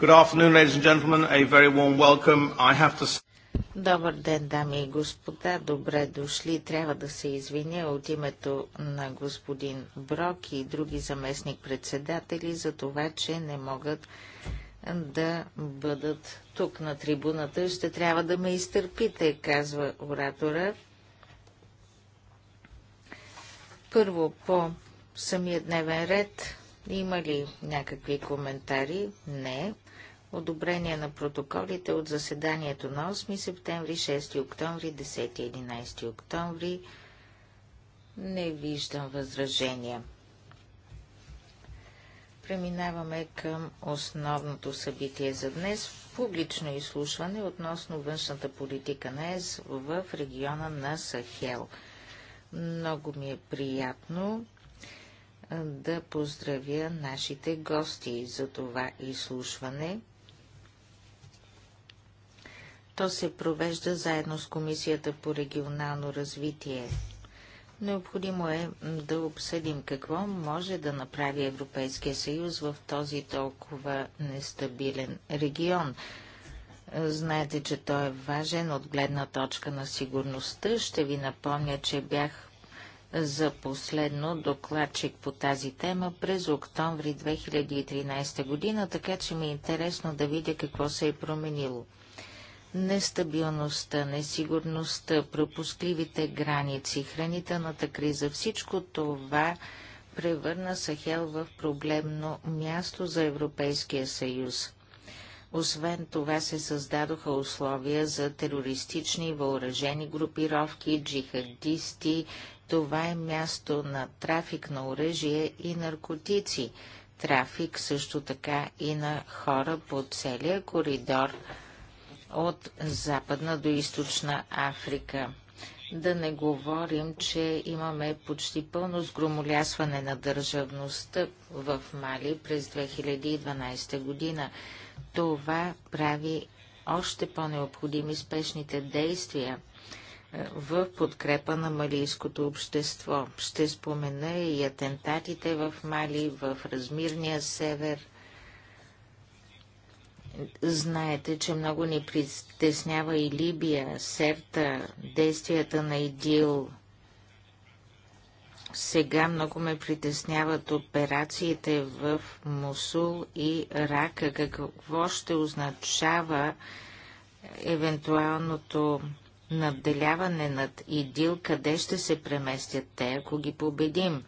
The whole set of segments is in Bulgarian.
Good afternoon, ladies and gentlemen. A very warm welcome. I have to... Добър ден, дами и господа. Добре дошли. Трябва да се извиня от името на господин Брок и други заместник-председатели за това, че не могат да бъдат тук на трибуната. Ще трябва да ме изтърпите, казва оратора. Първо по самия дневен ред. Има ли някакви коментари? Не одобрение на протоколите от заседанието на 8 септември, 6 октомври, 10 11 октомври. Не виждам възражения. Преминаваме към основното събитие за днес – публично изслушване относно външната политика на ЕС в региона на Сахел. Много ми е приятно да поздравя нашите гости за това изслушване. То се провежда заедно с Комисията по регионално развитие. Необходимо е да обсъдим какво може да направи Европейския съюз в този толкова нестабилен регион. Знаете, че той е важен от гледна точка на сигурността. Ще ви напомня, че бях за последно докладчик по тази тема през октомври 2013 година, така че ми е интересно да видя какво се е променило нестабилността, несигурността, пропускливите граници, хранителната криза, всичко това превърна Сахел в проблемно място за Европейския съюз. Освен това се създадоха условия за терористични въоръжени групировки, джихадисти. Това е място на трафик на оръжие и наркотици. Трафик също така и на хора по целия коридор от Западна до Източна Африка. Да не говорим, че имаме почти пълно сгромолясване на държавността в Мали през 2012 година. Това прави още по-необходими спешните действия е, в подкрепа на малийското общество. Ще спомена и атентатите в Мали, в Размирния север, Знаете, че много ни притеснява и Либия, Серта, действията на ИДИЛ. Сега много ме притесняват операциите в Мусул и Рака. Какво ще означава евентуалното надделяване над ИДИЛ? Къде ще се преместят те, ако ги победим?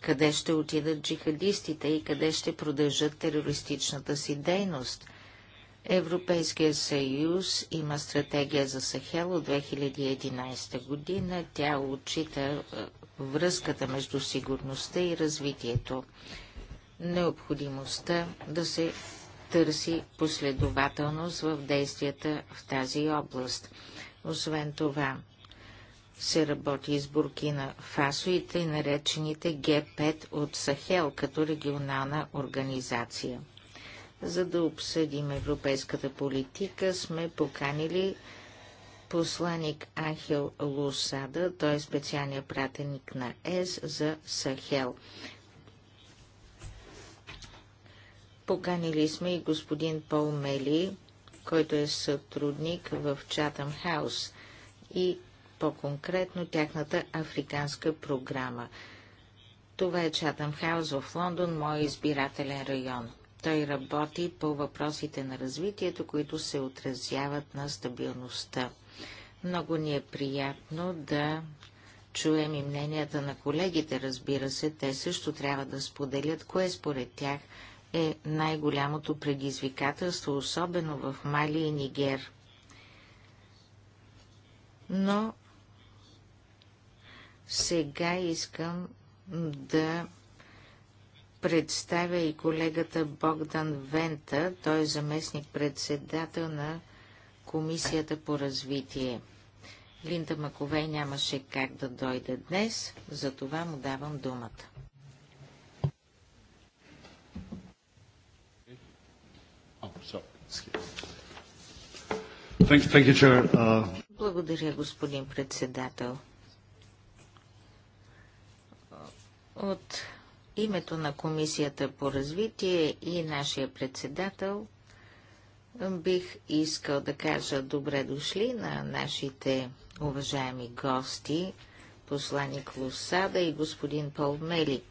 Къде ще отидат джихадистите и къде ще продължат терористичната си дейност? Европейския съюз има стратегия за Сахел от 2011 година. Тя отчита е, връзката между сигурността и развитието. Необходимостта да се търси последователност в действията в тази област. Освен това, се работи с Буркина Фасо и тъй наречените Г5 от Сахел като регионална организация за да обсъдим европейската политика, сме поканили посланик Ахил Лусада, той е специалният пратеник на ЕС за Сахел. Поканили сме и господин Пол Мели, който е сътрудник в Чатъм Хаус и по-конкретно тяхната африканска програма. Това е Чатъм Хаус в Лондон, мой избирателен район. Той работи по въпросите на развитието, които се отразяват на стабилността. Много ни е приятно да чуем и мненията на колегите, разбира се, те също трябва да споделят, кое според тях е най-голямото предизвикателство, особено в Мали и Нигер. Но сега искам да представя и колегата Богдан Вента. Той е заместник-председател на Комисията по развитие. Линда Маковей нямаше как да дойде днес, затова му давам думата. Uh, Благодаря, господин председател. От името на Комисията по развитие и нашия председател бих искал да кажа добре дошли на нашите уважаеми гости, посланик Лусада и господин Пол Мели.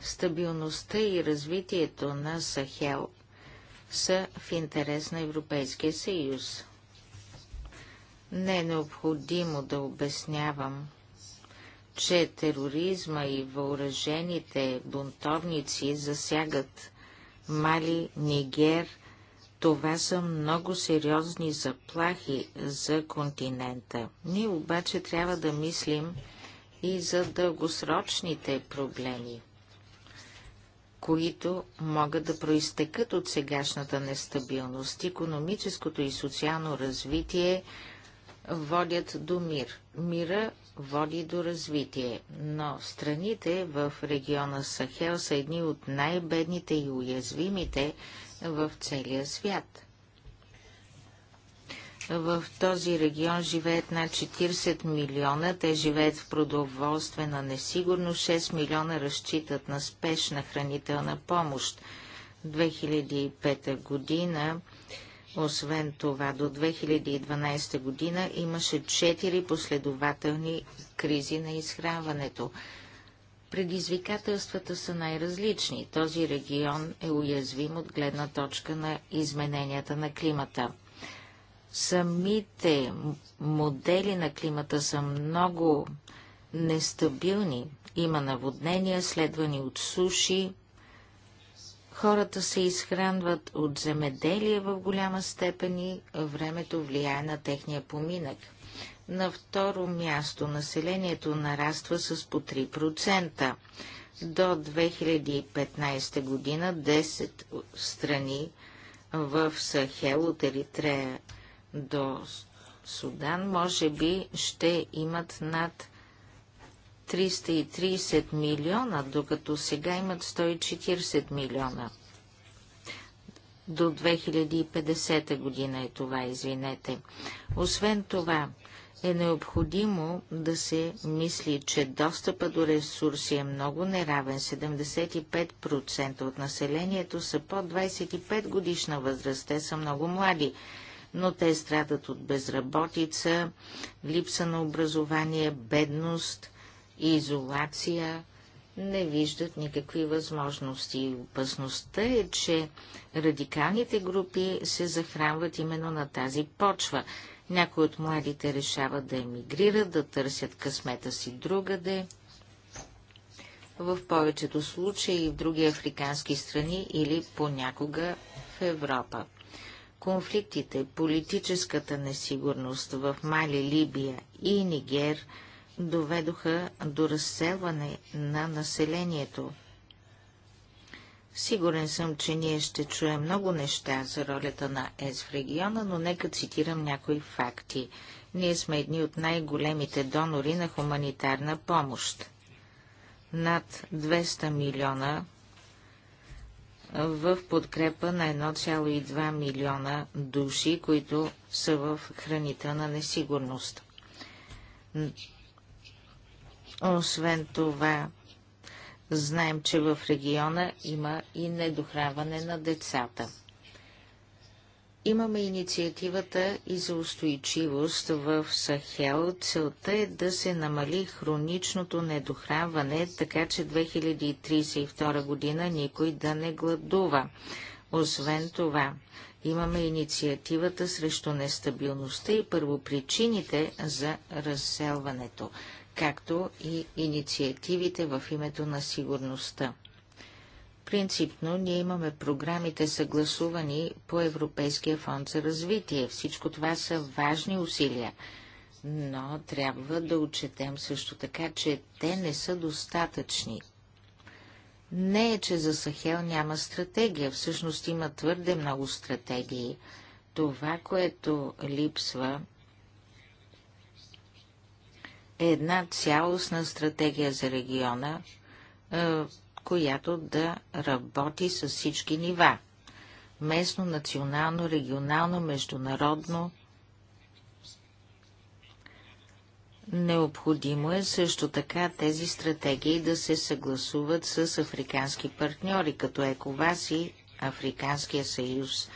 Стабилността и развитието на Сахел са в интерес на Европейския съюз. Не е необходимо да обяснявам че тероризма и въоръжените бунтовници засягат Мали, Нигер. Това са много сериозни заплахи за континента. Ние обаче трябва да мислим и за дългосрочните проблеми, които могат да проистекат от сегашната нестабилност. Економическото и социално развитие водят до мир. Мира води до развитие, но страните в региона Сахел са едни от най-бедните и уязвимите в целия свят. В този регион живеят над 40 милиона, те живеят в продоволствена несигурност, 6 милиона разчитат на спешна хранителна помощ. 2005 година освен това, до 2012 година имаше четири последователни кризи на изхранването. Предизвикателствата са най-различни. Този регион е уязвим от гледна точка на измененията на климата. Самите модели на климата са много нестабилни. Има наводнения, следвани от суши, Хората се изхранват от земеделие в голяма степен и времето влияе на техния поминък. На второ място населението нараства с по 3%. До 2015 година 10 страни в Сахел от Еритрея до Судан може би ще имат над 330 милиона, докато сега имат 140 милиона. До 2050 година е това, извинете. Освен това, е необходимо да се мисли, че достъпа до ресурси е много неравен. 75% от населението са под 25 годишна възраст. Те са много млади, но те страдат от безработица, липса на образование, бедност – и изолация, не виждат никакви възможности. Опасността е, че радикалните групи се захранват именно на тази почва. Някои от младите решават да емигрират, да търсят късмета си другаде. В повечето случаи в други африкански страни или понякога в Европа. Конфликтите, политическата несигурност в Мали, Либия и Нигер – доведоха до разселване на населението. Сигурен съм, че ние ще чуем много неща за ролята на ЕС в региона, но нека цитирам някои факти. Ние сме едни от най-големите донори на хуманитарна помощ. Над 200 милиона в подкрепа на 1,2 милиона души, които са в храните на несигурност. Освен това, знаем, че в региона има и недохраване на децата. Имаме инициативата и за устойчивост в Сахел. Целта е да се намали хроничното недохранване, така че 2032 година никой да не гладува. Освен това, имаме инициативата срещу нестабилността и първопричините за разселването както и инициативите в името на сигурността. Принципно ние имаме програмите съгласувани по Европейския фонд за развитие. Всичко това са важни усилия, но трябва да отчетем също така, че те не са достатъчни. Не е, че за Сахел няма стратегия, всъщност има твърде много стратегии. Това, което липсва една цялостна стратегия за региона, е, която да работи с всички нива. Местно, национално, регионално, международно. Необходимо е също така тези стратегии да се съгласуват с африкански партньори, като ЕКОВАС и Африканския съюз.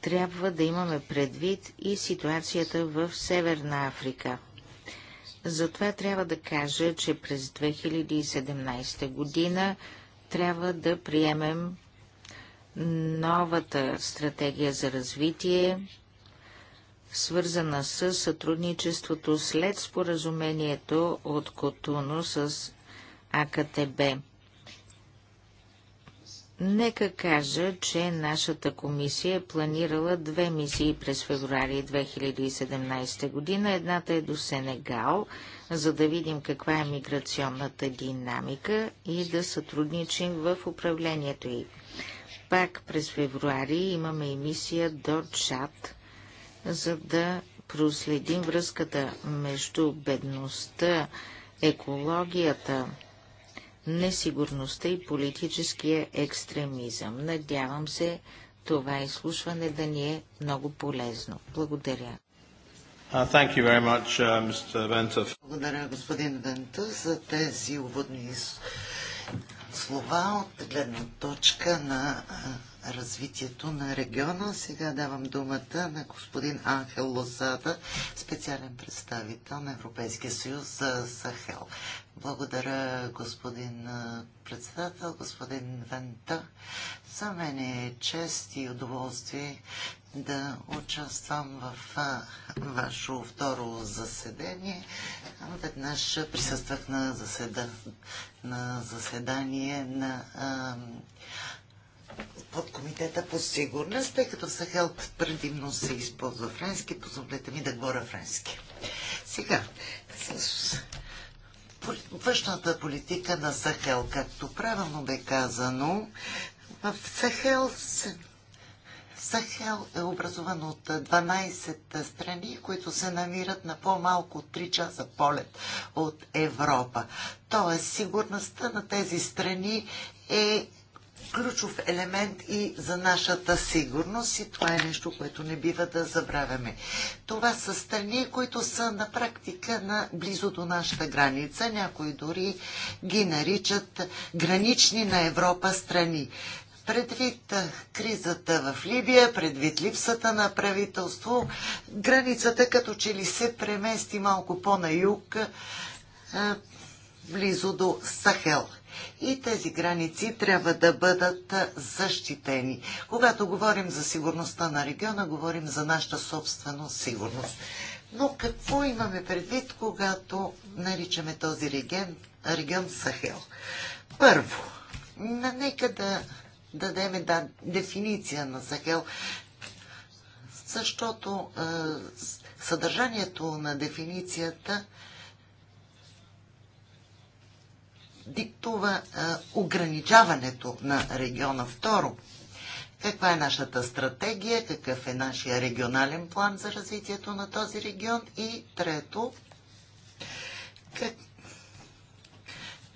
Трябва да имаме предвид и ситуацията в Северна Африка – затова трябва да кажа, че през 2017 година трябва да приемем новата стратегия за развитие, свързана с сътрудничеството след споразумението от Котуно с АКТБ. Нека кажа, че нашата комисия е планирала две мисии през февруари 2017 година. Едната е до Сенегал, за да видим каква е миграционната динамика и да сътрудничим в управлението й. Пак през февруари имаме и мисия до Чад, за да проследим връзката между бедността, екологията, несигурността и политическия екстремизъм. Надявам се това изслушване да ни е много полезно. Благодаря. Uh, much, uh, Благодаря, господин Вентов, за тези уводни слова от гледна точка на развитието на региона. Сега давам думата на господин Анхел Лосада, специален представител на Европейския съюз за Сахел. Благодаря, господин председател, господин Вента. За мен е чест и удоволствие да участвам в ваше второ заседание. Веднъж присъствах на, заседа, на заседание на а, под Комитета по сигурност, тъй като в Сахел предимно се използва френски, позволете ми да говоря френски. Сега, с външната политика на Сахел, както правилно бе казано, в Сахел се Сахел е образован от 12 страни, които се намират на по-малко от 3 часа полет от Европа. Тоест, сигурността на тези страни е ключов елемент и за нашата сигурност и това е нещо, което не бива да забравяме. Това са страни, които са на практика на близо до нашата граница. Някои дори ги наричат гранични на Европа страни. Предвид кризата в Либия, предвид липсата на правителство, границата като че ли се премести малко по-на юг, близо до Сахел и тези граници трябва да бъдат защитени. Когато говорим за сигурността на региона, говорим за нашата собствена сигурност. Но какво имаме предвид, когато наричаме този регион, регион Сахел? Първо, нека да дадеме да, дефиниция на Сахел, защото е, съдържанието на дефиницията е, диктува а, ограничаването на региона. Второ, каква е нашата стратегия, какъв е нашия регионален план за развитието на този регион и трето, как,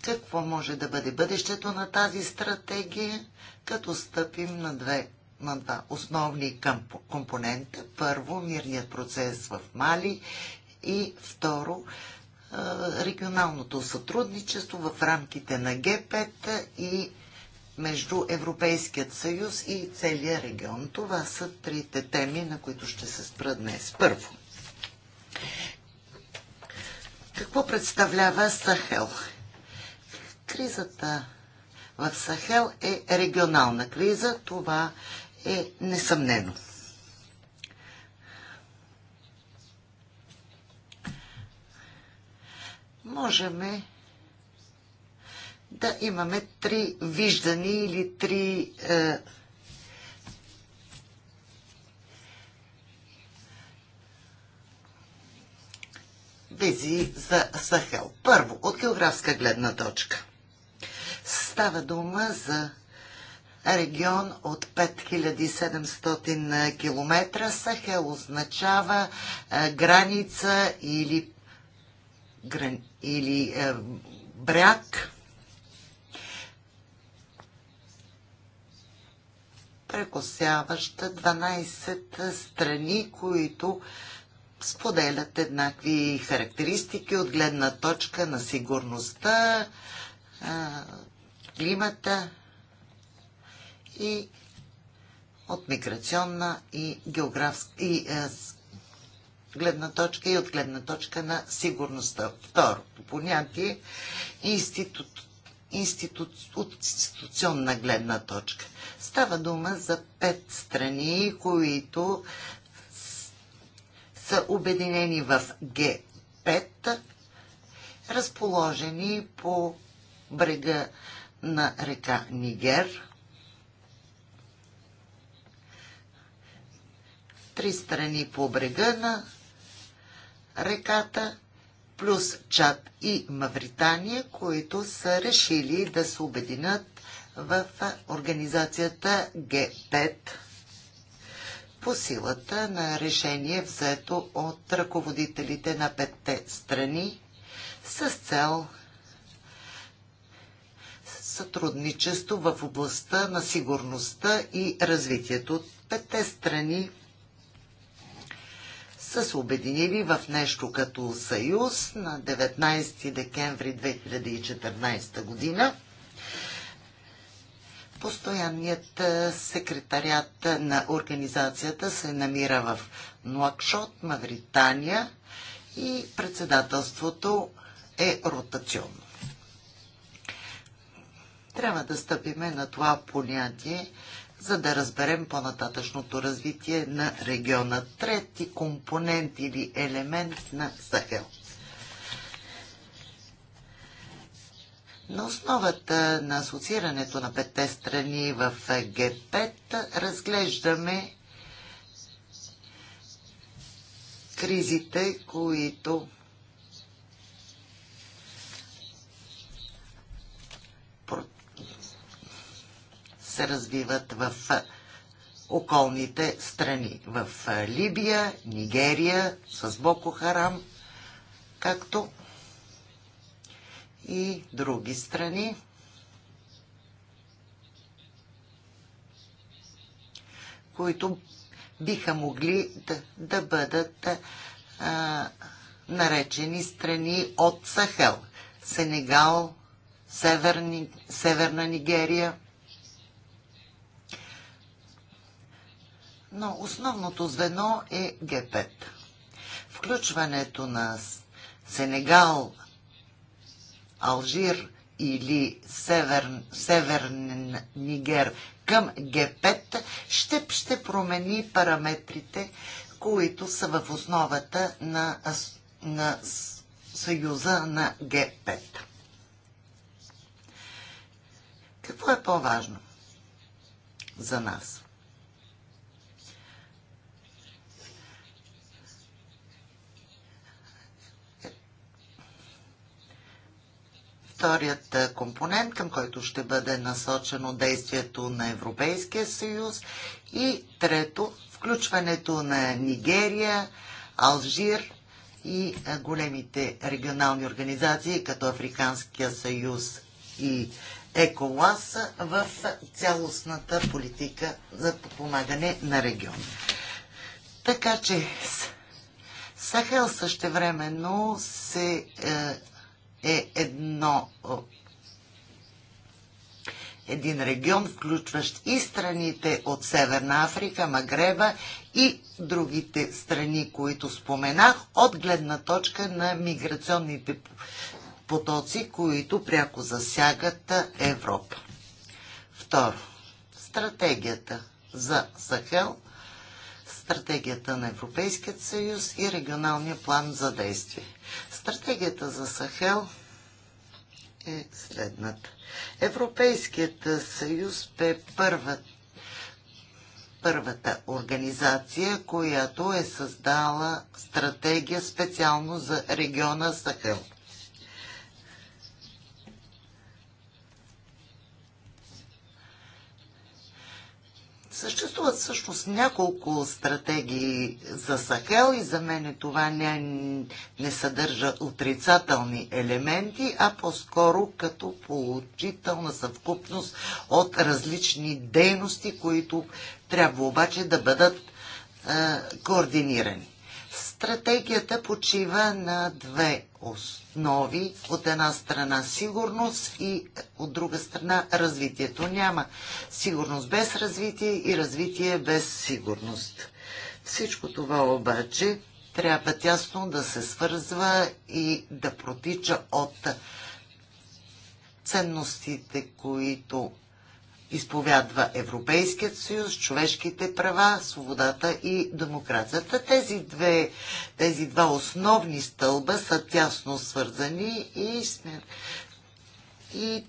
какво може да бъде бъдещето на тази стратегия, като стъпим на две на два основни компонента. Първо, мирният процес в Мали и второ, регионалното сътрудничество в рамките на Г5 и между Европейският съюз и целия регион. Това са трите теми, на които ще се спра днес. Първо. Какво представлява Сахел? Кризата в Сахел е регионална криза. Това е несъмнено. можем да имаме три виждани или три е, визии за Сахел. Първо, от географска гледна точка. Става дума за регион от 5700 км. Сахел означава е, граница или гран... или е, бряг. прекосяваща 12 страни, които споделят еднакви характеристики от гледна точка на сигурността, е, климата и от миграционна и, географска, и е, гледна точка и от гледна точка на сигурността. по понятие институт, институт, от институционна гледна точка. Става дума за пет страни, които са обединени в Г5, разположени по брега на река Нигер. Три страни по брега на реката, плюс Чад и Мавритания, които са решили да се обединят в организацията Г5 по силата на решение взето от ръководителите на петте страни с цел сътрудничество в областта на сигурността и развитието. Петте страни са се обединили в нещо като съюз на 19 декември 2014 година. Постоянният секретарят на организацията се намира в Нуакшот, Мавритания и председателството е ротационно. Трябва да стъпиме на това понятие за да разберем по-нататъчното развитие на региона. Трети компонент или елемент на Сахел. На основата на асоциирането на петте страни в Г5 разглеждаме кризите, които се развиват в околните страни. В Либия, Нигерия, с Боко Харам, както и други страни. които биха могли да, да бъдат а, наречени страни от Сахел. Сенегал, Северни, Северна Нигерия – но основното звено е Г5. Включването на Сенегал, Алжир или Северн, Северн Нигер към Г5 ще, ще промени параметрите, които са в основата на, на съюза на Г5. Какво е по-важно за нас? вторият е, компонент, към който ще бъде насочено действието на Европейския съюз. И трето, включването на Нигерия, Алжир и е, големите регионални организации, като Африканския съюз и ЕКОЛАС в цялостната политика за подпомагане на региона. Така че Сахел същевременно се е, е едно един регион, включващ и страните от Северна Африка, Магреба и другите страни, които споменах, от гледна точка на миграционните потоци, които пряко засягат Европа. Второ, стратегията за Сахел, стратегията на Европейският съюз и регионалния план за действие. Стратегията за Сахел е следната. Европейският съюз бе първата първата организация, която е създала стратегия специално за региона Сахел. Съществуват всъщност няколко стратегии за Сахел и за мен това не, не съдържа отрицателни елементи, а по-скоро като получителна съвкупност от различни дейности, които трябва обаче да бъдат е, координирани. Стратегията почива на две основи. От една страна сигурност и от друга страна развитието. Няма сигурност без развитие и развитие без сигурност. Всичко това обаче трябва тясно да се свързва и да протича от ценностите, които изповядва Европейският съюз, човешките права, свободата и демокрацията. Тези, две, тези два основни стълба са тясно свързани и, сме... и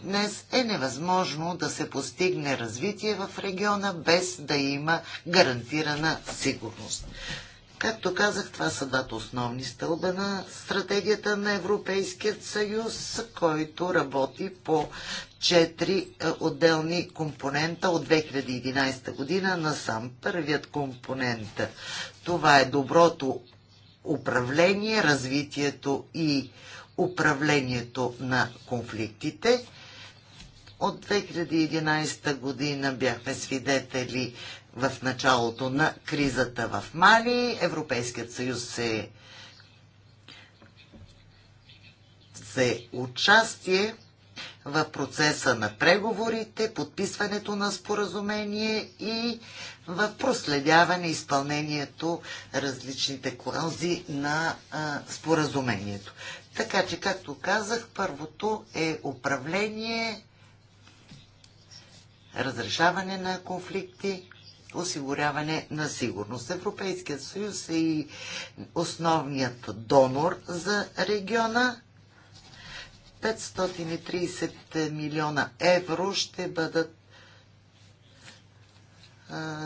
днес е невъзможно да се постигне развитие в региона без да има гарантирана сигурност. Както казах, това са двата основни стълба на стратегията на Европейският съюз, който работи по четири е, отделни компонента от 2011 година на сам първият компонент. Е, това е доброто управление, развитието и управлението на конфликтите. От 2011 година бяхме свидетели в началото на кризата в Мали. Европейският съюз се се участие в процеса на преговорите, подписването на споразумение и в проследяване изпълнението различните клаузи на а, споразумението. Така че, както казах, първото е управление, разрешаване на конфликти осигуряване на сигурност. Европейският съюз е и основният донор за региона. 530 милиона евро ще бъдат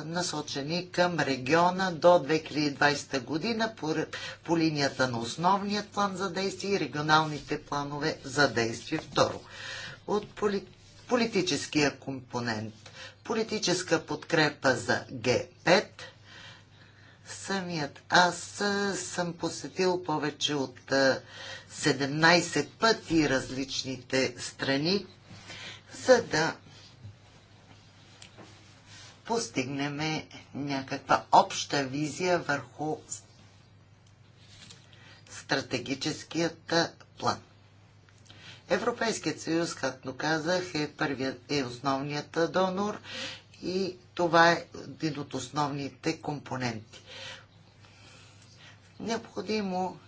насочени към региона до 2020 година по, по линията на основният план за действие и регионалните планове за действие. Второ, от поли, политическия компонент политическа подкрепа за Г5. Самият аз съм посетил повече от 17 пъти различните страни, за да постигнем някаква обща визия върху стратегическият план. Европейският съюз, както казах, е, първият, е основният донор и това е един от основните компоненти. Необходимо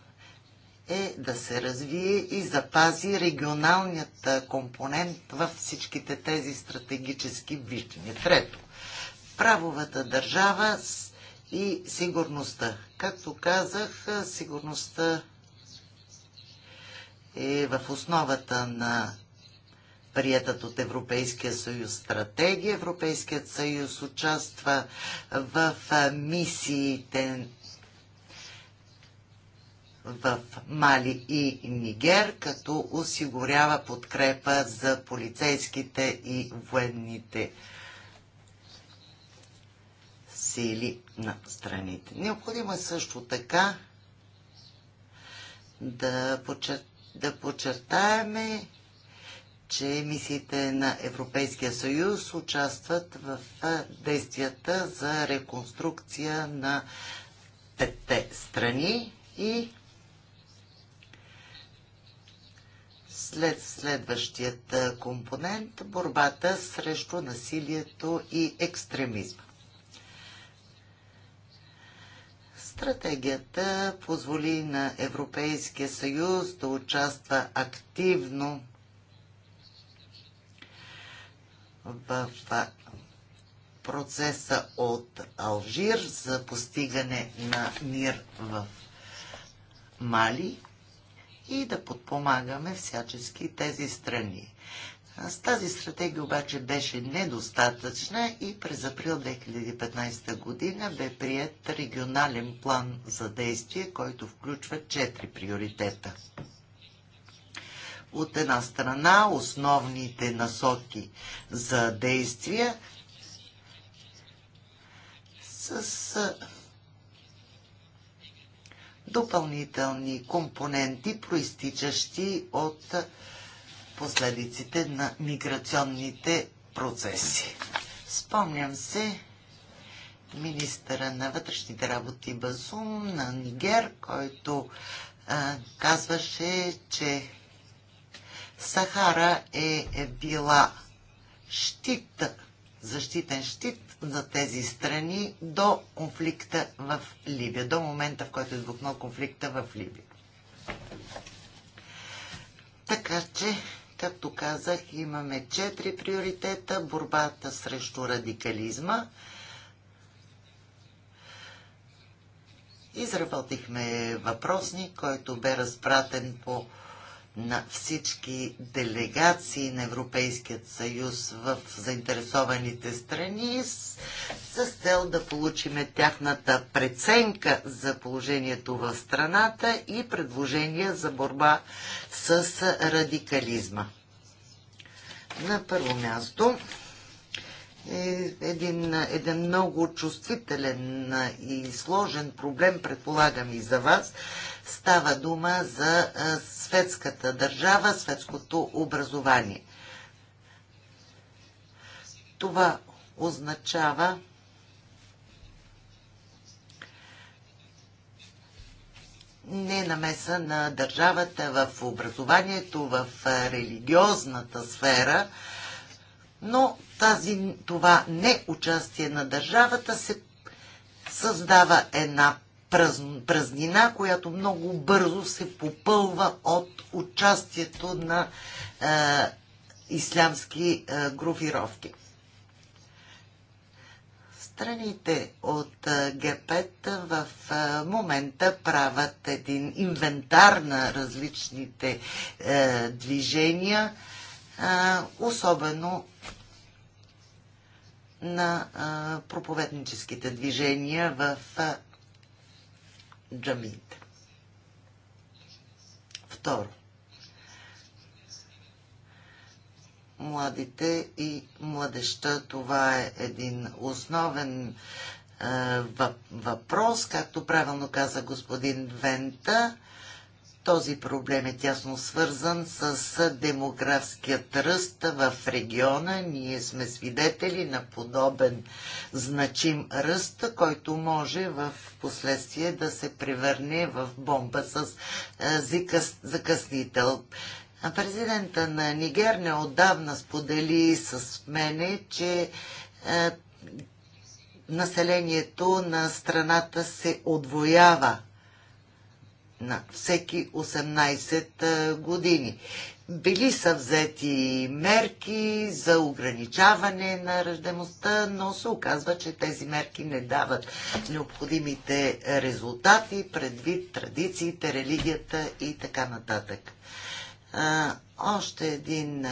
е да се развие и запази регионалният компонент във всичките тези стратегически виждания. Трето, правовата държава и сигурността. Както казах, сигурността е в основата на приятът от Европейския съюз стратегия. Европейският съюз участва в мисиите в Мали и Нигер, като осигурява подкрепа за полицейските и военните сили на страните. Необходимо е също така да подчертаем да подчертаеме, че мисиите на Европейския съюз участват в действията за реконструкция на петте страни и след следващият компонент борбата срещу насилието и екстремизма. Стратегията позволи на Европейския съюз да участва активно в процеса от Алжир за постигане на мир в Мали и да подпомагаме всячески тези страни. С тази стратегия обаче беше недостатъчна и през април 2015 година бе прият регионален план за действие, който включва четири приоритета. От една страна основните насоки за действия с допълнителни компоненти, проистичащи от последиците на миграционните процеси. Спомням се министъра на вътрешните работи Базум на Нигер, който а, казваше, че Сахара е, е била щит, защитен щит за тези страни до конфликта в Либия, до момента в който е избухнал конфликта в Либия. Така че Както казах, имаме четири приоритета. Борбата срещу радикализма. Изработихме въпросник, който бе разпратен по на всички делегации на Европейският съюз в заинтересованите страни с, с цел да получиме тяхната преценка за положението в страната и предложения за борба с радикализма. На първо място е един, един много чувствителен и сложен проблем, предполагам и за вас. Става дума за светската държава, светското образование. Това означава не намеса на държавата в образованието, в религиозната сфера, но тази, това неучастие на държавата се създава една празн, празнина, която много бързо се попълва от участието на е, ислямски е, групировки. Страните от е, г в е, момента правят един инвентар на различните е, движения, е, особено на а, е, проповедническите движения в а, джамиите. Второ. Младите и младеща, това е един основен е, въпрос, както правилно каза господин Вента. Този проблем е тясно свързан с демографският ръст в региона. Ние сме свидетели на подобен значим ръст, който може в последствие да се превърне в бомба с е, закъснител. Президента на Нигер неодавна сподели с мене, че е, населението на страната се отвоява на всеки 18 години. Били са взети мерки за ограничаване на ръждемостта, но се оказва, че тези мерки не дават необходимите резултати предвид традициите, религията и така нататък. още един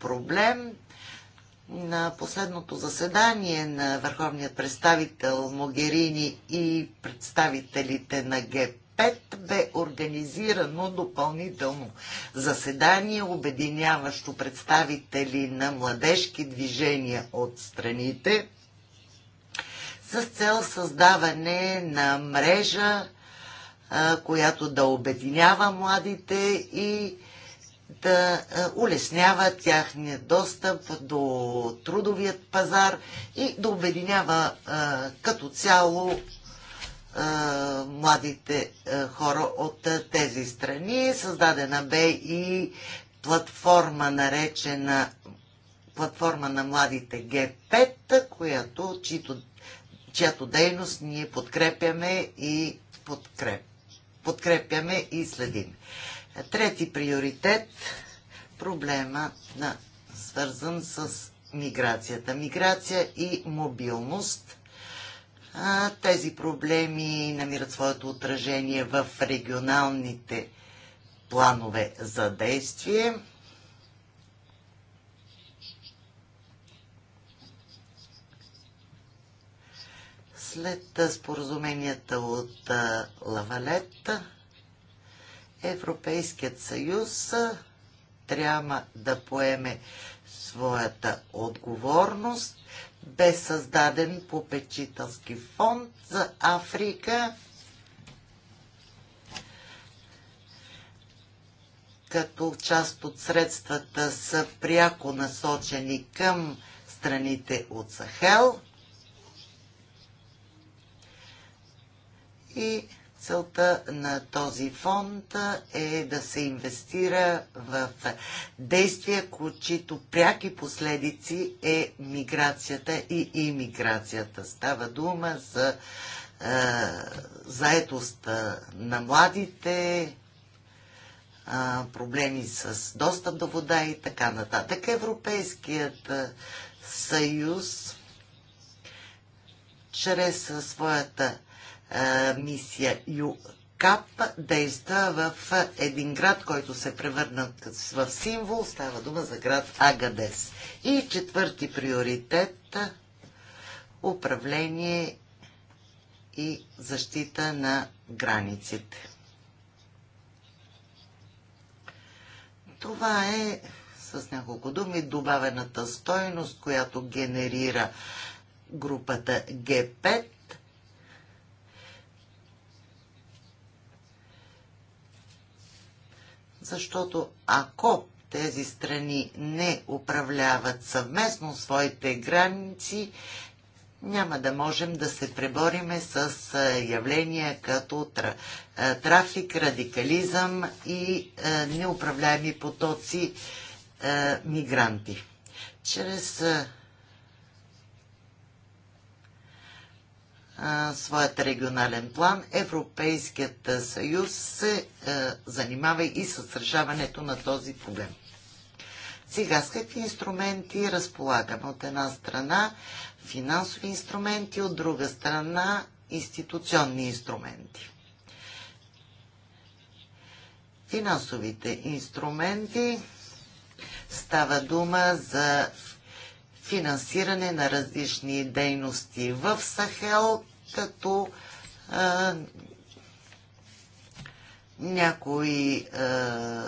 проблем. На последното заседание на върховният представител Могерини и представителите на ГЕП. 5 бе организирано допълнително заседание, обединяващо представители на младежки движения от страните с цел създаване на мрежа, която да обединява младите и да улеснява тяхния достъп до трудовият пазар и да обединява като цяло младите хора от тези страни. Създадена бе и платформа, наречена платформа на младите Г5, която, чието, чиято дейност ние подкрепяме и подкреп, подкрепяме и следим. Трети приоритет проблема на, свързан с миграцията. Миграция и мобилност тези проблеми намират своето отражение в регионалните планове за действие. След споразуменията от Лавалет, Европейският съюз трябва да поеме своята отговорност бе създаден попечителски фонд за Африка, като част от средствата са пряко насочени към страните от Сахел и Целта на този фонд е да се инвестира в действия, чието пряки последици е миграцията и имиграцията. Става дума за е, заетост е, на младите, е, проблеми с достъп до вода и така нататък. Европейският е, съюз чрез своята а, мисия ЮКАП действа в един град, който се превърна в символ. Става дума за град Агадес. И четвърти приоритет управление и защита на границите. Това е с няколко думи добавената стойност, която генерира групата г 5 защото ако тези страни не управляват съвместно своите граници, няма да можем да се пребориме с явления като трафик, радикализъм и неуправляеми потоци мигранти. Чрез своят регионален план, Европейският съюз се занимава и с решаването на този проблем. Сега с какви инструменти разполагаме? От една страна финансови инструменти, от друга страна институционни инструменти. Финансовите инструменти става дума за финансиране на различни дейности в Сахел, като а, някои а,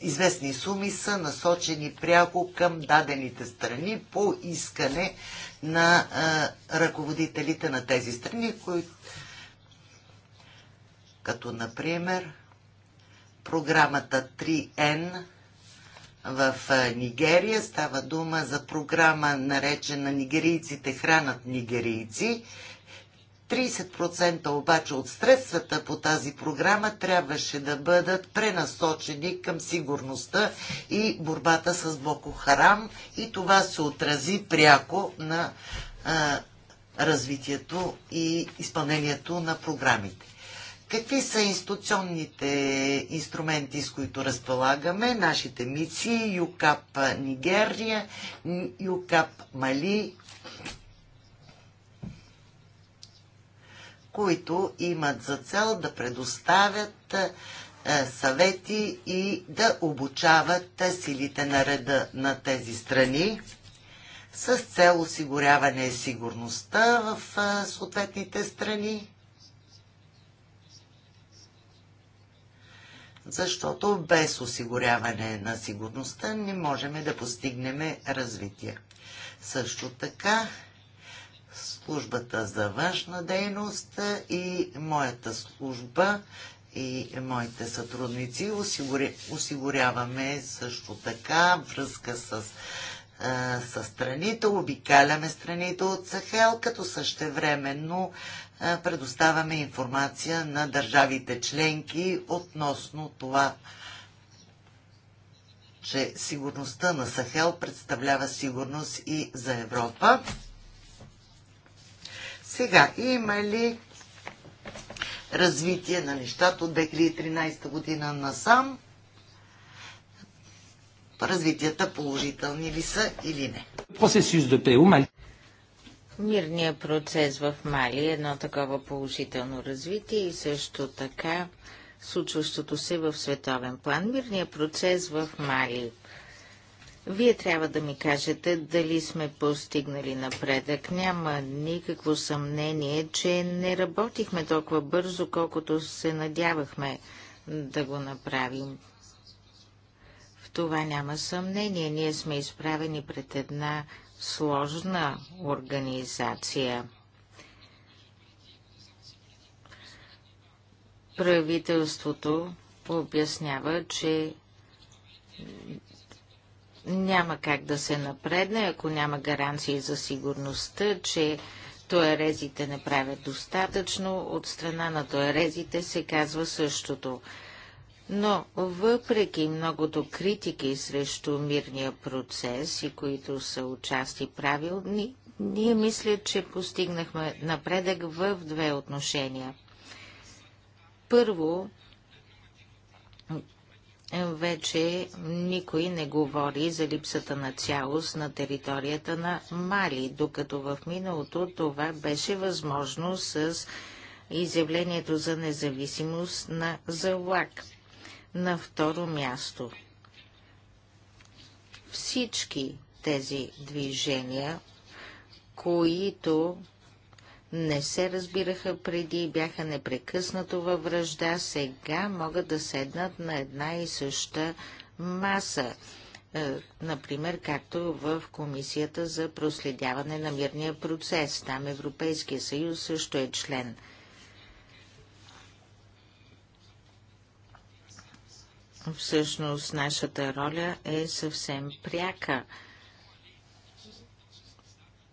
известни суми са насочени пряко към дадените страни по искане на а, ръководителите на тези страни, които като например програмата 3N – в Нигерия. Става дума за програма наречена Нигерийците хранат нигерийци. 30% обаче от средствата по тази програма трябваше да бъдат пренасочени към сигурността и борбата с Боко Харам и това се отрази пряко на а, развитието и изпълнението на програмите. Какви са институционните инструменти, с които разполагаме? Нашите мисии, ЮКАП Нигерия, ЮКАП Мали, които имат за цел да предоставят е, съвети и да обучават силите на реда на тези страни с цел осигуряване сигурността в е, съответните страни защото без осигуряване на сигурността не можем да постигнем развитие. Също така, службата за външна дейност и моята служба и моите сътрудници осигуряваме също така връзка с със страните, обикаляме страните от Сахел, като същевременно предоставяме информация на държавите членки относно това, че сигурността на Сахел представлява сигурност и за Европа. Сега, има ли развитие на нещата от 2013 година насам? Развитията положителни ли са или не? мирния процес в Мали, е едно такова положително развитие и също така случващото се в световен план, мирния процес в Мали. Вие трябва да ми кажете дали сме постигнали напредък. Няма никакво съмнение, че не работихме толкова бързо, колкото се надявахме да го направим. В това няма съмнение. Ние сме изправени пред една сложна организация. Правителството обяснява, че няма как да се напредне, ако няма гаранции за сигурността, че туерезите не правят достатъчно. От страна на туерезите се казва същото. Но въпреки многото критики срещу мирния процес и които са участи правилни, ние мисля, че постигнахме напредък в две отношения. Първо, вече никой не говори за липсата на цялост на територията на Мали, докато в миналото това беше възможно с изявлението за независимост на Залак. На второ място, всички тези движения, които не се разбираха преди и бяха непрекъснато във връжда, сега могат да седнат на една и съща маса. Е, например, както в Комисията за проследяване на мирния процес. Там Европейския съюз също е член. Всъщност нашата роля е съвсем пряка.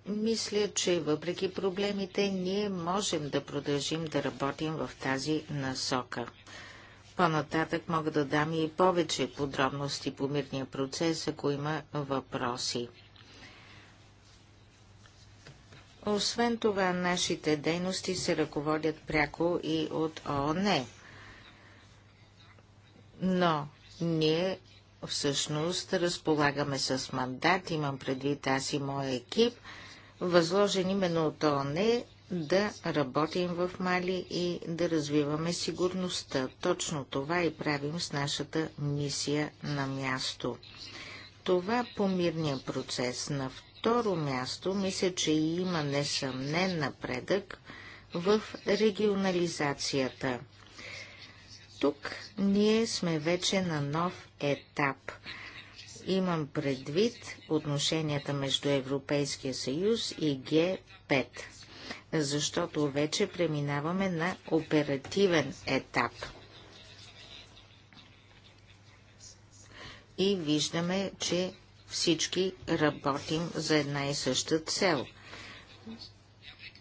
Мисля, че въпреки проблемите, ние можем да продължим да работим в тази насока. По-нататък мога да дам и повече подробности по мирния процес, ако има въпроси. Освен това, нашите дейности се ръководят пряко и от ООН. Но ние всъщност разполагаме с мандат, имам предвид аз и моя екип, възложен именно от ООН да работим в Мали и да развиваме сигурността. Точно това и правим с нашата мисия на място. Това по мирния процес. На второ място мисля, че има несъмнен напредък в регионализацията. Тук ние сме вече на нов етап. Имам предвид отношенията между Европейския съюз и Г5, защото вече преминаваме на оперативен етап. И виждаме, че всички работим за една и съща цел –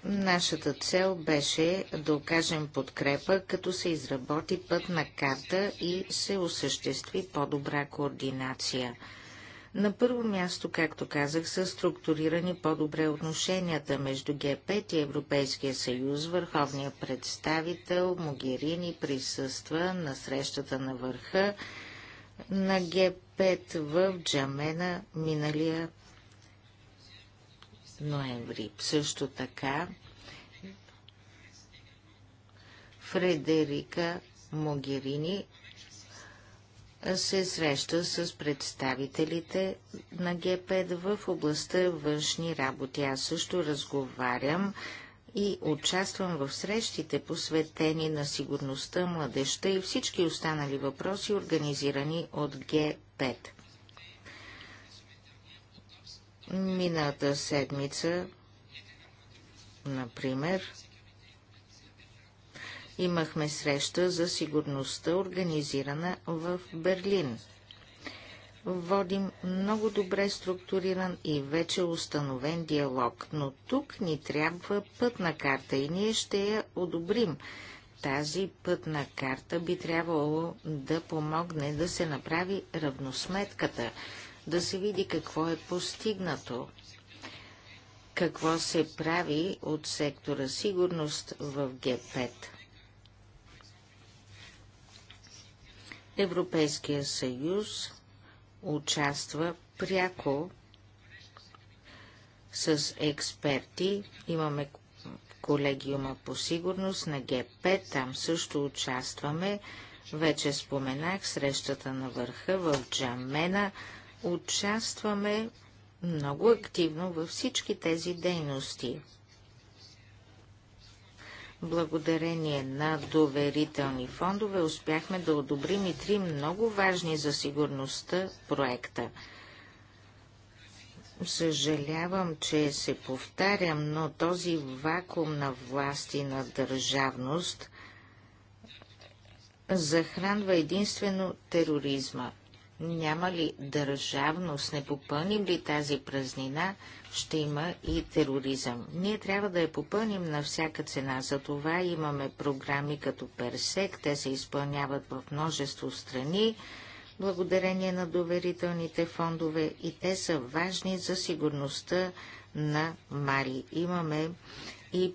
Нашата цел беше да окажем подкрепа, като се изработи пътна карта и се осъществи по-добра координация. На първо място, както казах, са структурирани по-добре отношенията между Г5 и Европейския съюз. Върховният представител Могерини присъства на срещата на върха на Г5 в Джамена миналия ноември. Също така Фредерика Могерини се среща с представителите на Г5 в областта външни работи. Аз също разговарям и участвам в срещите, посветени на сигурността, младеща и всички останали въпроси, организирани от Г5. Мината седмица, например, имахме среща за сигурността, организирана в Берлин. Водим много добре структуриран и вече установен диалог, но тук ни трябва пътна карта и ние ще я одобрим. Тази пътна карта би трябвало да помогне да се направи равносметката – да се види какво е постигнато, какво се прави от сектора сигурност в Г5. Европейския съюз участва пряко с експерти. Имаме колегиума по сигурност на Г5, там също участваме. Вече споменах срещата на върха в Джамена участваме много активно във всички тези дейности. Благодарение на доверителни фондове успяхме да одобрим и три много важни за сигурността проекта. Съжалявам, че се повтарям, но този вакуум на власт и на държавност захранва единствено тероризма. Няма ли държавност, не попълним ли тази празнина, ще има и тероризъм. Ние трябва да я попълним на всяка цена. За това имаме програми като Персек, те се изпълняват в множество страни, благодарение на доверителните фондове и те са важни за сигурността на Мали. Имаме и е,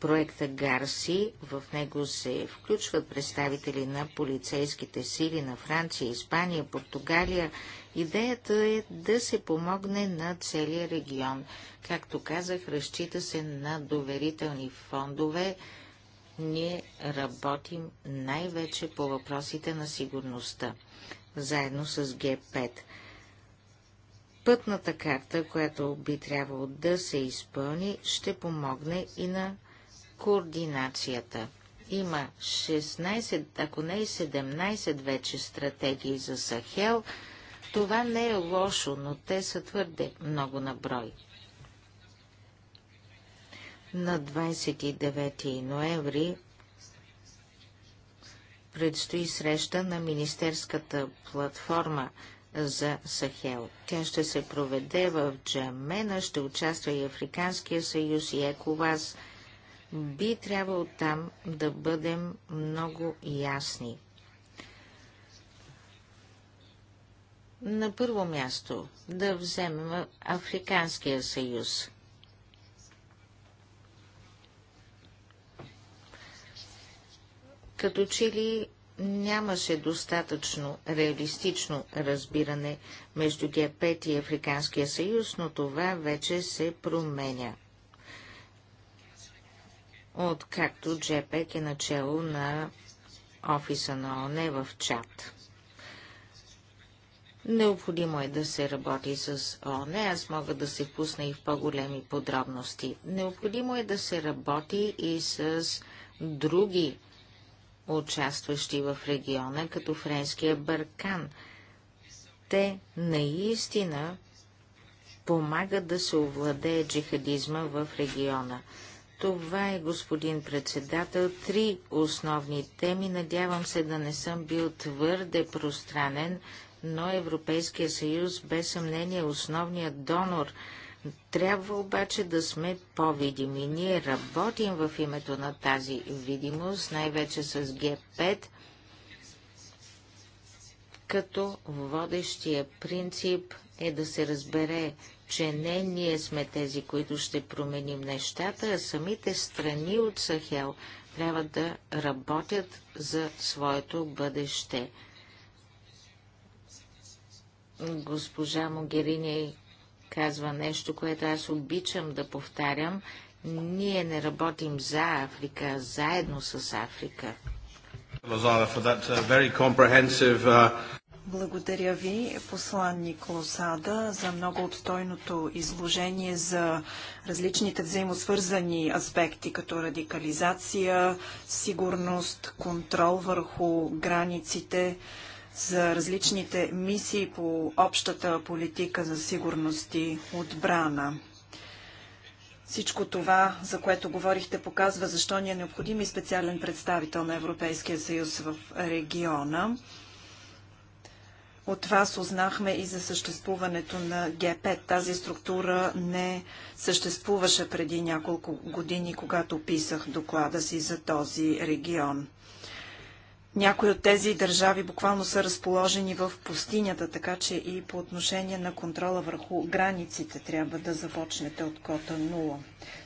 проекта Гарси. В него се включват представители на полицейските сили на Франция, Испания, Португалия. Идеята е да се помогне на целия регион. Както казах, разчита се на доверителни фондове. Ние работим най-вече по въпросите на сигурността, заедно с Г5. Пътната карта, която би трябвало да се изпълни, ще помогне и на координацията. Има 16, ако не и 17 вече стратегии за Сахел. Това не е лошо, но те са твърде много на брой. На 29 ноември предстои среща на Министерската платформа за Сахел. Тя ще се проведе в Джамена, ще участва и Африканския съюз и ЕКОВАС. Би трябвало там да бъдем много ясни. На първо място да вземем Африканския съюз. Като че ли нямаше достатъчно реалистично разбиране между Г5 и Африканския съюз, но това вече се променя. Откакто Джепек е начало на офиса на ОНЕ в чат. Необходимо е да се работи с ОНЕ, аз мога да се впусна и в по-големи подробности. Необходимо е да се работи и с други участващи в региона, като френския баркан. Те наистина помагат да се овладее джихадизма в региона. Това е, господин председател, три основни теми. Надявам се да не съм бил твърде пространен, но Европейския съюз без съмнение е основният донор трябва обаче да сме по-видими. Ние работим в името на тази видимост, най-вече с Г5, като водещия принцип е да се разбере, че не ние сме тези, които ще променим нещата, а самите страни от Сахел трябва да работят за своето бъдеще. Госпожа Могерини казва нещо, което аз обичам да повтарям. Ние не работим за Африка, заедно с Африка. Uh, uh, Благодаря ви, посланник Лозада, за много отстойното изложение за различните взаимосвързани аспекти, като радикализация, сигурност, контрол върху границите, за различните мисии по общата политика за сигурност и отбрана. Всичко това, за което говорихте, показва защо ни е необходим и специален представител на Европейския съюз в региона. От вас узнахме и за съществуването на Г5. Тази структура не съществуваше преди няколко години, когато писах доклада си за този регион. Някои от тези държави буквално са разположени в пустинята, така че и по отношение на контрола върху границите трябва да започнете от кота 0.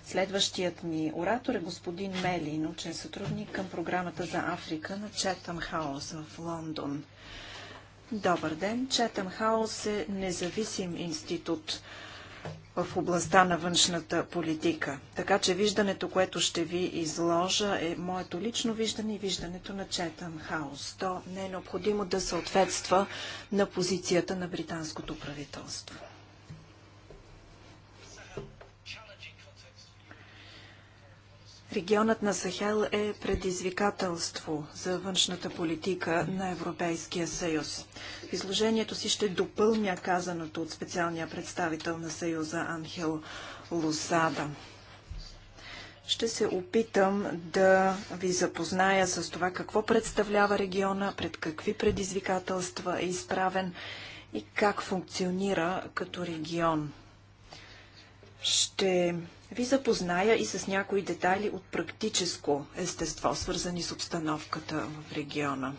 Следващият ни оратор е господин Мели, научен сътрудник към програмата за Африка на Четъм Хаус в Лондон. Добър ден! Четъм Хаус е независим институт в областта на външната политика. Така че виждането, което ще ви изложа, е моето лично виждане и виждането на Четън Хаус. То не е необходимо да съответства на позицията на британското правителство. Регионът на Сахел е предизвикателство за външната политика на Европейския съюз. В изложението си ще допълня казаното от специалния представител на съюза Анхел Лусада. Ще се опитам да ви запозная с това какво представлява региона, пред какви предизвикателства е изправен и как функционира като регион. Ще ви запозная и с някои детайли от практическо естество, свързани с обстановката в региона.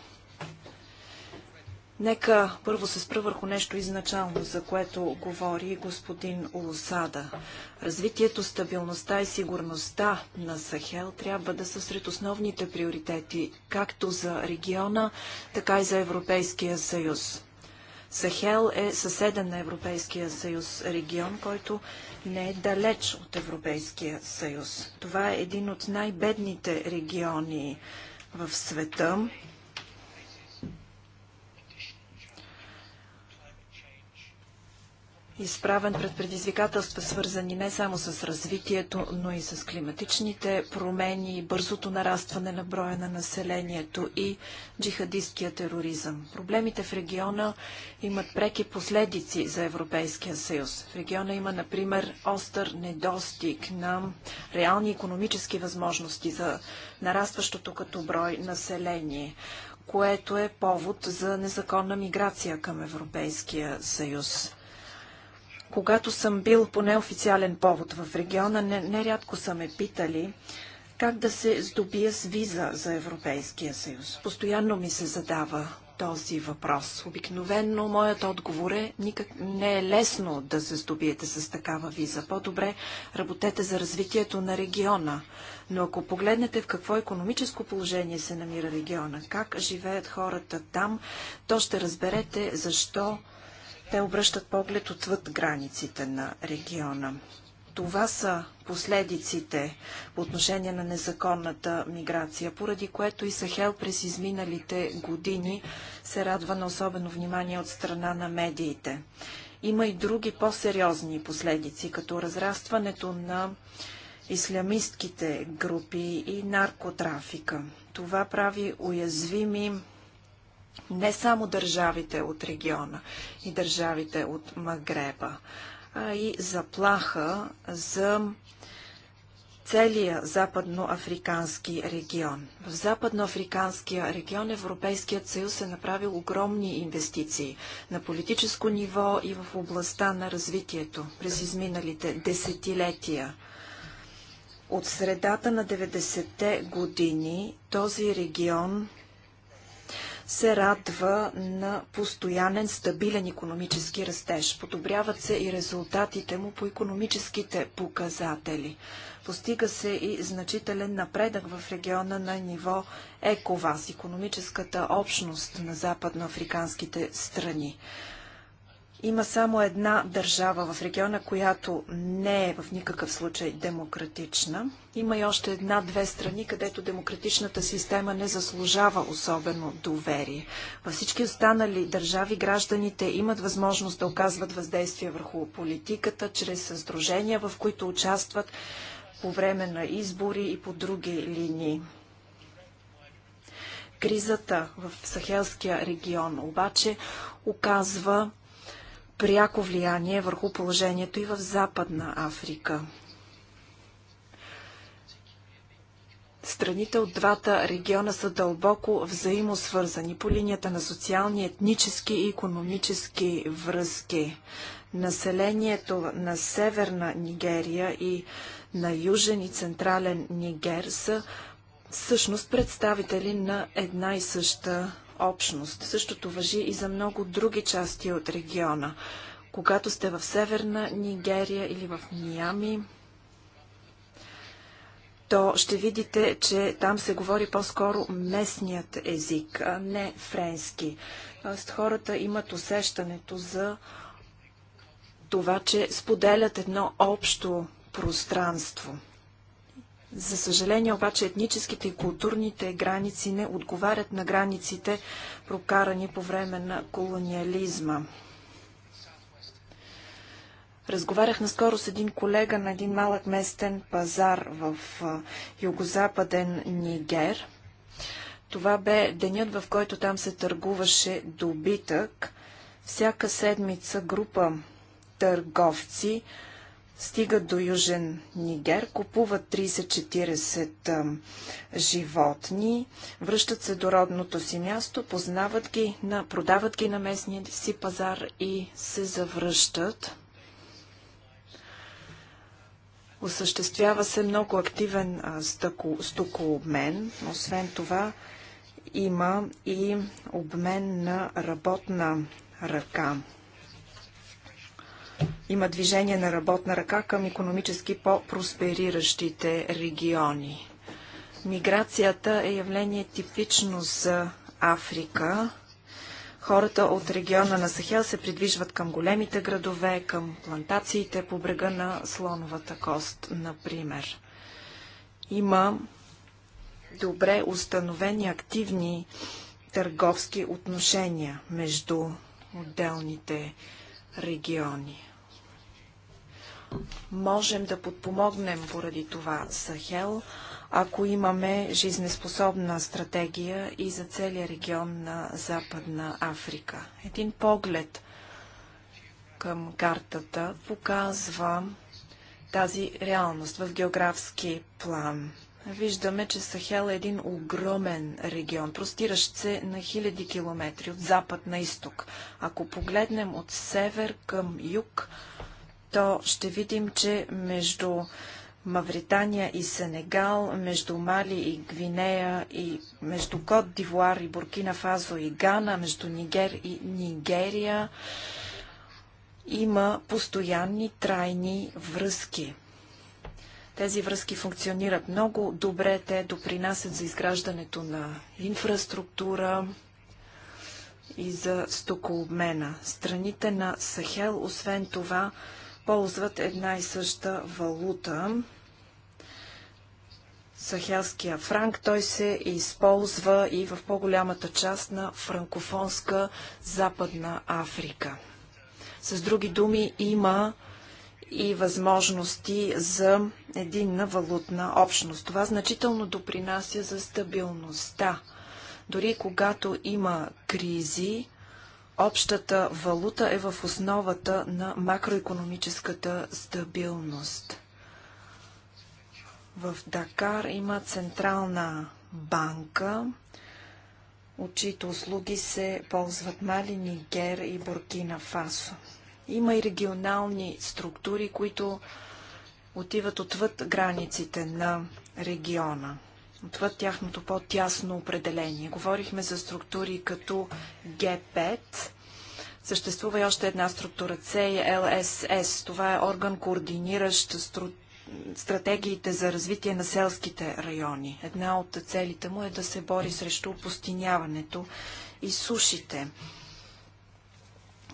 Нека първо се спра върху нещо изначално, за което говори господин Олосада. Развитието, стабилността и сигурността на Сахел трябва да са сред основните приоритети, както за региона, така и за Европейския съюз. Сахел е съседен на Европейския съюз регион, който не е далеч от Европейския съюз. Това е един от най-бедните региони в света. изправен пред предизвикателства, свързани не само с развитието, но и с климатичните промени, бързото нарастване на броя на населението и джихадистския тероризъм. Проблемите в региона имат преки последици за Европейския съюз. В региона има, например, остър недостиг на реални економически възможности за нарастващото като брой население което е повод за незаконна миграция към Европейския съюз. Когато съм бил по неофициален повод в региона, нерядко са ме питали как да се здобия с виза за Европейския съюз. Постоянно ми се задава този въпрос. Обикновенно моят отговор е никак не е лесно да се здобиете с такава виза. По-добре работете за развитието на региона. Но ако погледнете в какво економическо положение се намира региона, как живеят хората там, то ще разберете защо те обръщат поглед отвъд границите на региона. Това са последиците по отношение на незаконната миграция, поради което и Сахел през изминалите години се радва на особено внимание от страна на медиите. Има и други по-сериозни последици, като разрастването на ислямистките групи и наркотрафика. Това прави уязвими не само държавите от региона и държавите от Магреба, а и заплаха за целия западноафрикански регион. В западноафриканския регион Европейският съюз е направил огромни инвестиции на политическо ниво и в областта на развитието през изминалите десетилетия. От средата на 90-те години този регион се радва на постоянен, стабилен економически растеж. Подобряват се и резултатите му по економическите показатели. Постига се и значителен напредък в региона на ниво ЕКОВАС, економическата общност на западноафриканските страни. Има само една държава в региона, която не е в никакъв случай демократична. Има и още една-две страни, където демократичната система не заслужава особено доверие. Във всички останали държави гражданите имат възможност да оказват въздействие върху политиката, чрез сдружения, в които участват по време на избори и по други линии. Кризата в Сахелския регион обаче оказва пряко влияние върху положението и в Западна Африка. Страните от двата региона са дълбоко взаимосвързани по линията на социални, етнически и економически връзки. Населението на северна Нигерия и на южен и централен Нигер са всъщност представители на една и съща общност. Същото въжи и за много други части от региона. Когато сте в Северна Нигерия или в Ниами, то ще видите, че там се говори по-скоро местният език, а не френски. Тоест хората имат усещането за това, че споделят едно общо пространство – за съжаление обаче етническите и културните граници не отговарят на границите, прокарани по време на колониализма. Разговарях наскоро с един колега на един малък местен пазар в югозападен Нигер. Това бе денят, в който там се търгуваше добитък. Всяка седмица група търговци стигат до Южен Нигер, купуват 30-40 животни, връщат се до родното си място, познават ги, на, продават ги на местния си пазар и се завръщат. Осъществява се много активен стъко, стокообмен. Освен това, има и обмен на работна ръка има движение на работна ръка към економически по-проспериращите региони. Миграцията е явление типично за Африка. Хората от региона на Сахел се придвижват към големите градове, към плантациите по брега на слоновата кост, например. Има добре установени активни търговски отношения между отделните региони можем да подпомогнем поради това Сахел, ако имаме жизнеспособна стратегия и за целия регион на Западна Африка. Един поглед към картата показва тази реалност в географски план. Виждаме, че Сахел е един огромен регион, простиращ се на хиляди километри от запад на изток. Ако погледнем от север към юг, то ще видим, че между Мавритания и Сенегал, между Мали и Гвинея, и между Кот Дивуар и Буркина Фазо и Гана, между Нигер и Нигерия има постоянни трайни връзки. Тези връзки функционират много добре, те допринасят за изграждането на инфраструктура, и за стокообмена. Страните на Сахел, освен това, ползват една и съща валута. Сахелския франк, той се използва и в по-голямата част на франкофонска Западна Африка. С други думи, има и възможности за единна валутна общност. Това значително допринася за стабилността. Дори когато има кризи, общата валута е в основата на макроекономическата стабилност. В Дакар има централна банка, от чието услуги се ползват Мали, Нигер и Буркина Фасо. Има и регионални структури, които отиват отвъд границите на региона отвъд тяхното по-тясно определение. Говорихме за структури като G5. Съществува и още една структура CLSS. Това е орган, координиращ стру... стратегиите за развитие на селските райони. Една от целите му е да се бори срещу опустиняването и сушите.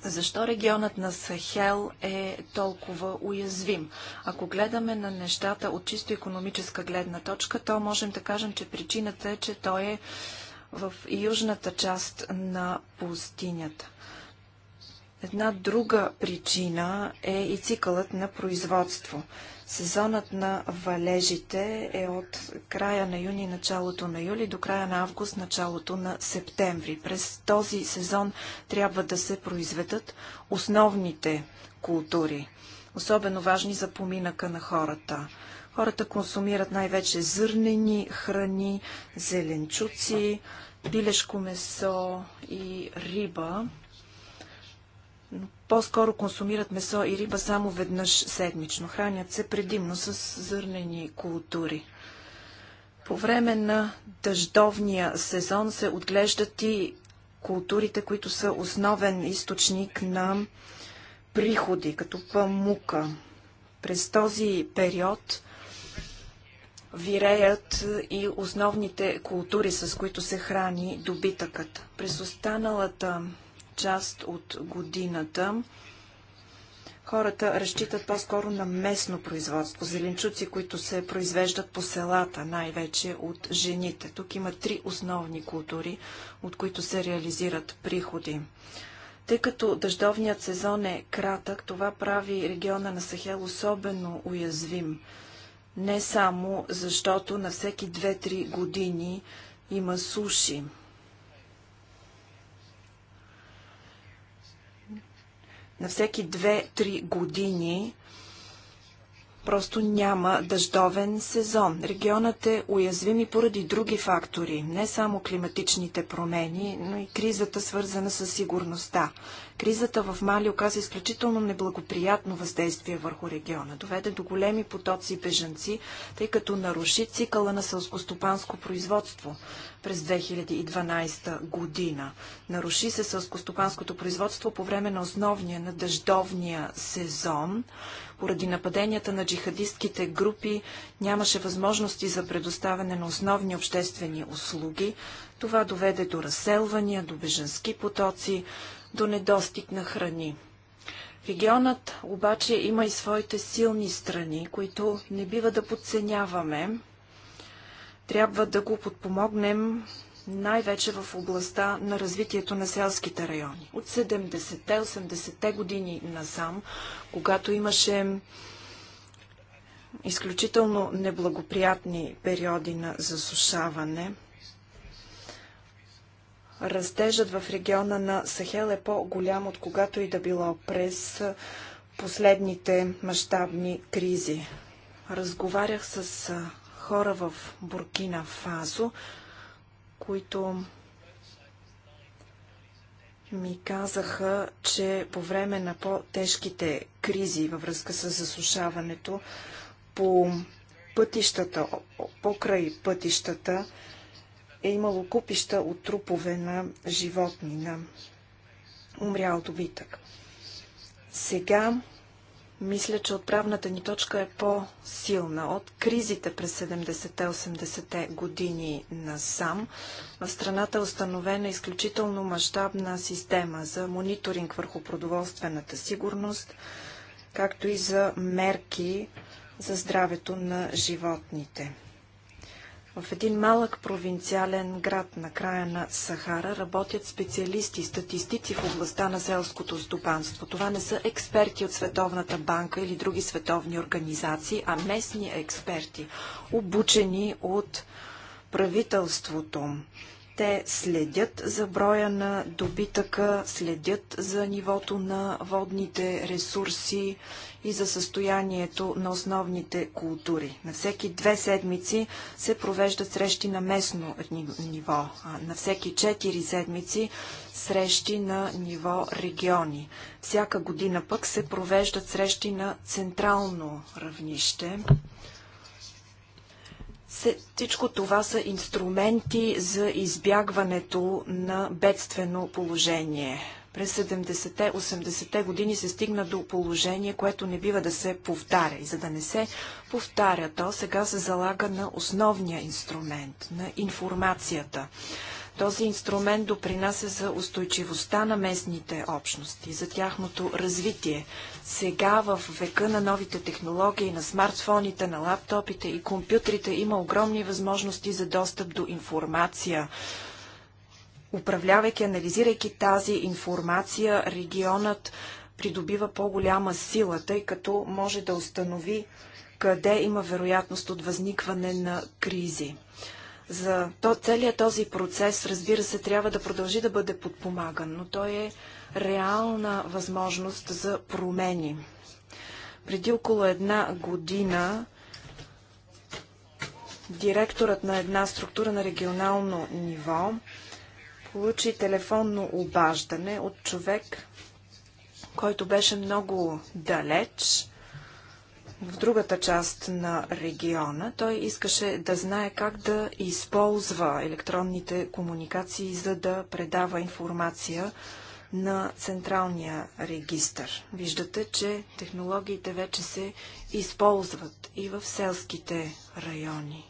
Защо регионът на Сахел е толкова уязвим? Ако гледаме на нещата от чисто економическа гледна точка, то можем да кажем, че причината е, че той е в южната част на пустинята. Една друга причина е и цикълът на производство. Сезонът на валежите е от края на юни, началото на юли до края на август, началото на септември. През този сезон трябва да се произведат основните култури, особено важни за поминъка на хората. Хората консумират най-вече зърнени храни, зеленчуци, пилешко месо и риба по-скоро консумират месо и риба само веднъж седмично. Хранят се предимно с зърнени култури. По време на дъждовния сезон се отглеждат и културите, които са основен източник на приходи, като памука. През този период виреят и основните култури, с които се храни добитъкът. През останалата част от годината хората разчитат по-скоро на местно производство. Зеленчуци, които се произвеждат по селата, най-вече от жените. Тук има три основни култури, от които се реализират приходи. Тъй като дъждовният сезон е кратък, това прави региона на Сахел особено уязвим. Не само защото на всеки 2-3 години има суши. на всеки 2-3 години просто няма дъждовен сезон. Регионът е уязвим и поради други фактори, не само климатичните промени, но и кризата свързана с сигурността. Кризата в Мали оказа изключително неблагоприятно въздействие върху региона. Доведе до големи потоци бежанци, тъй като наруши цикъла на сълскостопанско производство през 2012 година. Наруши се сълскостопанското производство по време на основния, на дъждовния сезон. Поради нападенията на джихадистките групи нямаше възможности за предоставяне на основни обществени услуги. Това доведе до разселвания, до беженски потоци, до недостиг на храни. Регионът обаче има и своите силни страни, които не бива да подценяваме. Трябва да го подпомогнем най-вече в областта на развитието на селските райони. От 70-те, 80-те години насам, когато имаше изключително неблагоприятни периоди на засушаване – Растежът в региона на Сахел е по-голям от когато и да било през последните мащабни кризи. Разговарях с хора в Буркина Фазо, които ми казаха, че по време на по-тежките кризи във връзка с засушаването по пътищата, покрай пътищата, е имало купища от трупове на животни, на умрял добитък. Сега мисля, че отправната ни точка е по-силна. От кризите през 70-80-те години насам в страната е установена изключително мащабна система за мониторинг върху продоволствената сигурност, както и за мерки за здравето на животните. В един малък провинциален град на края на Сахара работят специалисти, статистици в областта на селското стопанство. Това не са експерти от Световната банка или други световни организации, а местни експерти, обучени от правителството. Те следят за броя на добитъка, следят за нивото на водните ресурси и за състоянието на основните култури. На всеки две седмици се провеждат срещи на местно ниво, а на всеки четири седмици срещи на ниво региони. Всяка година пък се провеждат срещи на централно равнище. Всичко това са инструменти за избягването на бедствено положение. През 70-те, 80-те години се стигна до положение, което не бива да се повтаря. И за да не се повтаря то, сега се залага на основния инструмент, на информацията. Този инструмент допринася за устойчивостта на местните общности, за тяхното развитие. Сега в века на новите технологии, на смартфоните, на лаптопите и компютрите има огромни възможности за достъп до информация, управлявайки, анализирайки тази информация, регионът придобива по-голяма сила, тъй като може да установи къде има вероятност от възникване на кризи. За то, целият този процес, разбира се, трябва да продължи да бъде подпомаган, но той е реална възможност за промени. Преди около една година директорът на една структура на регионално ниво получи телефонно обаждане от човек, който беше много далеч в другата част на региона. Той искаше да знае как да използва електронните комуникации, за да предава информация на централния регистър. Виждате, че технологиите вече се използват и в селските райони.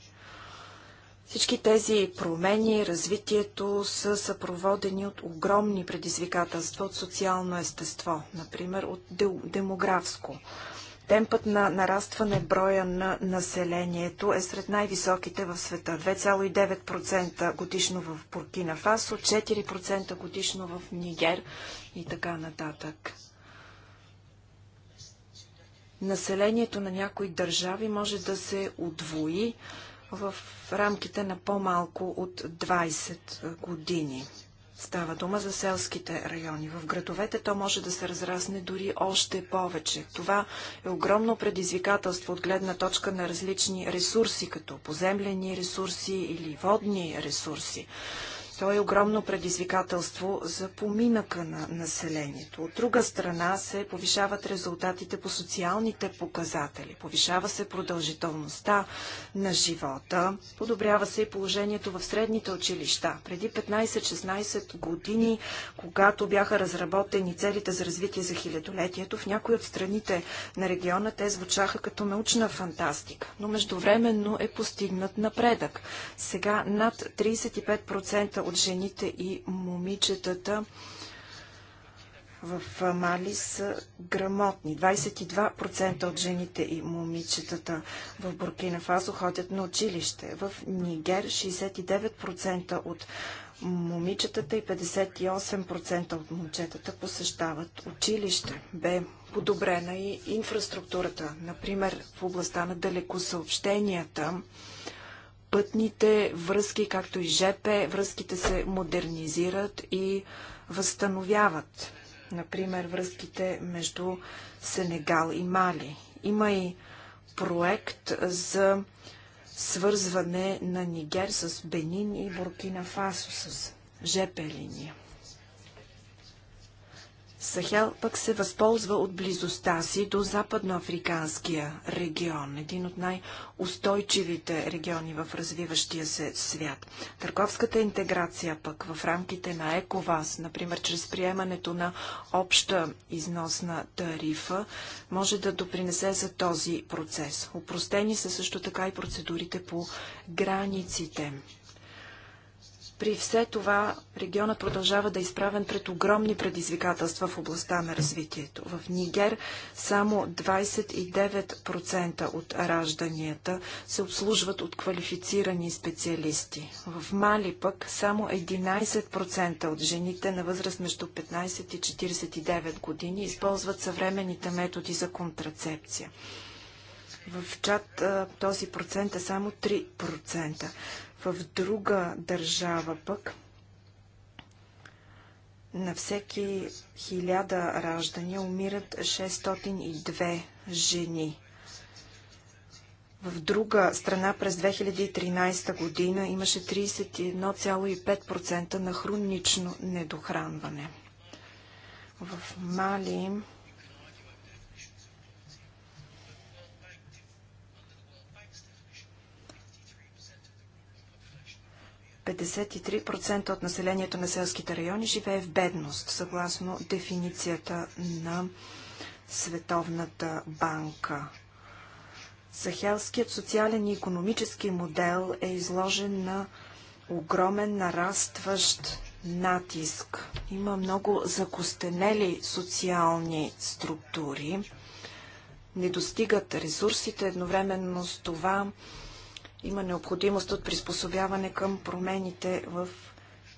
Всички тези промени, развитието са съпроводени от огромни предизвикателства от социално естество, например от демографско. Темпът на нарастване броя на населението е сред най-високите в света. 2,9% годишно в Буркина Фасо, 4% годишно в Нигер и така нататък. Населението на някои държави може да се удвои в рамките на по-малко от 20 години. Става дума за селските райони. В градовете то може да се разрасне дори още повече. Това е огромно предизвикателство от гледна точка на различни ресурси, като поземлени ресурси или водни ресурси. Той е огромно предизвикателство за поминъка на населението. От друга страна се повишават резултатите по социалните показатели, повишава се продължителността на живота, подобрява се и положението в средните училища. Преди 15-16 години, когато бяха разработени целите за развитие за хилядолетието, в някои от страните на региона те звучаха като научна фантастика, но междувременно е постигнат напредък. Сега над 35% от жените и момичетата в Мали са грамотни. 22% от жените и момичетата в Буркина Фасо ходят на училище. В Нигер 69% от момичетата и 58% от момчетата посещават училище. Бе подобрена и инфраструктурата, например в областта на далекосъобщенията. съобщенията пътните връзки, както и ЖП, връзките се модернизират и възстановяват. Например, връзките между Сенегал и Мали. Има и проект за свързване на Нигер с Бенин и Буркина Фасо с ЖП линия. Сахел пък се възползва от близостта си до западноафриканския регион, един от най-устойчивите региони в развиващия се свят. Търговската интеграция пък в рамките на ЕКОВАС, например чрез приемането на обща износна тарифа, може да допринесе за този процес. Опростени са също така и процедурите по границите. При все това регионът продължава да е изправен пред огромни предизвикателства в областта на развитието. В Нигер само 29% от ражданията се обслужват от квалифицирани специалисти. В Мали пък само 11% от жените на възраст между 15 и 49 години използват съвременните методи за контрацепция. В чат този процент е само 3% в друга държава пък на всеки хиляда раждания умират 602 жени. В друга страна през 2013 година имаше 31,5% на хронично недохранване. В Мали 53% от населението на селските райони живее в бедност, съгласно дефиницията на Световната банка. Сахелският социален и економически модел е изложен на огромен нарастващ натиск. Има много закостенели социални структури. Не достигат ресурсите едновременно с това има необходимост от приспособяване към промените в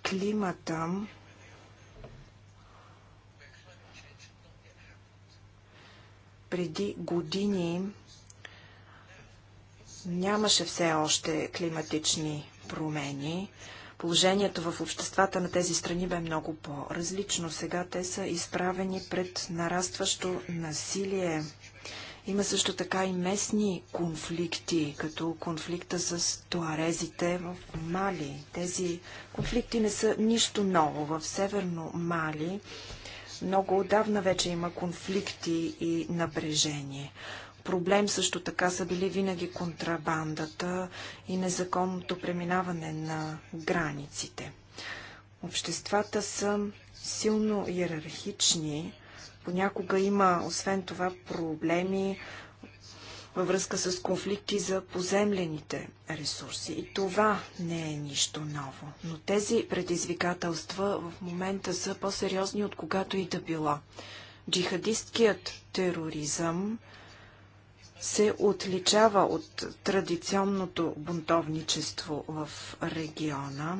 климата. Преди години нямаше все още климатични промени. Положението в обществата на тези страни бе много по-различно. Сега те са изправени пред нарастващо насилие има също така и местни конфликти, като конфликта с туарезите в Мали. Тези конфликти не са нищо ново. В северно Мали много отдавна вече има конфликти и напрежение. Проблем също така са били винаги контрабандата и незаконното преминаване на границите. Обществата са силно иерархични Понякога има, освен това, проблеми във връзка с конфликти за поземлените ресурси. И това не е нищо ново. Но тези предизвикателства в момента са по-сериозни от когато и да било. Джихадисткият тероризъм се отличава от традиционното бунтовничество в региона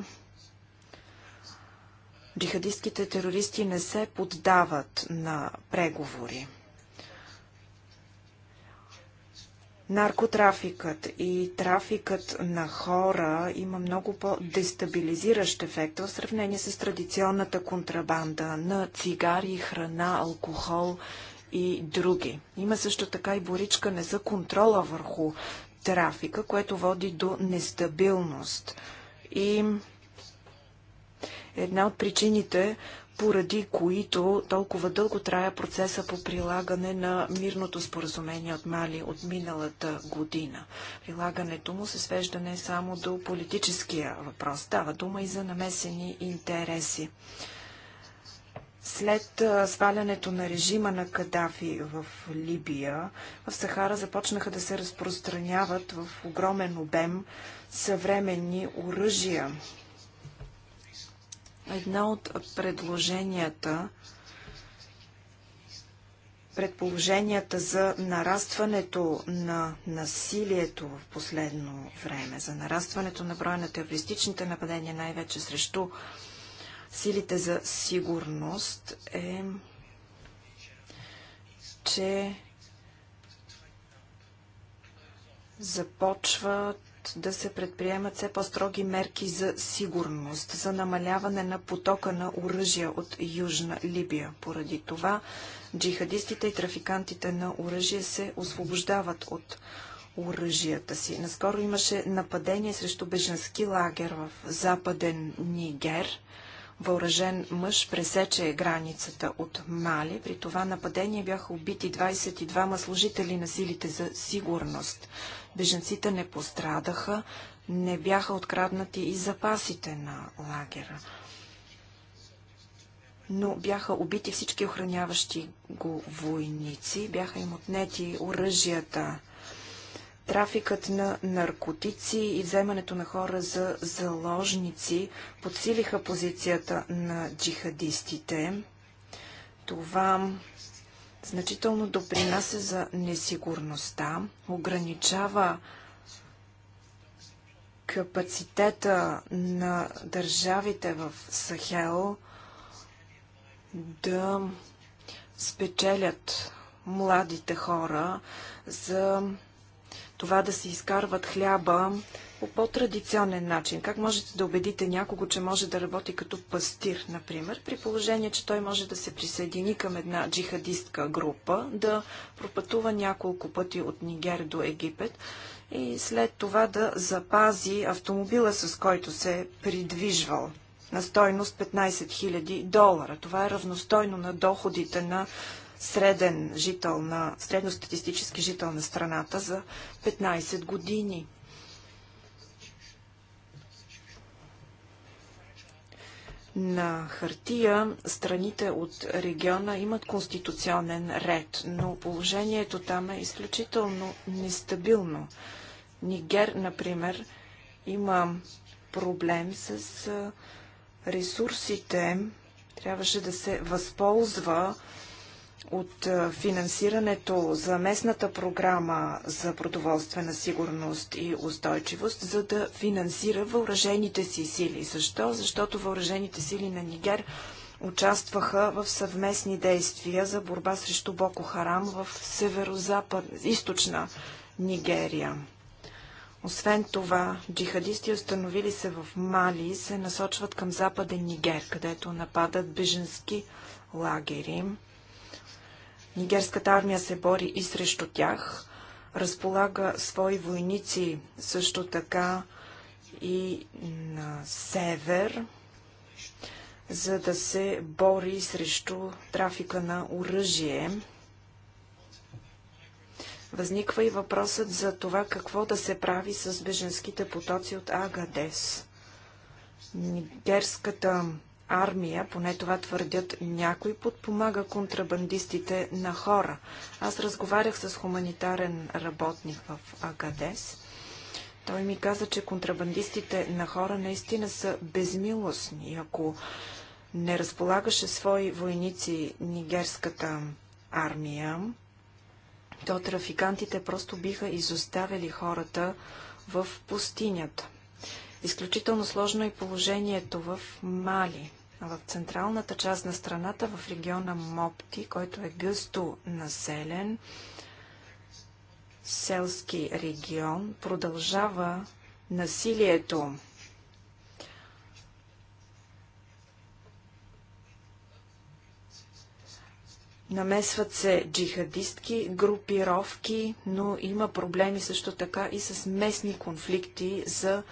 джихадистските терористи не се поддават на преговори. Наркотрафикът и трафикът на хора има много по-дестабилизиращ ефект в сравнение с традиционната контрабанда на цигари, храна, алкохол и други. Има също така и боричкане за контрола върху трафика, което води до нестабилност. И една от причините, поради които толкова дълго трая процеса по прилагане на мирното споразумение от Мали от миналата година. Прилагането му се свежда не само до политическия въпрос, става дума и за намесени интереси. След свалянето на режима на Кадафи в Либия, в Сахара започнаха да се разпространяват в огромен обем съвременни оръжия, Едно от предложенията, предположенията за нарастването на насилието в последно време, за нарастването на броя на терористичните нападения, най-вече срещу силите за сигурност, е, че започват да се предприемат все по-строги мерки за сигурност, за намаляване на потока на оръжия от Южна Либия. Поради това джихадистите и трафикантите на оръжие се освобождават от оръжията си. Наскоро имаше нападение срещу беженски лагер в западен Нигер. Въоръжен мъж пресече границата от Мали. При това нападение бяха убити 22 служители на силите за сигурност. Беженците не пострадаха, не бяха откраднати и запасите на лагера. Но бяха убити всички охраняващи го войници, бяха им отнети оръжията, трафикът на наркотици и вземането на хора за заложници подсилиха позицията на джихадистите. Това значително допринася за несигурността, ограничава капацитета на държавите в Сахел да спечелят младите хора за това да се изкарват хляба по по-традиционен начин? Как можете да убедите някого, че може да работи като пастир, например, при положение, че той може да се присъедини към една джихадистка група, да пропътува няколко пъти от Нигер до Египет и след това да запази автомобила, с който се е придвижвал на стойност 15 000 долара. Това е равностойно на доходите на среден жител на, средностатистически жител на страната за 15 години. На хартия страните от региона имат конституционен ред, но положението там е изключително нестабилно. Нигер, например, има проблем с ресурсите. Трябваше да се възползва от финансирането за местната програма за продоволствена сигурност и устойчивост, за да финансира въоръжените си сили. Защо? Защото въоръжените сили на Нигер участваха в съвместни действия за борба срещу Боко Харам в северо-запад, източна Нигерия. Освен това, джихадисти, установили се в Мали, се насочват към западен Нигер, където нападат беженски лагери. Нигерската армия се бори и срещу тях, разполага свои войници също така и на север, за да се бори срещу трафика на оръжие. Възниква и въпросът за това какво да се прави с беженските потоци от Агадес. Нигерската армия, поне това твърдят някой, подпомага контрабандистите на хора. Аз разговарях с хуманитарен работник в Агадес. Той ми каза, че контрабандистите на хора наистина са безмилостни. Ако не разполагаше свои войници нигерската армия, то трафикантите просто биха изоставили хората в пустинята. Изключително сложно е положението в Мали. В централната част на страната, в региона Мопти, който е гъсто населен, селски регион, продължава насилието. Намесват се джихадистки групировки, но има проблеми също така и с местни конфликти за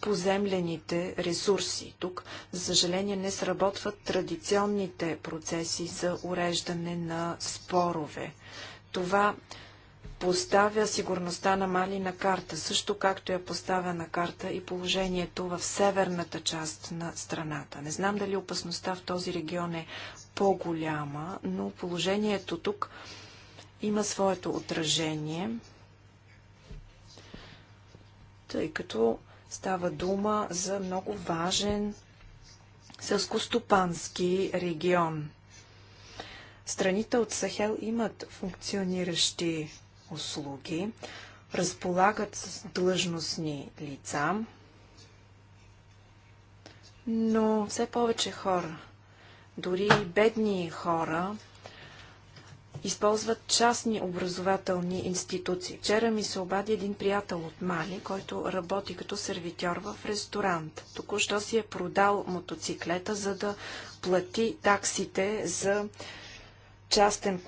поземлените ресурси. Тук, за съжаление, не сработват традиционните процеси за уреждане на спорове. Това поставя сигурността на Мали на карта, също както я поставя на карта и положението в северната част на страната. Не знам дали опасността в този регион е по-голяма, но положението тук има своето отражение, тъй като Става дума за много важен селскостопански регион. Страните от Сахел имат функциониращи услуги, разполагат с длъжностни лица, но все повече хора, дори бедни хора, използват частни образователни институции. Вчера ми се обади един приятел от Мали, който работи като сервитьор в ресторант. Току-що си е продал мотоциклета, за да плати таксите за частен,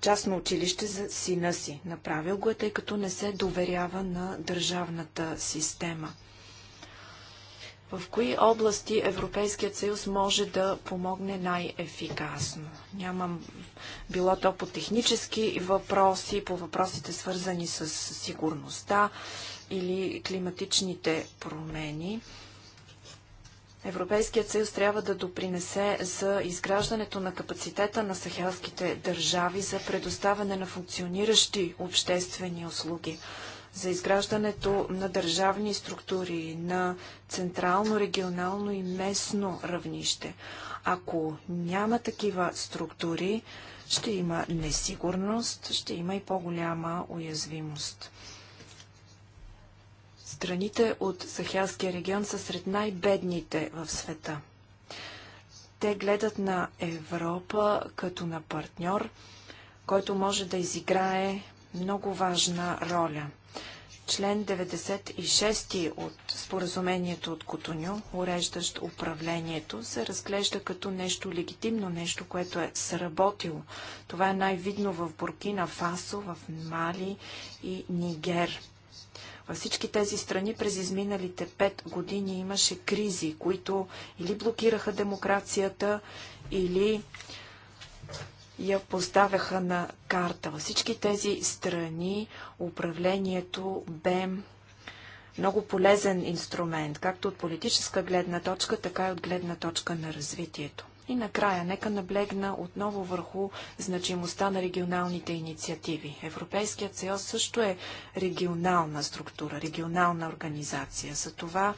частно училище за сина си. Направил го е, тъй като не се доверява на държавната система в кои области Европейският съюз може да помогне най-ефикасно. Нямам било то по технически въпроси, по въпросите свързани с сигурността или климатичните промени. Европейският съюз трябва да допринесе за изграждането на капацитета на сахелските държави за предоставяне на функциониращи обществени услуги за изграждането на държавни структури на централно, регионално и местно равнище. Ако няма такива структури, ще има несигурност, ще има и по-голяма уязвимост. Страните от Сахелския регион са сред най-бедните в света. Те гледат на Европа като на партньор, който може да изиграе много важна роля. Член 96 от споразумението от Котоню, уреждащ управлението, се разглежда като нещо легитимно, нещо, което е сработило. Това е най-видно в Буркина Фасо, в Мали и Нигер. Във всички тези страни през изминалите пет години имаше кризи, които или блокираха демокрацията, или я поставяха на карта. Във всички тези страни управлението бе много полезен инструмент, както от политическа гледна точка, така и от гледна точка на развитието. И накрая, нека наблегна отново върху значимостта на регионалните инициативи. Европейският съюз също е регионална структура, регионална организация. За това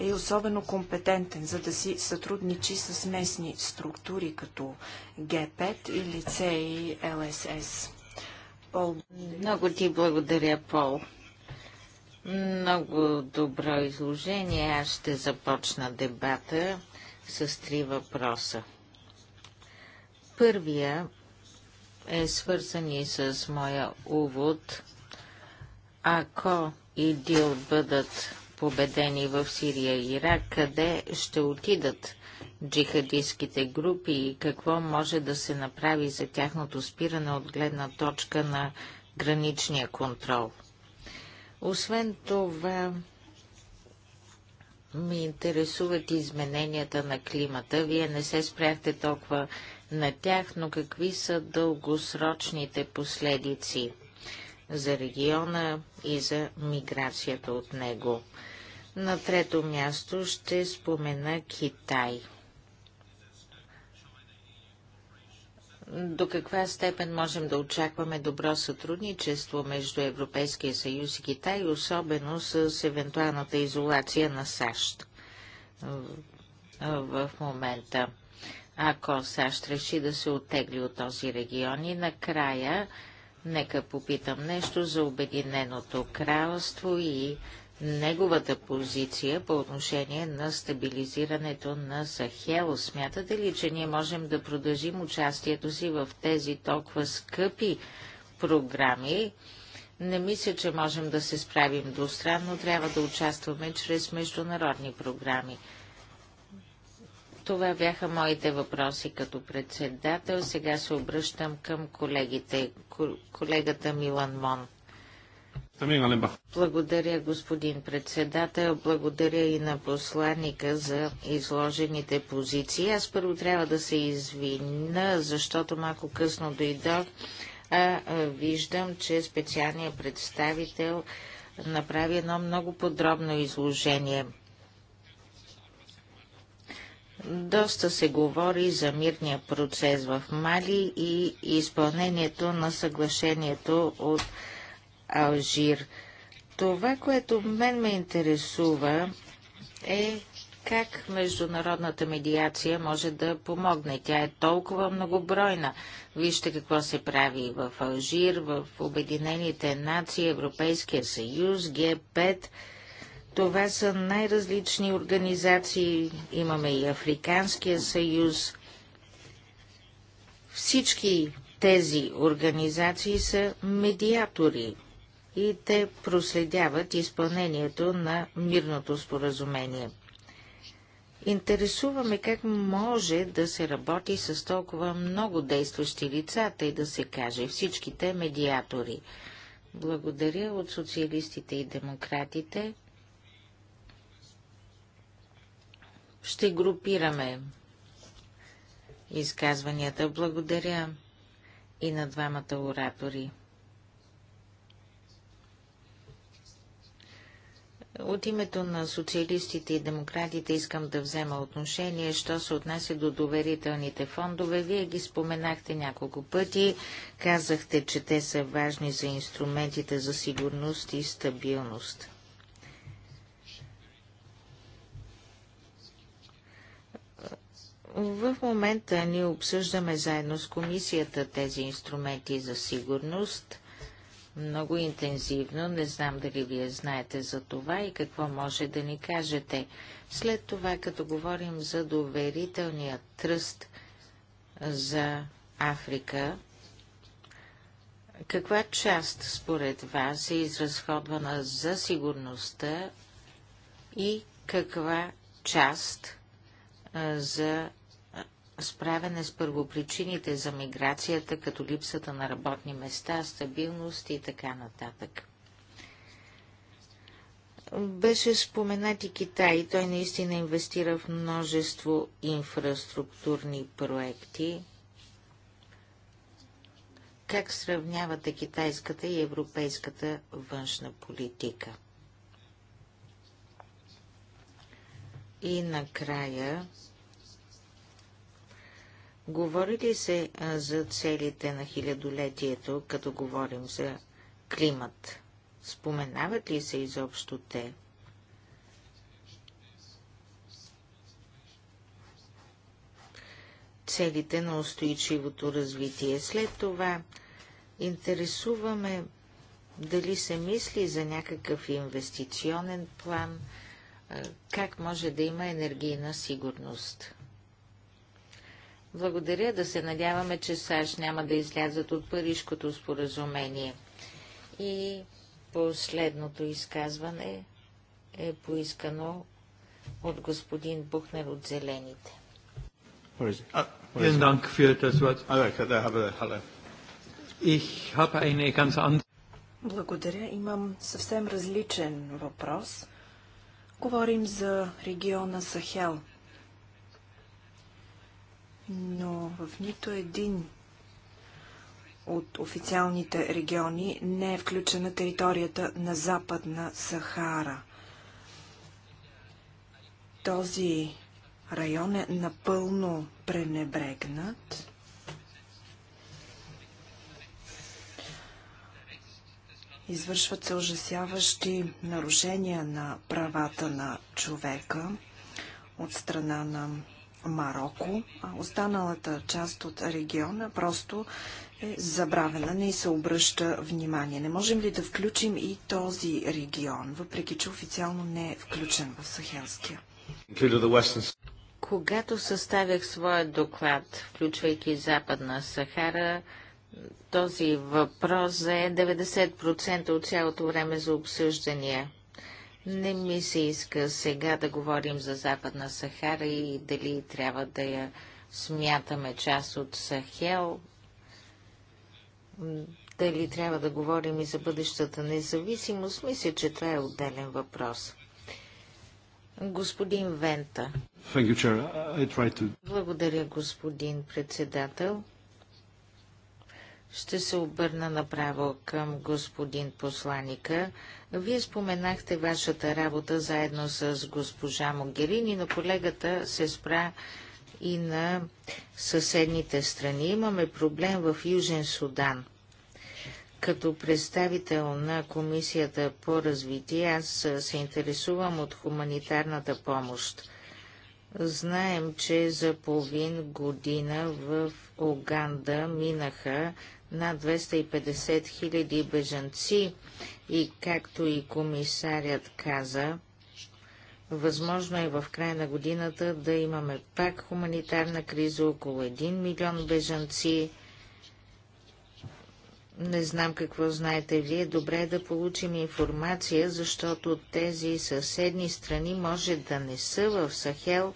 е особено компетентен, за да си сътрудничи с местни структури, като Г5 и ЛСС. Пол. Много ти благодаря, Пол. Много добро изложение. Аз ще започна дебата с три въпроса. Първия е свързан и с моя увод. Ако и Дил бъдат победени в Сирия и Ирак, къде ще отидат джихадистските групи и какво може да се направи за тяхното спиране от гледна точка на граничния контрол. Освен това, ми интересуват измененията на климата. Вие не се спряхте толкова на тях, но какви са дългосрочните последици за региона и за миграцията от него? На трето място ще спомена Китай. До каква степен можем да очакваме добро сътрудничество между Европейския съюз и Китай, особено с евентуалната изолация на САЩ в момента? Ако САЩ реши да се отегли от този регион и накрая, нека попитам нещо за Обединеното кралство и неговата позиция по отношение на стабилизирането на Сахел. Смятате ли, че ние можем да продължим участието си в тези толкова скъпи програми? Не мисля, че можем да се справим но трябва да участваме чрез международни програми. Това бяха моите въпроси като председател. Сега се обръщам към колегите. Колегата Милан Монт. Благодаря, господин председател. Благодаря и на посланника за изложените позиции. Аз първо трябва да се извиня, защото малко късно дойдох. А, виждам, че специалният представител направи едно много подробно изложение. Доста се говори за мирния процес в Мали и изпълнението на съглашението от Алжир. Това, което мен ме интересува е как международната медиация може да помогне. Тя е толкова многобройна. Вижте какво се прави в Алжир, в Обединените нации, Европейския съюз, Г5. Това са най-различни организации. Имаме и Африканския съюз. Всички тези организации са медиатори и те проследяват изпълнението на мирното споразумение. Интересуваме как може да се работи с толкова много действащи лица, тъй да се каже всичките медиатори. Благодаря от социалистите и демократите. Ще групираме изказванията. Благодаря и на двамата оратори. От името на социалистите и демократите искам да взема отношение, що се отнася до доверителните фондове. Вие ги споменахте няколко пъти, казахте, че те са важни за инструментите за сигурност и стабилност. В момента ние обсъждаме заедно с комисията тези инструменти за сигурност – много интензивно. Не знам дали вие знаете за това и какво може да ни кажете. След това, като говорим за доверителния тръст за Африка, каква част според вас е изразходвана за сигурността и каква част за справяне с първопричините за миграцията, като липсата на работни места, стабилност и така нататък. Беше споменат и Китай. и Той наистина инвестира в множество инфраструктурни проекти. Как сравнявате китайската и европейската външна политика? И накрая Говори ли се за целите на хилядолетието, като говорим за климат? Споменават ли се изобщо те? Целите на устойчивото развитие. След това интересуваме дали се мисли за някакъв инвестиционен план, как може да има енергийна сигурност. Благодаря да се надяваме, че САЩ няма да излязат от Парижкото споразумение. И последното изказване е поискано от господин Бухнер от Зелените. Oh, Благодаря. Имам съвсем различен въпрос. Говорим за региона Сахел но в нито един от официалните региони не е включена територията на Западна Сахара. Този район е напълно пренебрегнат. Извършват се ужасяващи нарушения на правата на човека от страна на Марокко, а останалата част от региона просто е забравена, не се обръща внимание. Не можем ли да включим и този регион, въпреки че официално не е включен в Сахелския? Когато съставях своя доклад, включвайки Западна Сахара, този въпрос е 90% от цялото време за обсъждания. Не ми се иска сега да говорим за Западна Сахара и дали трябва да я смятаме част от Сахел. Дали трябва да говорим и за бъдещата независимост, мисля, че това е отделен въпрос. Господин Вента. Благодаря, господин председател. Ще се обърна направо към господин посланика. Вие споменахте вашата работа заедно с госпожа Могерини, но колегата се спра и на съседните страни. Имаме проблем в Южен Судан. Като представител на Комисията по развитие, аз се интересувам от хуманитарната помощ. Знаем, че за половин година в Оганда минаха над 250 хиляди бежанци и, както и комисарят каза, възможно е в края на годината да имаме пак хуманитарна криза, около 1 милион бежанци. Не знам какво знаете вие. Добре е да получим информация, защото тези съседни страни може да не са в Сахел,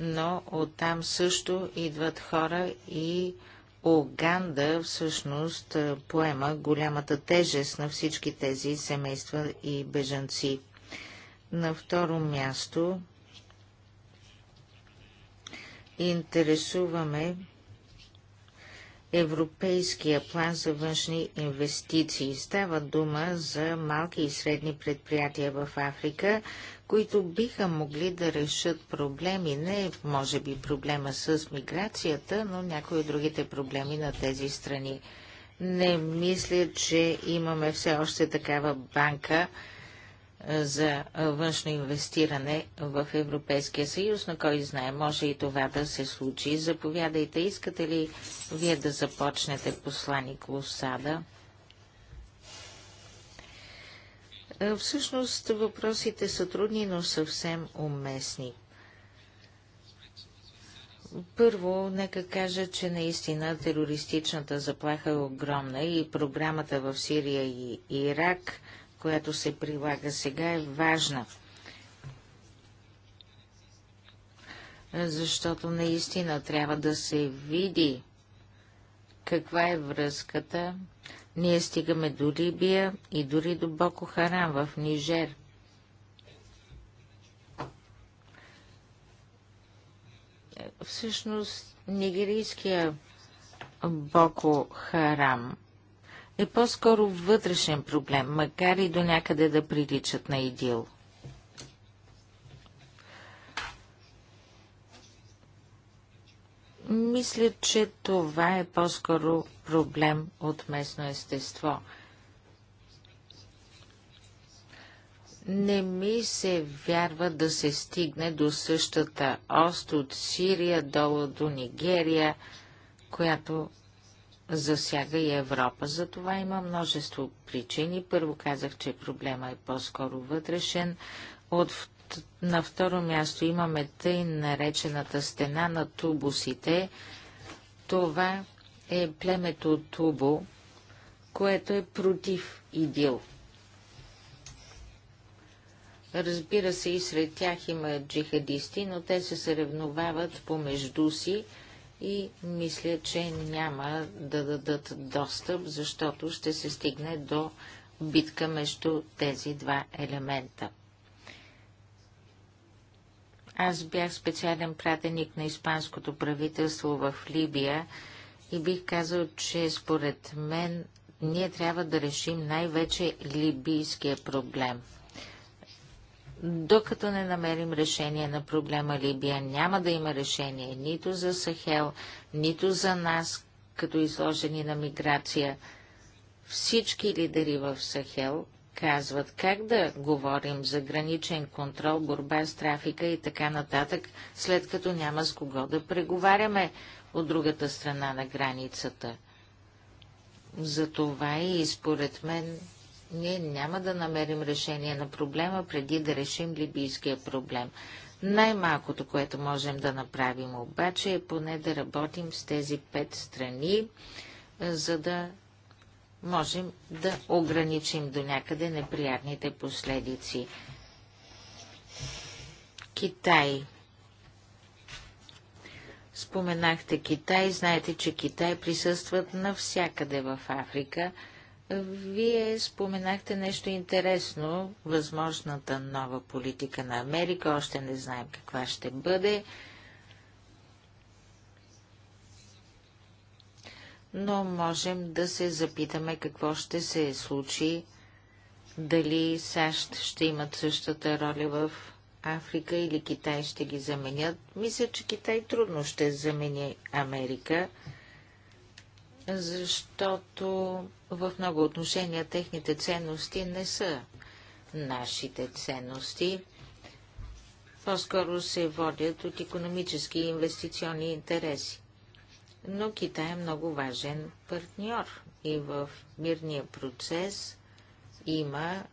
но оттам също идват хора и Оганда всъщност поема голямата тежест на всички тези семейства и бежанци. На второ място интересуваме Европейския план за външни инвестиции. Става дума за малки и средни предприятия в Африка, които биха могли да решат проблеми, не може би проблема с миграцията, но някои от другите проблеми на тези страни. Не мисля, че имаме все още такава банка за външно инвестиране в Европейския съюз, На кой знае, може и това да се случи. Заповядайте, искате ли вие да започнете посланик Лосада? Е, всъщност въпросите са трудни, но съвсем уместни. Първо, нека кажа, че наистина терористичната заплаха е огромна и програмата в Сирия и Ирак, която се прилага сега, е важна. Защото наистина трябва да се види каква е връзката ние стигаме до Либия и дори до Боко Харам в Нижер. Всъщност, нигерийския Боко Харам е по-скоро вътрешен проблем, макар и до някъде да приличат на идил. Мисля, че това е по-скоро проблем от местно естество. Не ми се вярва да се стигне до същата ост от Сирия, долу до Нигерия, която засяга и Европа. За това има множество причини. Първо казах, че проблема е по-скоро вътрешен. От на второ място имаме тъй наречената стена на тубусите. Това е племето Тубо, което е против Идил. Разбира се, и сред тях има джихадисти, но те се съревновават помежду си и мисля, че няма да дадат достъп, защото ще се стигне до битка между тези два елемента. Аз бях специален пратеник на испанското правителство в Либия и бих казал, че според мен ние трябва да решим най-вече либийския проблем. Докато не намерим решение на проблема Либия, няма да има решение нито за Сахел, нито за нас, като изложени на миграция. Всички лидери в Сахел казват как да говорим за граничен контрол, борба с трафика и така нататък, след като няма с кого да преговаряме от другата страна на границата. Затова и според мен ние няма да намерим решение на проблема преди да решим либийския проблем. Най-малкото, което можем да направим обаче е поне да работим с тези пет страни, за да можем да ограничим до някъде неприятните последици. Китай. Споменахте Китай. Знаете, че Китай присъстват навсякъде в Африка. Вие споменахте нещо интересно, възможната нова политика на Америка. Още не знаем каква ще бъде. но можем да се запитаме какво ще се случи, дали САЩ ще имат същата роля в Африка или Китай ще ги заменят. Мисля, че Китай трудно ще замени Америка, защото в много отношения техните ценности не са нашите ценности. По-скоро се водят от економически и инвестиционни интереси но Китай е много важен партньор и в мирния процес има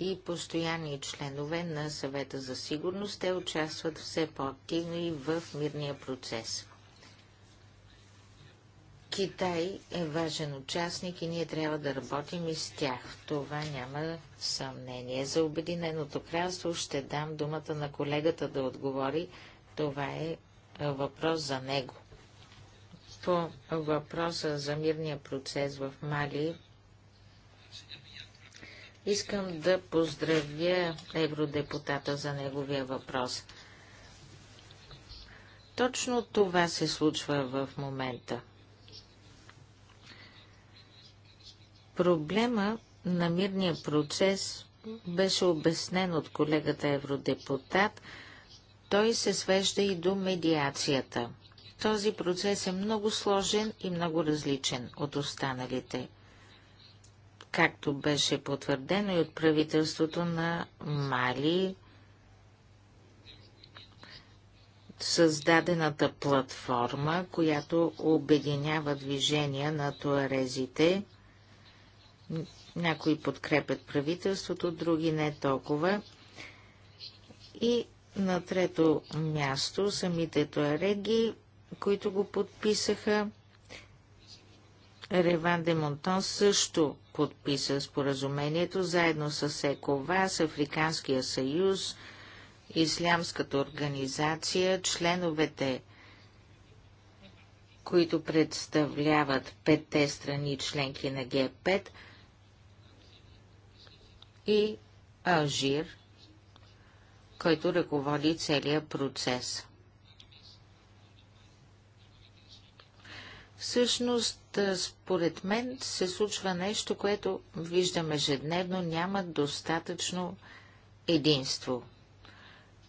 и постоянни членове на съвета за сигурност. Те участват все по-активно и в мирния процес. Китай е важен участник и ние трябва да работим и с тях. Това няма съмнение. За Обединеното кралство ще дам думата на колегата да отговори. Това е въпрос за него. По въпроса за мирния процес в Мали, искам да поздравя евродепутата за неговия въпрос. Точно това се случва в момента. Проблема на мирния процес беше обяснен от колегата евродепутат – той се свежда и до медиацията. Този процес е много сложен и много различен от останалите, както беше потвърдено и от правителството на Мали, създадената платформа, която обединява движения на туарезите. Някои подкрепят правителството, други не толкова. И на трето място самите туареги, които го подписаха. Реван де Монтон също подписа споразумението заедно с ЕКОВА, с Африканския съюз, Ислямската организация, членовете, които представляват петте страни членки на Г5 и Алжир – който ръководи целия процес. Всъщност, според мен, се случва нещо, което виждаме ежедневно, няма достатъчно единство.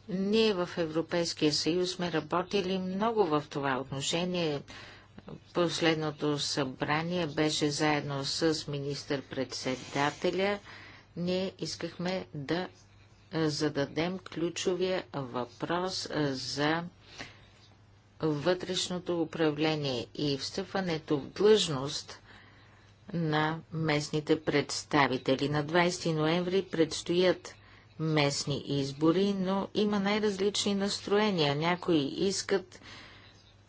Ние в Европейския съюз сме работили много в това отношение. Последното събрание беше заедно с министър-председателя. Ние искахме да зададем ключовия въпрос за вътрешното управление и встъпването в длъжност на местните представители. На 20 ноември предстоят местни избори, но има най-различни настроения. Някои искат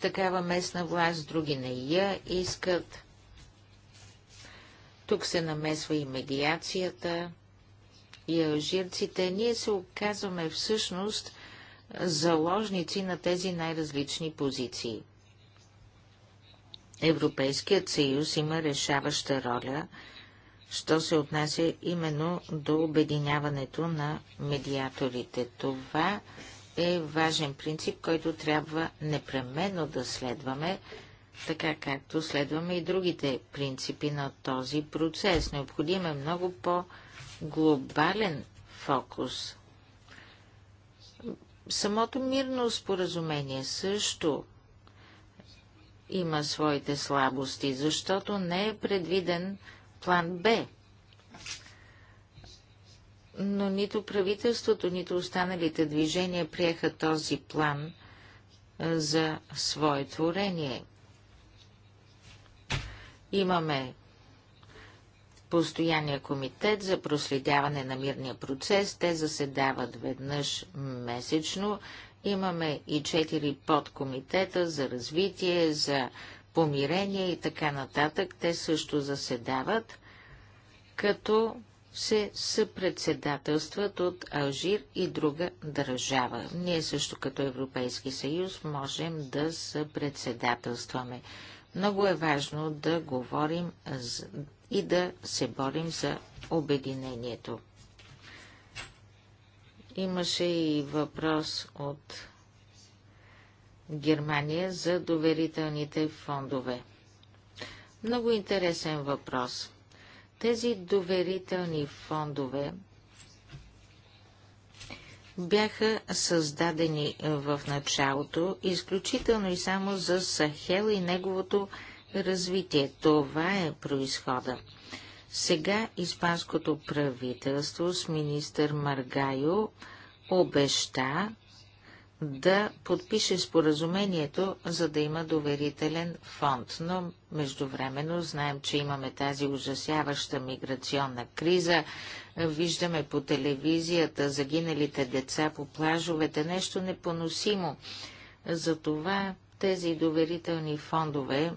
такава местна власт, други не я искат. Тук се намесва и медиацията и алжирците, ние се оказваме всъщност заложници на тези най-различни позиции. Европейският съюз има решаваща роля, що се отнася именно до обединяването на медиаторите. Това е важен принцип, който трябва непременно да следваме, така както следваме и другите принципи на този процес. Необходим е много по- глобален фокус. Самото мирно споразумение също има своите слабости, защото не е предвиден план Б. Но нито правителството, нито останалите движения приеха този план за свое творение. Имаме Постоянния комитет за проследяване на мирния процес. Те заседават веднъж месечно. Имаме и четири подкомитета за развитие, за помирение и така нататък. Те също заседават, като се съпредседателстват от Алжир и друга държава. Ние също като Европейски съюз можем да съпредседателстваме. Много е важно да говорим и да се борим за обединението. Имаше и въпрос от Германия за доверителните фондове. Много интересен въпрос. Тези доверителни фондове бяха създадени в началото изключително и само за Сахел и неговото развитие. Това е происхода. Сега испанското правителство с министър Маргайо обеща да подпише споразумението, за да има доверителен фонд. Но междувременно знаем, че имаме тази ужасяваща миграционна криза. Виждаме по телевизията загиналите деца по плажовете. Нещо непоносимо. Затова тези доверителни фондове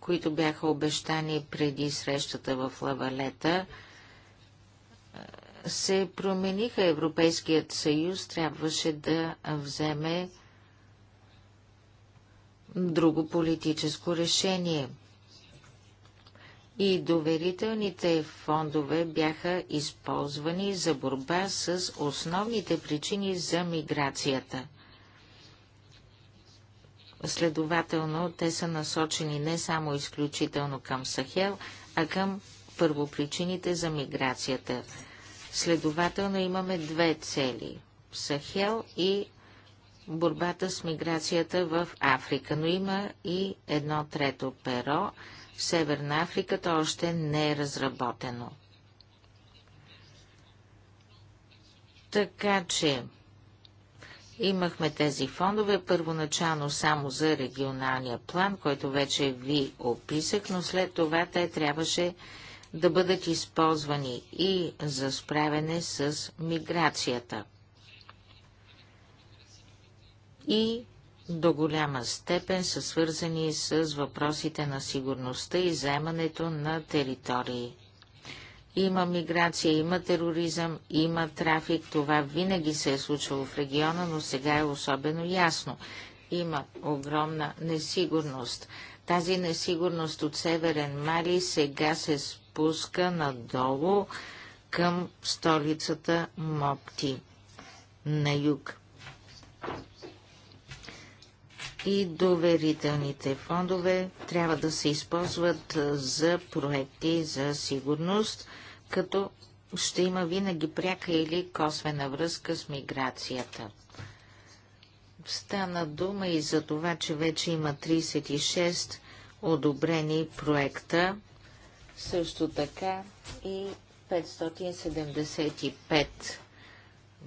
които бяха обещани преди срещата в Лавалета, се промениха. Европейският съюз трябваше да вземе друго политическо решение. И доверителните фондове бяха използвани за борба с основните причини за миграцията – Следователно, те са насочени не само изключително към Сахел, а към първопричините за миграцията. Следователно имаме две цели – Сахел и борбата с миграцията в Африка, но има и едно трето перо – в Северна Африка, то още не е разработено. Така че Имахме тези фондове първоначално само за регионалния план, който вече ви описах, но след това те трябваше да бъдат използвани и за справяне с миграцията. И до голяма степен са свързани с въпросите на сигурността и заемането на територии. Има миграция, има тероризъм, има трафик. Това винаги се е случвало в региона, но сега е особено ясно. Има огромна несигурност. Тази несигурност от Северен Мали сега се спуска надолу към столицата Мопти на юг. И доверителните фондове трябва да се използват за проекти за сигурност като ще има винаги пряка или косвена връзка с миграцията. Стана дума и за това, че вече има 36 одобрени проекта, също така и 575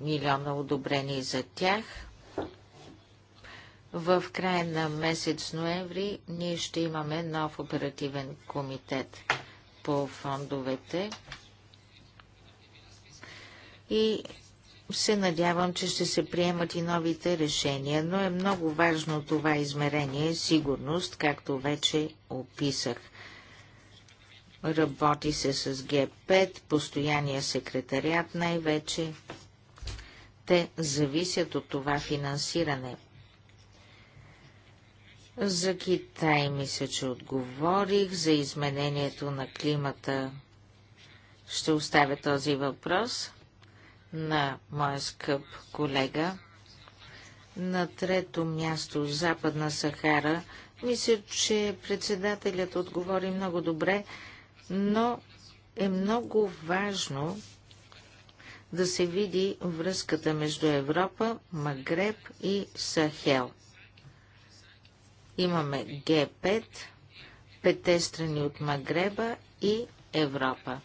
милиона одобрени за тях. В края на месец ноември ние ще имаме нов оперативен комитет по фондовете, и се надявам, че ще се приемат и новите решения, но е много важно това измерение сигурност, както вече описах. Работи се с Г5, постоянния секретариат най-вече. Те зависят от това финансиране. За Китай мисля, че отговорих за изменението на климата. Ще оставя този въпрос на моя скъп колега. На трето място, Западна Сахара, мисля, че председателят отговори много добре, но е много важно да се види връзката между Европа, Магреб и Сахел. Имаме Г5, пете страни от Магреба и Европа.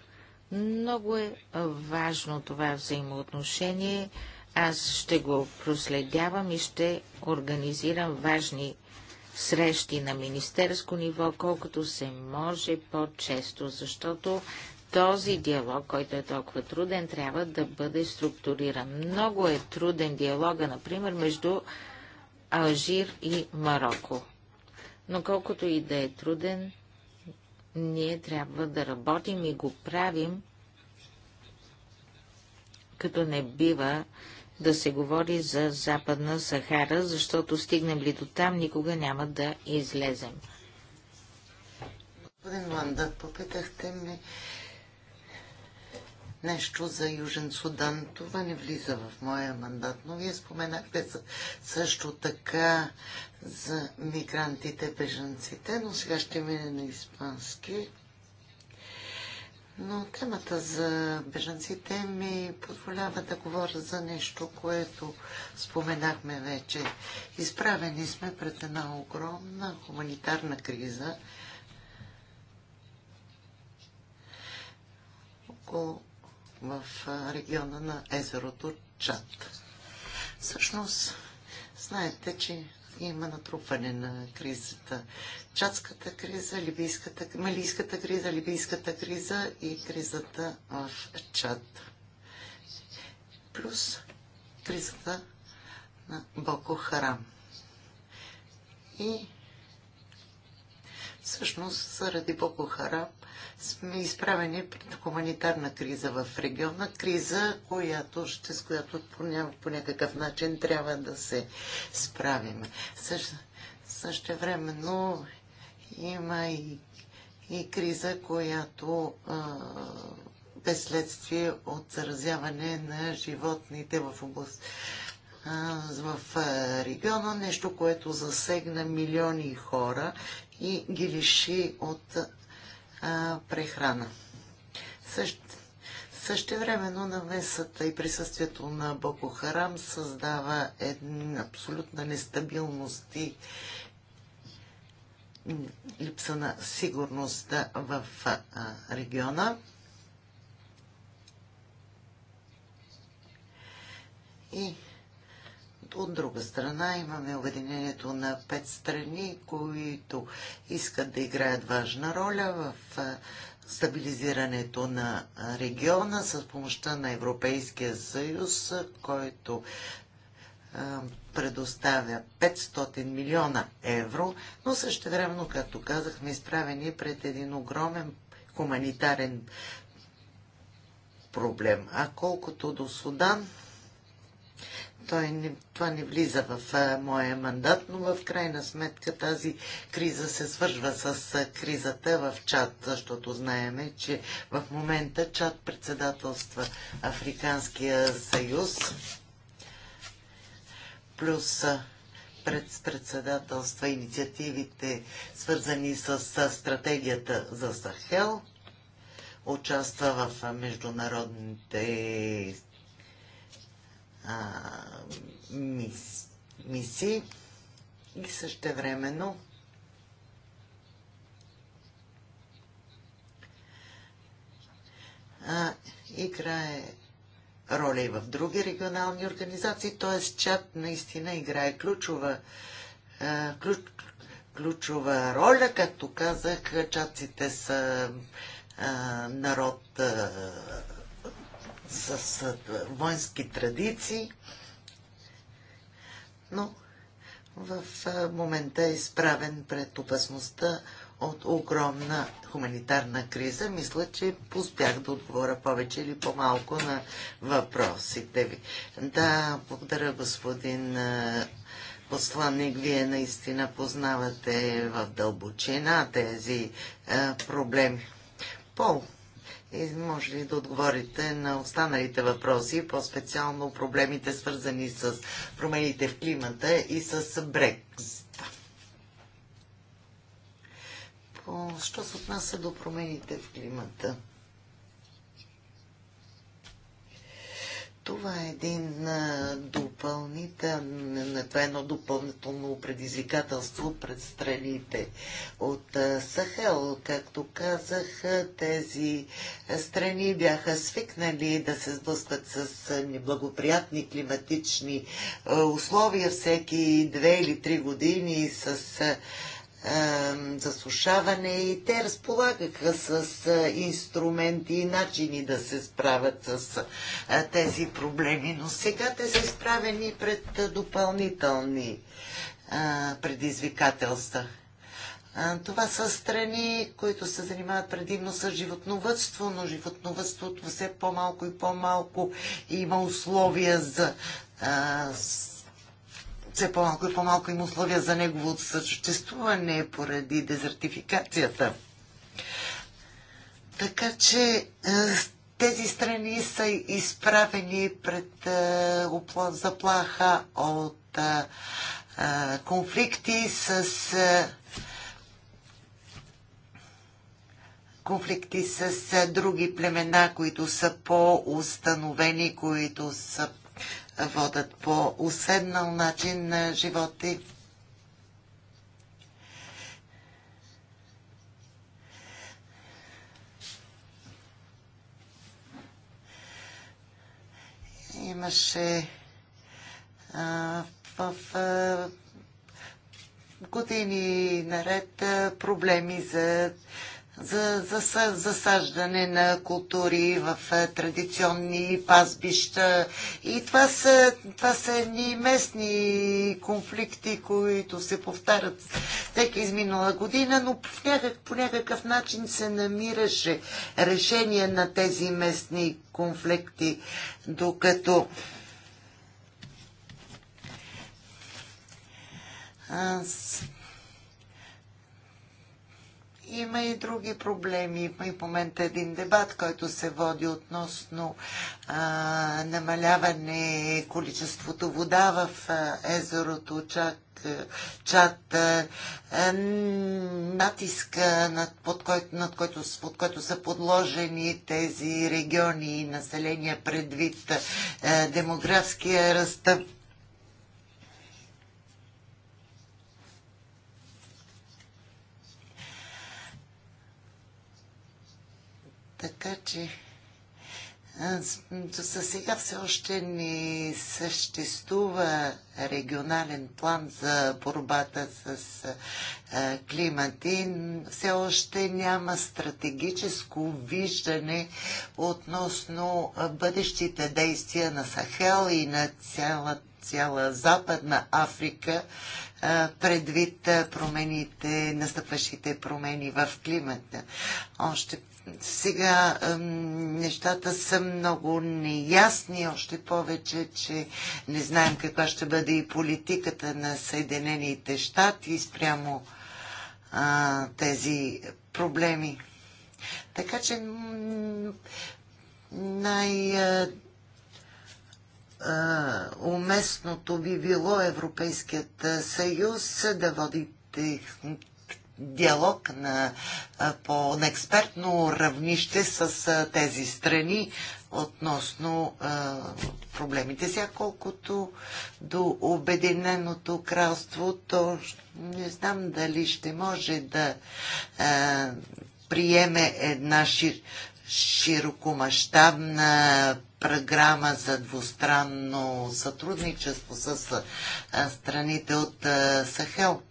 Много е важно това взаимоотношение. Аз ще го проследявам и ще организирам важни срещи на министерско ниво, колкото се може по-често, защото този диалог, който е толкова труден, трябва да бъде структуриран. Много е труден диалога, например, между Алжир и Марокко. Но колкото и да е труден, ние трябва да работим и го правим, като не бива да се говори за Западна Сахара, защото стигнем ли до там, никога няма да излезем. Господин Ланда, попитахте ме нещо за Южен Судан. Това не влиза в моя мандат, но вие споменахте също така за мигрантите, бежанците, но сега ще мине на испански. Но темата за бежанците ми позволява да говоря за нещо, което споменахме вече. Изправени сме пред една огромна хуманитарна криза, около в региона на езерото Чад. Всъщност, знаете, че има натрупване на кризата. Чатската криза, либийската, малийската криза, либийската криза и кризата в чат. Плюс кризата на Боко Харам. И всъщност заради Боко Харам сме изправени пред хуманитарна криза в региона, криза, която ще, с която по, ня, по някакъв начин трябва да се справим. Също, също но има и, и криза, която а, е следствие от заразяване на животните в област в региона, нещо, което засегна милиони хора и ги лиши от а, прехрана. Също, същевременно намесата и присъствието на Боко Харам създава една абсолютна нестабилност и липса на сигурност в а, региона. И от друга страна имаме обединението на пет страни, които искат да играят важна роля в стабилизирането на региона с помощта на Европейския съюз, който предоставя 500 милиона евро, но също времено, както казахме, изправени пред един огромен хуманитарен проблем. А колкото до Судан, той не, това не влиза в а, моя мандат, но в крайна сметка тази криза се свържва с а, кризата в чат, защото знаеме, че в момента чат председателства Африканския съюз плюс председателства инициативите, свързани с, с стратегията за Сахел, участва в международните а, мис, миси и същевременно а, играе роля и в други регионални организации, т.е. чат наистина играе ключова, а, ключ, ключова роля. Както казах, чатците са а, народ а, с воински традиции, но в момента е изправен пред опасността от огромна хуманитарна криза. Мисля, че успях да отговоря повече или по-малко на въпросите ви. Да, благодаря господин посланник. Вие наистина познавате в дълбочина тези проблеми. Пол. И може ли да отговорите на останалите въпроси, по-специално проблемите свързани с промените в климата и с Брекзит. Що се отнася до промените в климата? Това е един допълнително, това е едно допълнително предизвикателство пред страните от Сахел. Както казах, тези страни бяха свикнали да се сблъскват с неблагоприятни климатични условия всеки две или три години с засушаване и те разполагаха с инструменти и начини да се справят с тези проблеми, но сега те са изправени пред допълнителни предизвикателства. Това са страни, които се занимават предимно с животновътство, но животновътството все по-малко и по-малко има условия за все по-малко и по-малко има условия за неговото съществуване поради дезертификацията. Така че е, тези страни са изправени пред е, заплаха от е, конфликти с конфликти с други племена, които са по-установени, които са Водят по уседнал начин на животи. Имаше а, в а, години наред проблеми за за, за засаждане на култури в е, традиционни пазбища. И това са, това са едни местни конфликти, които се повтарят всеки изминала година, но по някак, по някакъв начин се намираше решение на тези местни конфликти, докато а, с има и други проблеми. Има и в момента един дебат, който се води относно а, намаляване количеството вода в а, езерото Чак, Чат, а, натиска, над, под, който, над който, под който са подложени тези региони и населения предвид а, демографския ръстъп Така че за сега все още не съществува регионален план за борбата с климати. Все още няма стратегическо виждане относно бъдещите действия на Сахел и на цяла, цяла Западна Африка предвид промените, настъпващите промени в климата. Още сега нещата са много неясни, още повече, че не знаем каква ще бъде и политиката на Съединените щати спрямо а, тези проблеми. Така че най- уместното би било Европейският съюз да води диалог на, по на експертно равнище с тези страни относно а, проблемите. Сега колкото до Обединеното кралство, то не знам дали ще може да а, приеме една шир, широкомащабна програма за двустранно сътрудничество с страните от Сахел.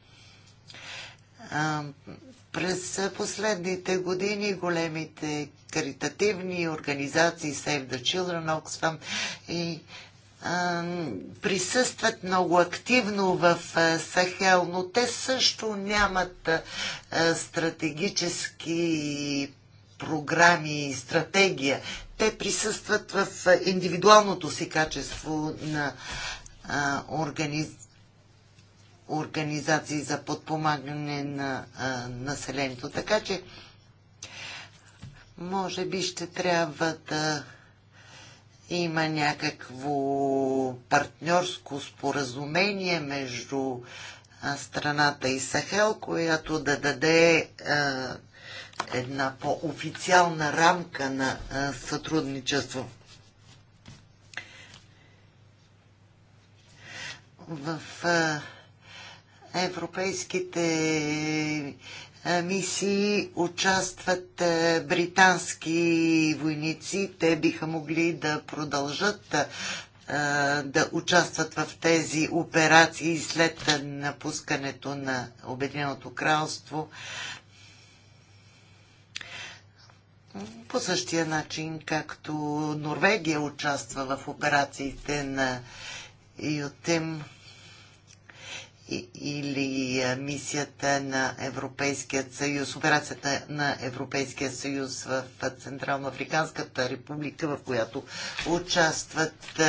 През последните години големите каритативни организации Save the Children, Oxfam и присъстват много активно в Сахел, но те също нямат стратегически програми, стратегия. Те присъстват в индивидуалното си качество на а, органи... организации за подпомагане на а, населението. Така че, може би ще трябва да има някакво партньорско споразумение между страната и Сахел, която да даде а, една по-официална рамка на сътрудничество. В европейските мисии участват британски войници. Те биха могли да продължат да участват в тези операции след напускането на Обединеното кралство по същия начин, както Норвегия участва в операциите на ЮТЕМ или мисията на Европейския съюз, операцията на Европейския съюз в Централно-Африканската република, в която участват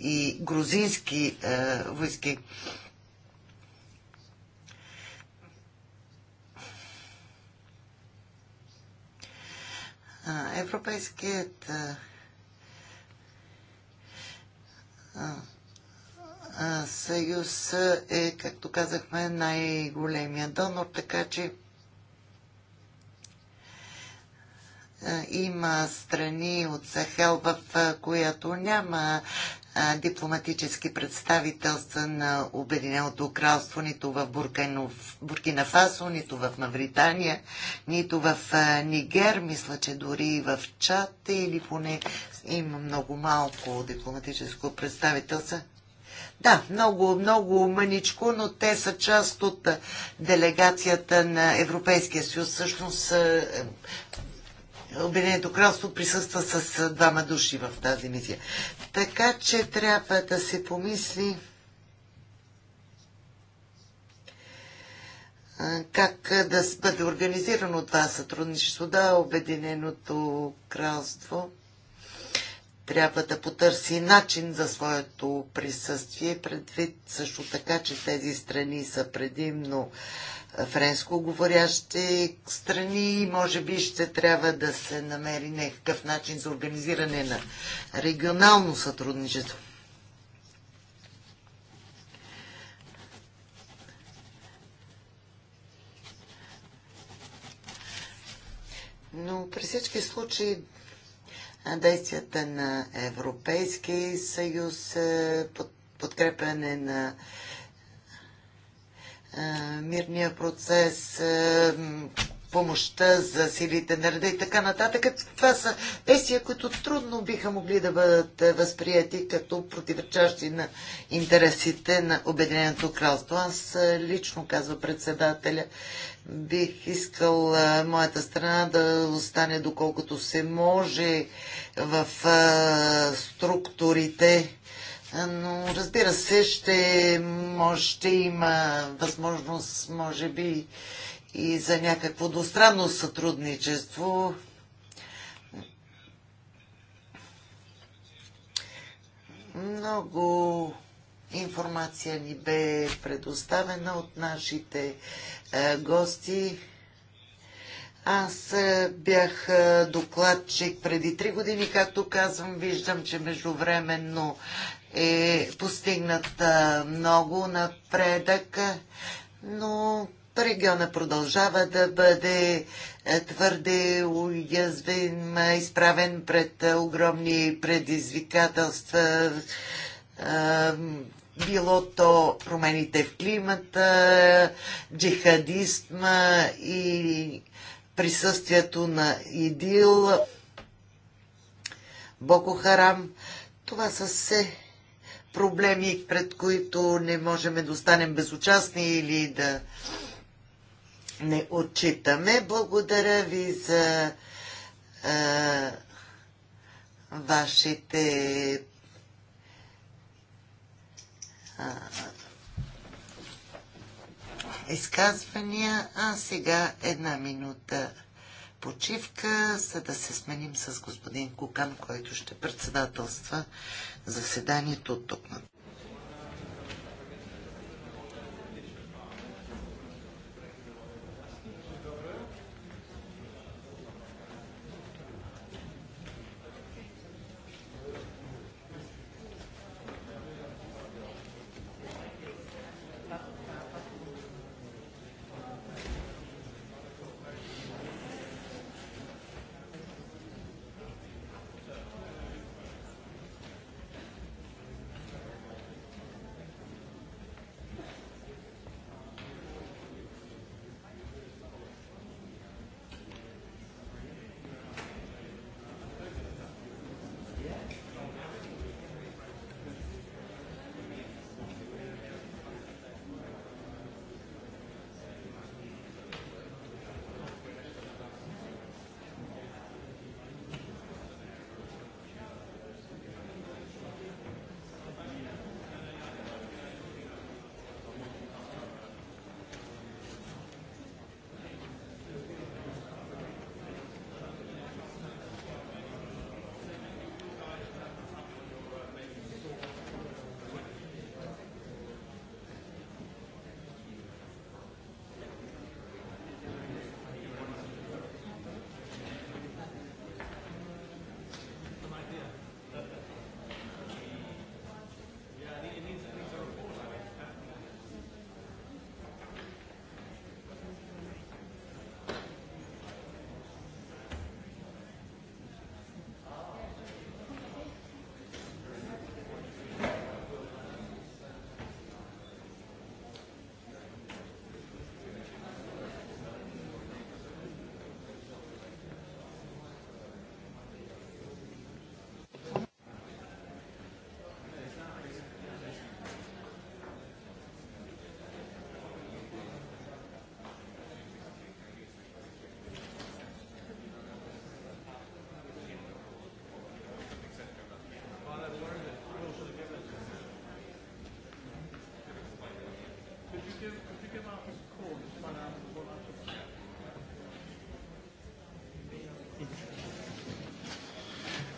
и грузински войски. европейският а, а, съюз е, както казахме, най-големия донор, така че има страни от Сахел, в която няма дипломатически представителства на Обединеното кралство, нито в Буркина Фасо, нито в Мавритания, нито в Нигер, мисля, че дори и в Чат, или поне има много малко дипломатическо представителство. Да, много, много мъничко, но те са част от делегацията на Европейския съюз. Всъщност Обединеното кралство присъства с двама души в тази мисия. Така че трябва да се помисли как да бъде организирано това сътрудничество. Да, Обединеното кралство трябва да потърси начин за своето присъствие, предвид също така, че тези страни са предимно френско говорящи страни и може би ще трябва да се намери някакъв начин за организиране на регионално сътрудничество. Но при всички случаи действията на Европейския съюз, е, подкрепяне на е, мирния процес, е, помощта за силите на реда и така нататък. Това са действия, които трудно биха могли да бъдат възприяти като противоречащи на интересите на Обединеното кралство. Аз е, лично, казва председателя, бих искал моята страна да остане доколкото се може в структурите но разбира се, ще, може, ще има възможност, може би, и за някакво двустранно сътрудничество. Много информация ни бе предоставена от нашите гости. Аз бях докладчик преди три години, както казвам, виждам, че междувременно е постигнат много напредък, но региона продължава да бъде е, твърде уязвен, изправен пред е, огромни предизвикателства, е, било то промените в климата, джихадистма и присъствието на ИДИЛ, Боко Харам. Това са се проблеми, пред които не можем да останем безучастни или да не отчитаме. Благодаря ви за а, вашите а, изказвания. А сега една минута почивка, за да се сменим с господин Кукан, който ще председателства заседанието от тук на.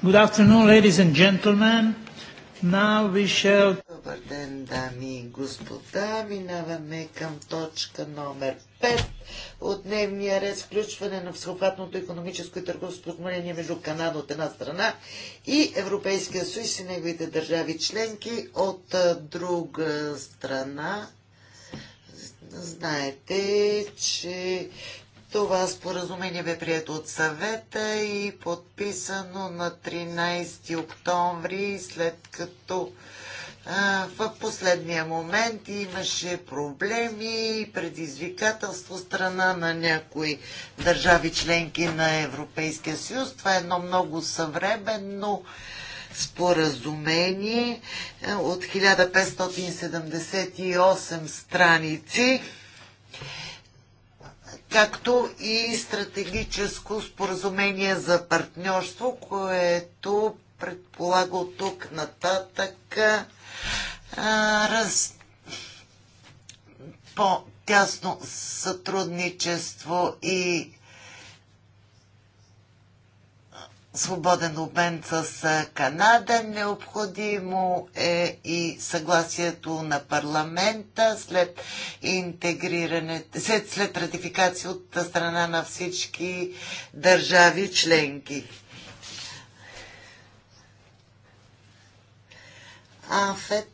Good afternoon, ladies and gentlemen. Now we shall... Добър ден, дами и господа. Минаваме към точка номер 5 от дневния ред включване на всеобхватното економическо и търговско споразумение между Канада от една страна и Европейския съюз и неговите държави членки от друга страна. Знаете, че това споразумение бе прието от съвета и подписано на 13 октомври, след като в последния момент имаше проблеми и предизвикателство страна на някои държави членки на Европейския съюз. Това е едно много съвременно споразумение от 1578 страници както и стратегическо споразумение за партньорство, което предполага от тук нататък а, раз... по-тясно сътрудничество и свободен обмен с Канада. Необходимо е и съгласието на парламента след интегриране. след, след ратификация от страна на всички държави членки. Афет.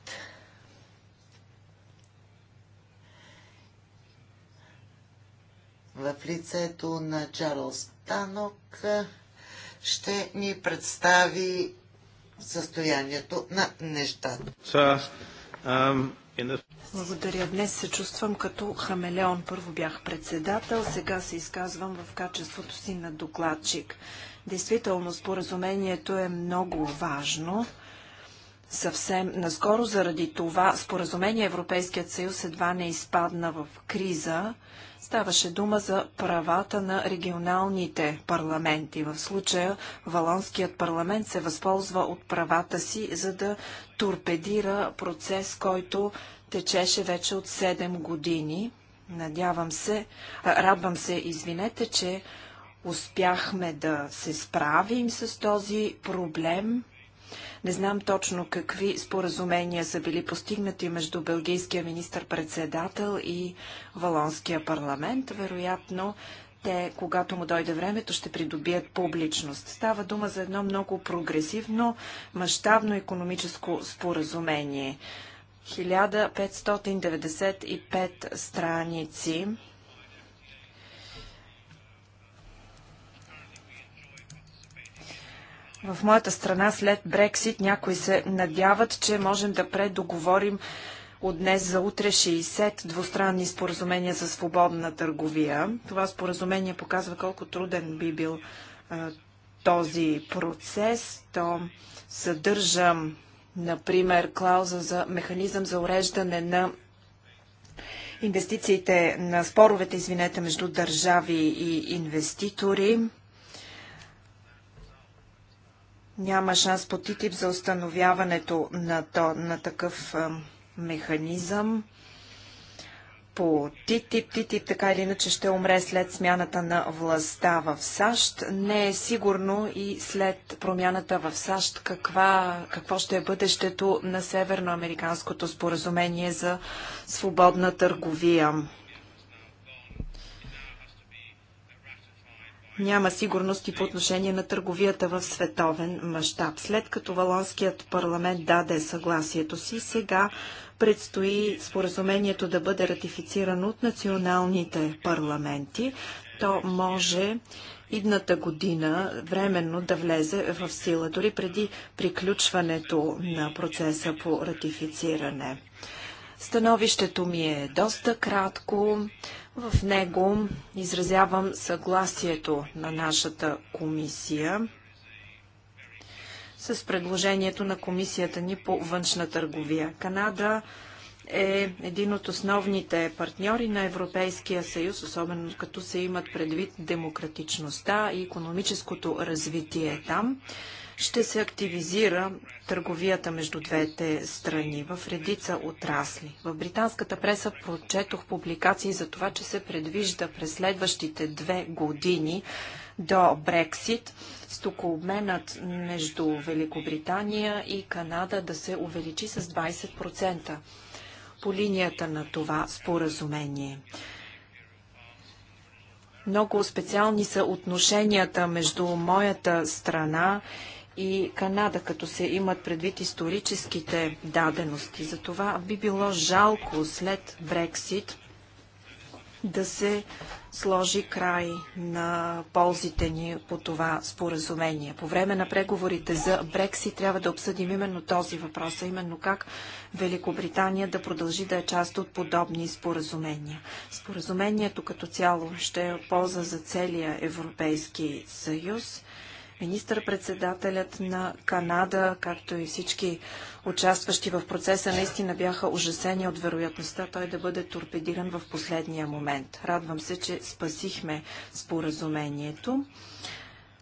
В лицето на Чарлз Танок ще ни представи състоянието на нещата. Благодаря. Днес се чувствам като хамелеон. Първо бях председател, сега се изказвам в качеството си на докладчик. Действително, споразумението е много важно. Съвсем наскоро заради това споразумение Европейският съюз едва не изпадна в криза. Ставаше дума за правата на регионалните парламенти. В случая Валонският парламент се възползва от правата си, за да торпедира процес, който течеше вече от 7 години. Надявам се, радвам се, извинете, че успяхме да се справим с този проблем не знам точно какви споразумения са били постигнати между белгийския министр-председател и Валонския парламент. Вероятно, те, когато му дойде времето, ще придобият публичност. Става дума за едно много прогресивно, мащабно економическо споразумение. 1595 страници В моята страна след Брексит някои се надяват, че можем да предоговорим от днес за утре 60 двустранни споразумения за свободна търговия. Това споразумение показва колко труден би бил а, този процес. То съдържа, например, клауза за механизъм за уреждане на инвестициите, на споровете, извинете, между държави и инвеститори няма шанс по ТИТИП за установяването на, то, на такъв механизъм. По ТИТИП, ТИТИП така или иначе ще умре след смяната на властта в САЩ. Не е сигурно и след промяната в САЩ каква, какво ще е бъдещето на Северноамериканското споразумение за свободна търговия. Няма сигурност и по отношение на търговията в световен мащаб. След като Валонският парламент даде съгласието си, сега предстои споразумението да бъде ратифицирано от националните парламенти. То може идната година временно да влезе в сила, дори преди приключването на процеса по ратифициране. Становището ми е доста кратко. В него изразявам съгласието на нашата комисия с предложението на комисията ни по външна търговия. Канада е един от основните партньори на Европейския съюз, особено като се имат предвид демократичността и економическото развитие там ще се активизира търговията между двете страни в редица отрасли. В британската преса прочетох публикации за това, че се предвижда през следващите две години до Брексит стокообменът между Великобритания и Канада да се увеличи с 20% по линията на това споразумение. Много специални са отношенията между моята страна и Канада, като се имат предвид историческите дадености. Затова би било жалко след Брексит да се сложи край на ползите ни по това споразумение. По време на преговорите за Брекси трябва да обсъдим именно този въпрос, а именно как Великобритания да продължи да е част от подобни споразумения. Споразумението като цяло ще е полза за целия Европейски съюз. Министър-председателят на Канада, както и всички участващи в процеса, наистина бяха ужасени от вероятността той да бъде торпедиран в последния момент. Радвам се, че спасихме споразумението.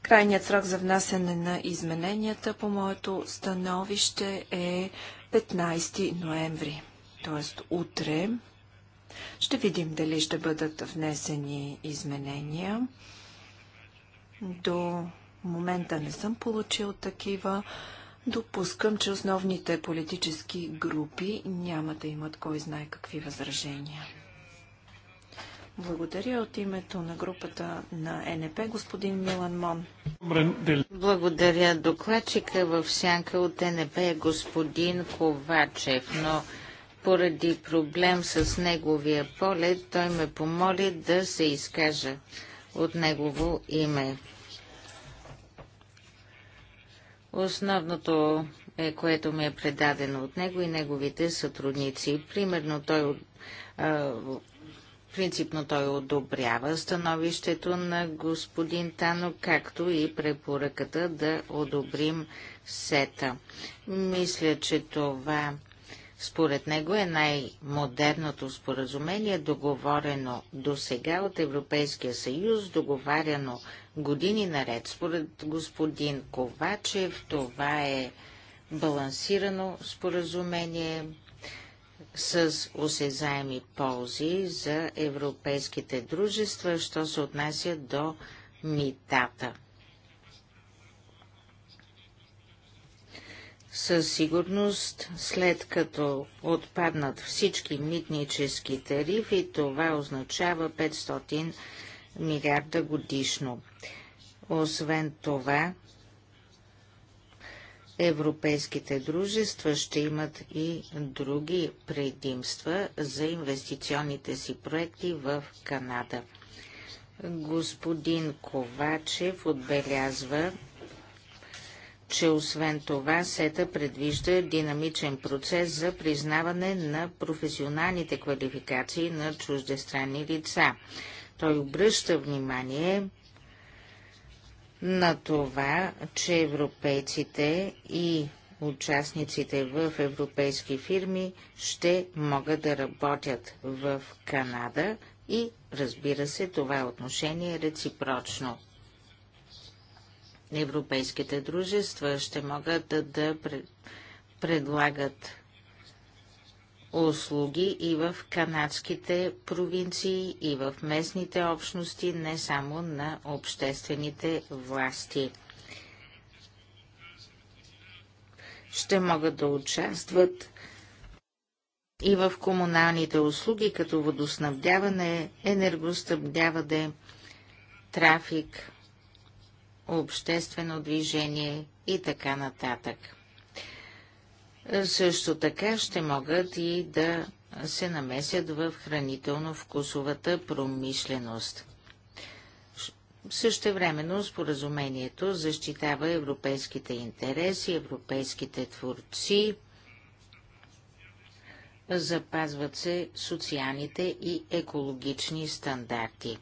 Крайният срок за внасяне на измененията по моето становище е 15 ноември, т.е. утре. Ще видим дали ще бъдат внесени изменения. До момента не съм получил такива. Допускам, че основните политически групи няма да имат кой знае какви възражения. Благодаря от името на групата на НП, господин Милан Мон. Благодаря. Докладчика в сянка от НП е господин Ковачев, но поради проблем с неговия полет, той ме помоли да се изкажа от негово име. Основното е, което ми е предадено от него и неговите сътрудници. Примерно той а, Принципно той одобрява становището на господин Тано, както и препоръката да одобрим сета. Мисля, че това според него е най-модерното споразумение, договорено до сега от Европейския съюз, договаряно години наред. Според господин Ковачев това е балансирано споразумение с осезаеми ползи за европейските дружества, що се отнася до митата. Със сигурност, след като отпаднат всички митнически тарифи, това означава 500 милиарда годишно. Освен това, европейските дружества ще имат и други предимства за инвестиционните си проекти в Канада. Господин Ковачев отбелязва, че освен това СЕТА предвижда динамичен процес за признаване на професионалните квалификации на чуждестранни лица. Той обръща внимание на това, че европейците и участниците в европейски фирми ще могат да работят в Канада и, разбира се, това отношение е реципрочно европейските дружества ще могат да, да предлагат услуги и в канадските провинции, и в местните общности, не само на обществените власти. Ще могат да участват и в комуналните услуги, като водоснабдяване, енергоснабдяване, трафик, обществено движение и така нататък. Също така ще могат и да се намесят в хранително-вкусовата промишленост. Същевременно споразумението защитава европейските интереси, европейските творци, запазват се социалните и екологични стандарти.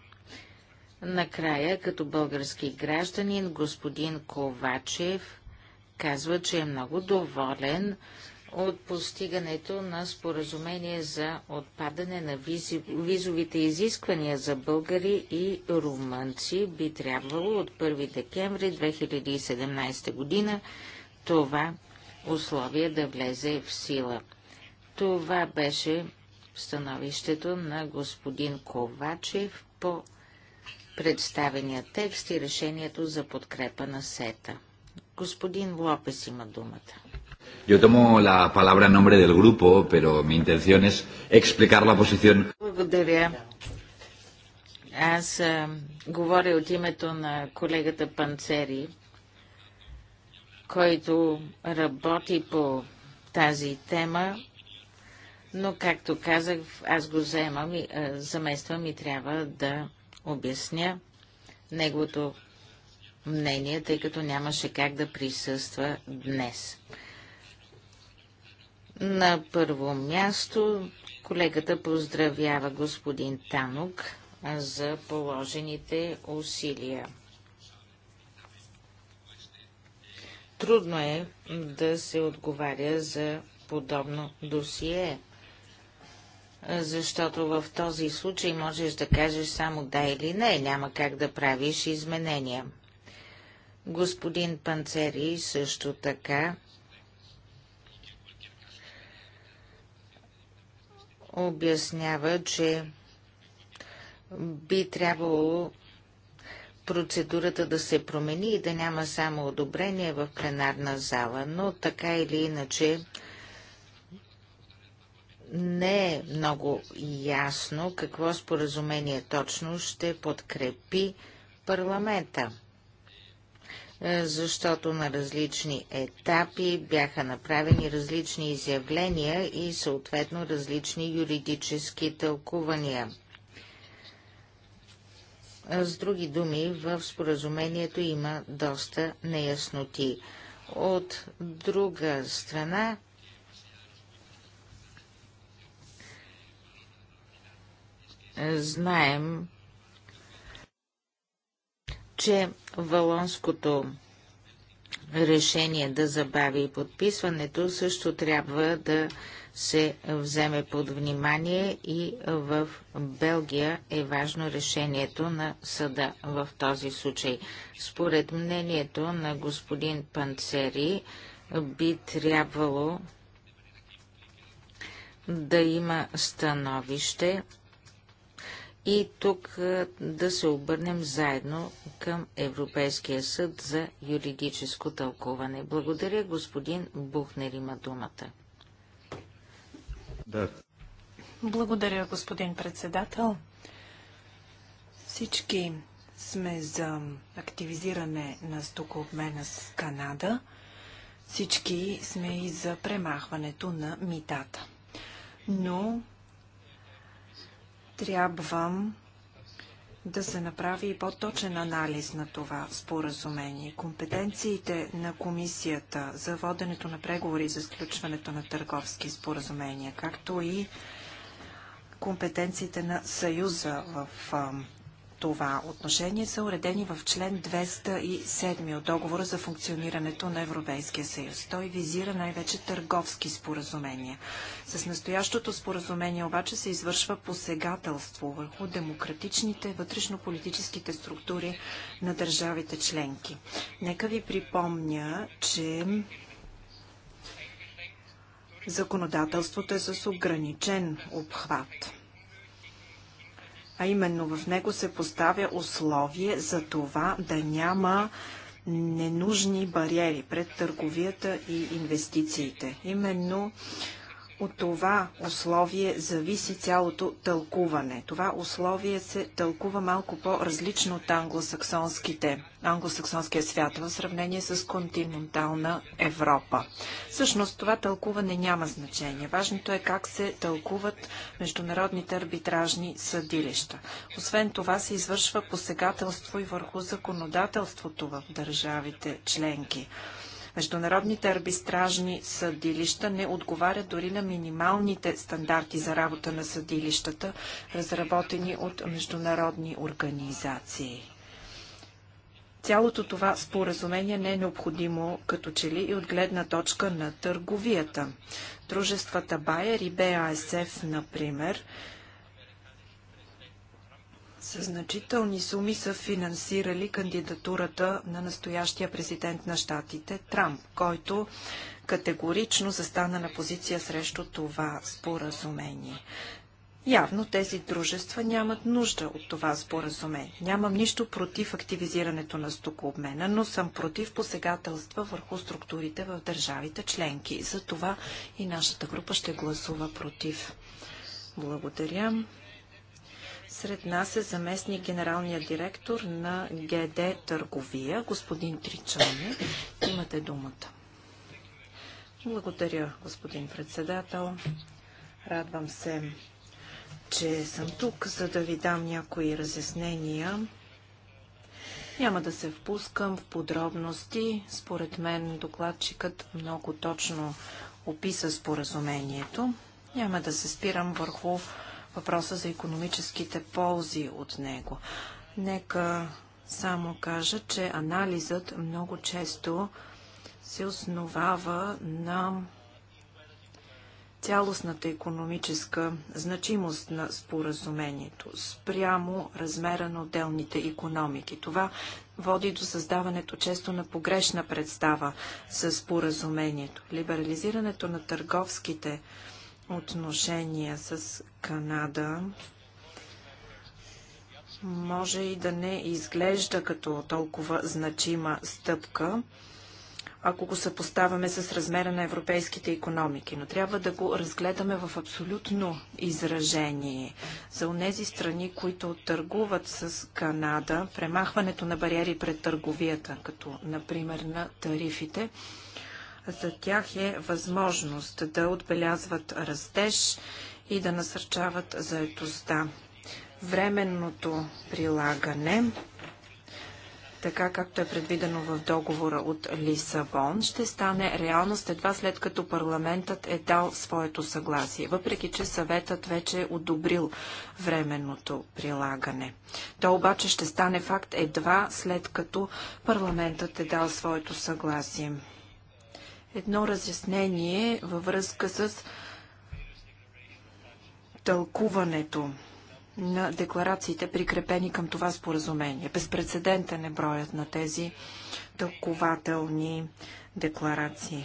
Накрая, като български гражданин, господин Ковачев казва, че е много доволен от постигането на споразумение за отпадане на визи, визовите изисквания за българи и румънци би трябвало от 1 декември 2017 година това условие да влезе в сила. Това беше становището на господин Ковачев по представения текст и решението за подкрепа на сета. Господин Лопес има думата. Yo tomo la palabra en nombre del grupo, pero mi intención es explicar la posición. Благодаря. Аз а, говоря от името на колегата Панцери, който работи по тази тема, но както казах, аз го вземам и а, замествам и трябва да обясня неговото мнение, тъй като нямаше как да присъства днес. На първо място колегата поздравява господин Танук за положените усилия. Трудно е да се отговаря за подобно досие защото в този случай можеш да кажеш само да или не, няма как да правиш изменения. Господин Панцери също така обяснява, че би трябвало процедурата да се промени и да няма само одобрение в пленарна зала, но така или иначе не е много ясно какво споразумение точно ще подкрепи парламента, е, защото на различни етапи бяха направени различни изявления и съответно различни юридически тълкувания. Е, с други думи, в споразумението има доста неясноти. От друга страна, знаем, че Валонското решение да забави подписването също трябва да се вземе под внимание и в Белгия е важно решението на съда в този случай. Според мнението на господин Панцери би трябвало да има становище и тук да се обърнем заедно към Европейския съд за юридическо тълкуване. Благодаря, господин Бухнер има думата. Да. Благодаря, господин председател. Всички сме за активизиране на стокообмена с Канада. Всички сме и за премахването на митата. Но трябва да се направи и по-точен анализ на това споразумение. Компетенциите на комисията за воденето на преговори за сключването на търговски споразумения, както и компетенциите на Съюза в това отношение са уредени в член 207 от договора за функционирането на Европейския съюз. Той визира най-вече търговски споразумения. С настоящото споразумение обаче се извършва посегателство върху демократичните вътрешно-политическите структури на държавите членки. Нека ви припомня, че законодателството е с ограничен обхват а именно в него се поставя условие за това да няма ненужни бариери пред търговията и инвестициите. Именно от това условие зависи цялото тълкуване. Това условие се тълкува малко по-различно от англосаксонските, англосаксонския свят в сравнение с континентална Европа. Всъщност това тълкуване няма значение. Важното е как се тълкуват международните арбитражни съдилища. Освен това се извършва посегателство и върху законодателството в държавите членки. Международните арбистражни съдилища не отговарят дори на минималните стандарти за работа на съдилищата, разработени от международни организации. Цялото това споразумение не е необходимо като че ли и от гледна точка на търговията. Дружествата Байер и БАСФ, например, с значителни суми са финансирали кандидатурата на настоящия президент на щатите Трамп, който категорично застана на позиция срещу това споразумение. Явно тези дружества нямат нужда от това споразумение. Нямам нищо против активизирането на стокообмена, но съм против посегателства върху структурите в държавите членки. За това и нашата група ще гласува против. Благодаря. Сред нас е заместник генералния директор на ГД Търговия, господин Тричани. Имате думата. Благодаря, господин председател. Радвам се, че съм тук, за да ви дам някои разяснения. Няма да се впускам в подробности. Според мен докладчикът много точно описа споразумението. Няма да се спирам върху въпроса за економическите ползи от него. Нека само кажа, че анализът много често се основава на цялостната економическа значимост на споразумението спрямо размера на отделните економики. Това води до създаването често на погрешна представа с споразумението. Либерализирането на търговските отношения с Канада може и да не изглежда като толкова значима стъпка, ако го съпоставяме с размера на европейските економики, но трябва да го разгледаме в абсолютно изражение. За онези страни, които търгуват с Канада, премахването на бариери пред търговията, като например на тарифите, за тях е възможност да отбелязват растеж и да насърчават заетостта. Временното прилагане така както е предвидено в договора от Лисабон, ще стане реалност едва след като парламентът е дал своето съгласие, въпреки че съветът вече е одобрил временното прилагане. То обаче ще стане факт едва след като парламентът е дал своето съгласие едно разяснение във връзка с тълкуването на декларациите, прикрепени към това споразумение. Безпредседентен е броят на тези тълкователни декларации.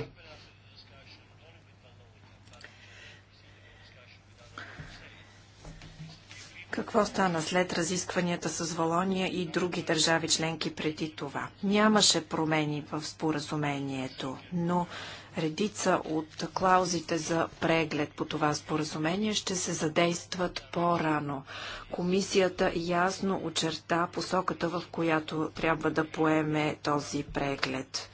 Какво стана след разискванията с Волония и други държави членки преди това? Нямаше промени в споразумението, но редица от клаузите за преглед по това споразумение ще се задействат по-рано. Комисията ясно очерта посоката, в която трябва да поеме този преглед.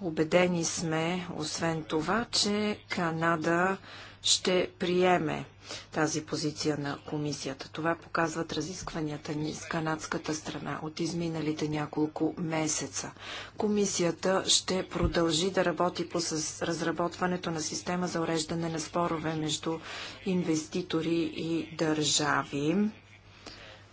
Обедени сме, освен това, че Канада ще приеме тази позиция на комисията. Това показват разискванията ни с канадската страна от изминалите няколко месеца. Комисията ще продължи да работи по с разработването на система за уреждане на спорове между инвеститори и държави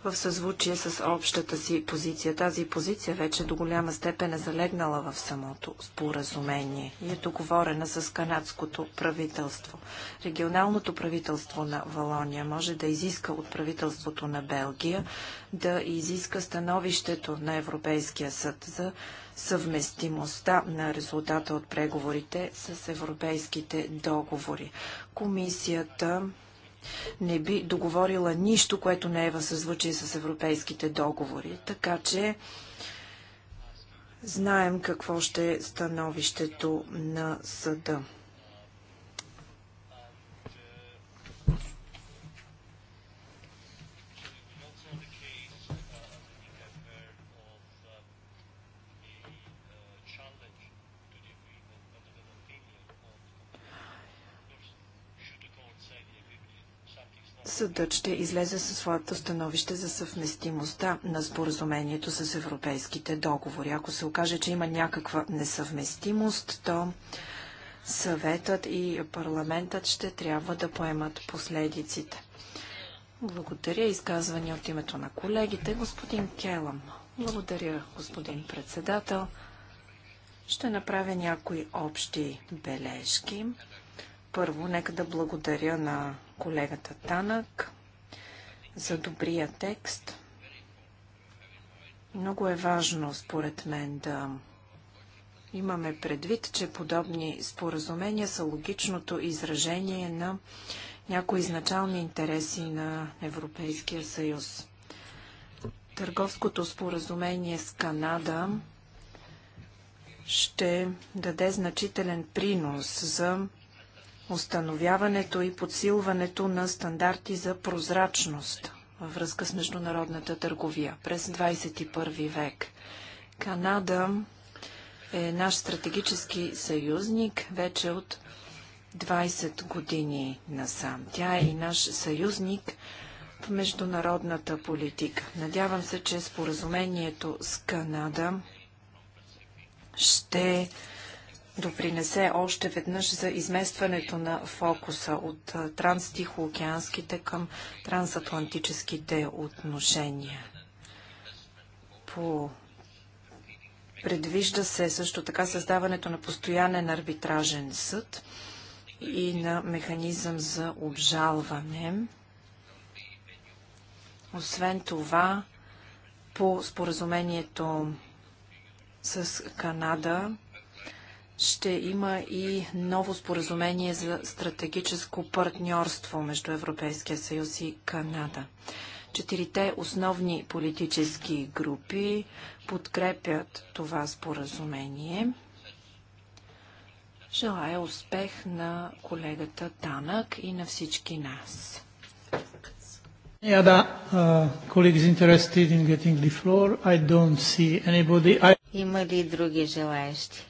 в съзвучие с общата си позиция. Тази позиция вече до голяма степен е залегнала в самото споразумение и е договорена с канадското правителство. Регионалното правителство на Валония може да изиска от правителството на Белгия да изиска становището на Европейския съд за съвместимостта на резултата от преговорите с европейските договори. Комисията не би договорила нищо, което не е в съзвучие с европейските договори. Така че знаем какво ще е становището на съда. съдът ще излезе със своето становище за съвместимостта на споразумението с европейските договори. Ако се окаже, че има някаква несъвместимост, то съветът и парламентът ще трябва да поемат последиците. Благодаря. Изказвания от името на колегите. Господин Келам. Благодаря, господин председател. Ще направя някои общи бележки. Първо, нека да благодаря на колегата Танък за добрия текст. Много е важно, според мен, да имаме предвид, че подобни споразумения са логичното изражение на някои изначални интереси на Европейския съюз. Търговското споразумение с Канада ще даде значителен принос за установяването и подсилването на стандарти за прозрачност във връзка с международната търговия през 21 век. Канада е наш стратегически съюзник вече от 20 години насам. Тя е и наш съюзник в международната политика. Надявам се, че споразумението с Канада ще допринесе още веднъж за изместването на фокуса от транстихоокеанските към трансатлантическите отношения. По Предвижда се също така създаването на постоянен арбитражен съд и на механизъм за обжалване. Освен това, по споразумението с Канада ще има и ново споразумение за стратегическо партньорство между Европейския съюз и Канада. Четирите основни политически групи подкрепят това споразумение. Желая успех на колегата Танък и на всички нас. Uh, има ли други желаящи?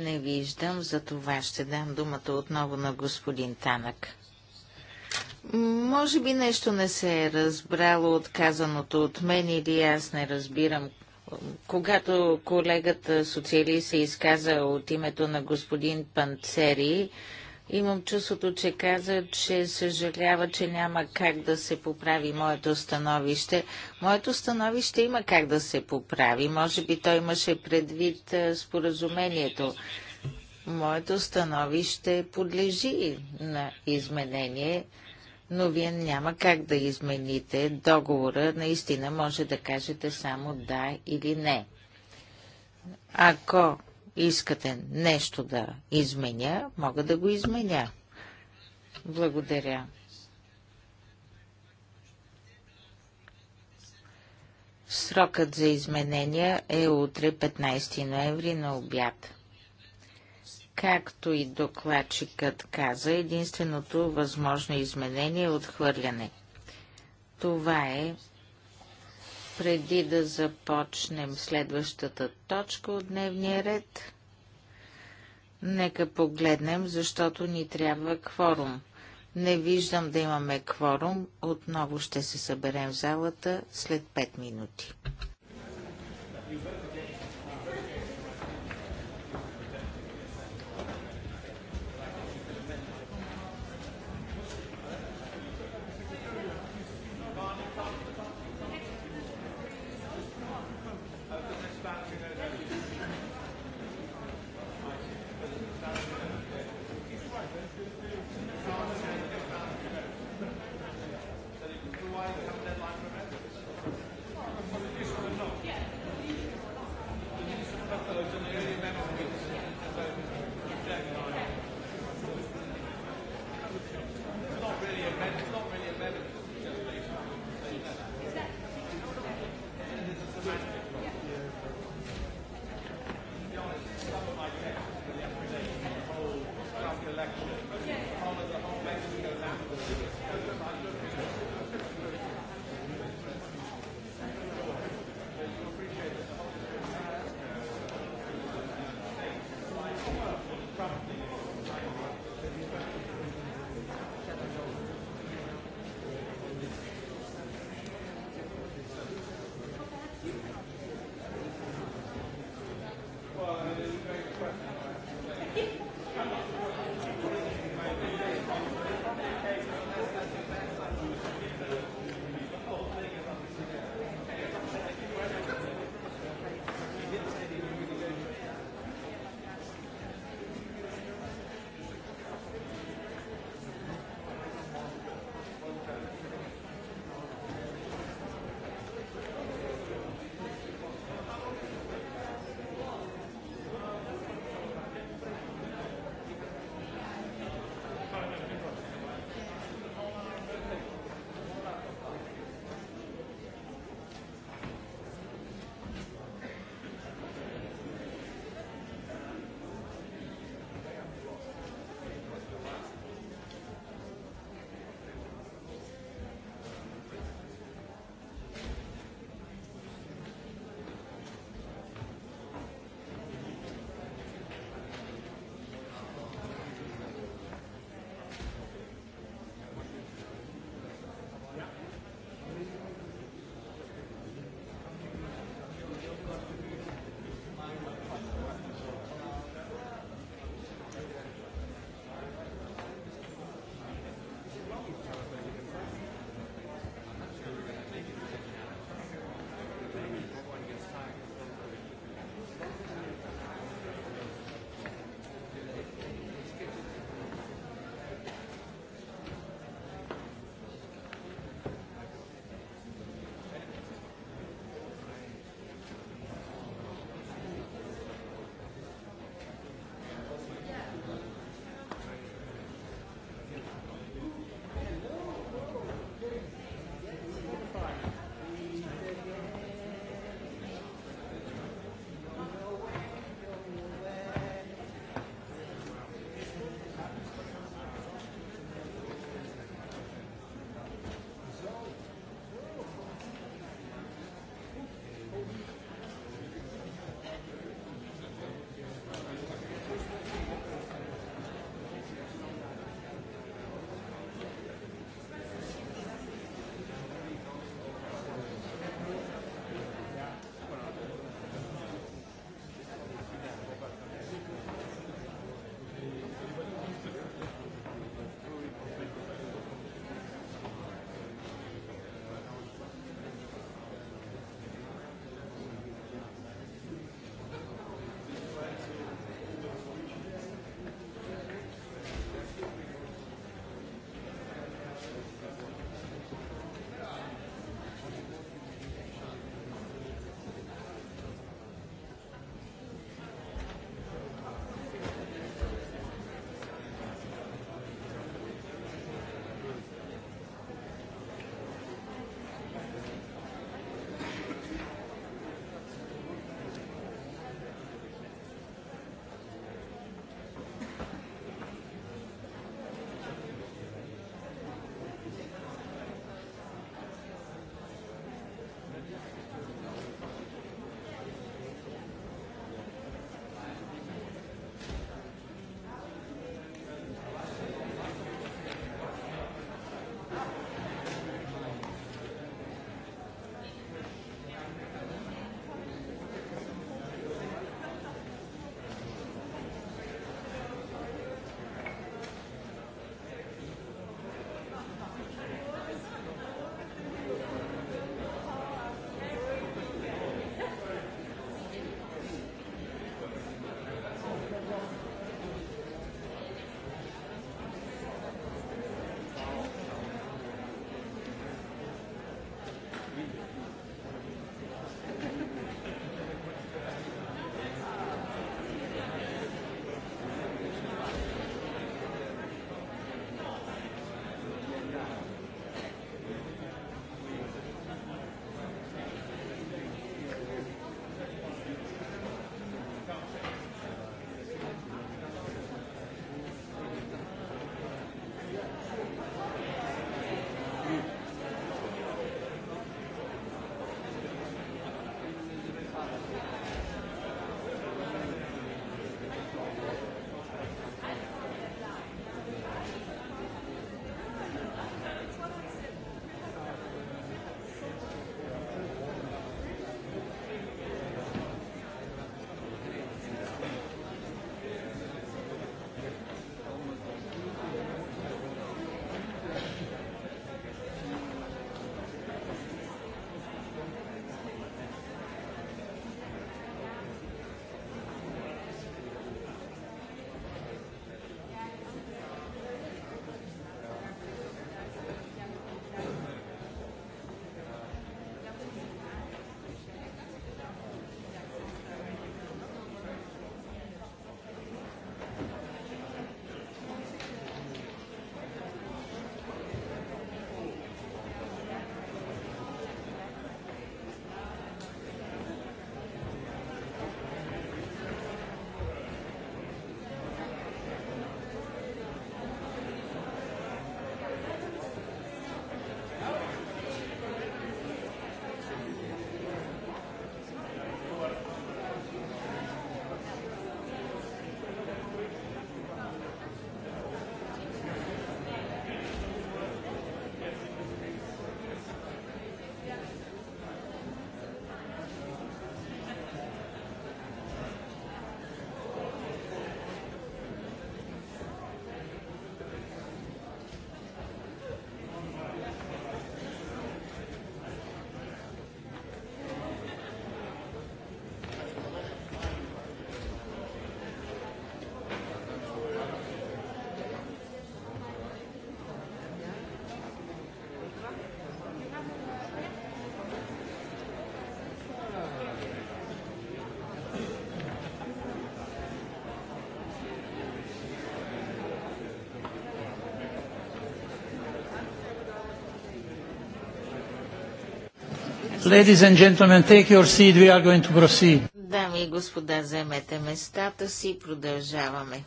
Не виждам, за това ще дам думата отново на господин Танък. Може би нещо не се е разбрало от казаното от мен или аз не разбирам. Когато колегата социалист се изказа от името на господин Панцери, Имам чувството, че каза, че съжалява, че няма как да се поправи моето становище. Моето становище има как да се поправи. Може би той имаше предвид споразумението. Моето становище подлежи на изменение, но вие няма как да измените договора. Наистина може да кажете само да или не. Ако искате нещо да изменя, мога да го изменя. Благодаря. Срокът за изменения е утре 15 ноември на обяд. Както и докладчикът каза, единственото възможно изменение е отхвърляне. Това е преди да започнем следващата точка от дневния ред, нека погледнем, защото ни трябва кворум. Не виждам да имаме кворум. Отново ще се съберем в залата след 5 минути. Ladies and gentlemen, take your seat. We are going to proceed. Дами и господа, заемете местата си. Продължаваме.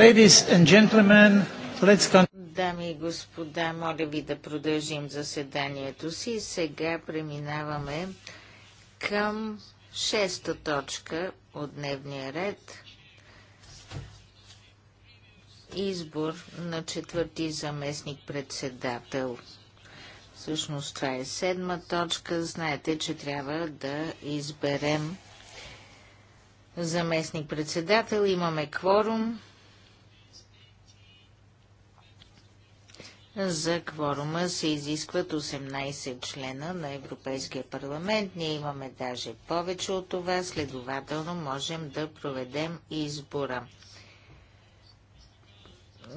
Ladies and gentlemen, let's Дами и господа, моля ви да продължим заседанието си. Сега преминаваме към шеста точка от дневния ред. Избор на четвърти заместник-председател. Всъщност това е седма точка. Знаете, че трябва да изберем заместник-председател. Имаме кворум. За кворума се изискват 18 члена на Европейския парламент. Ние имаме даже повече от това, следователно можем да проведем избора.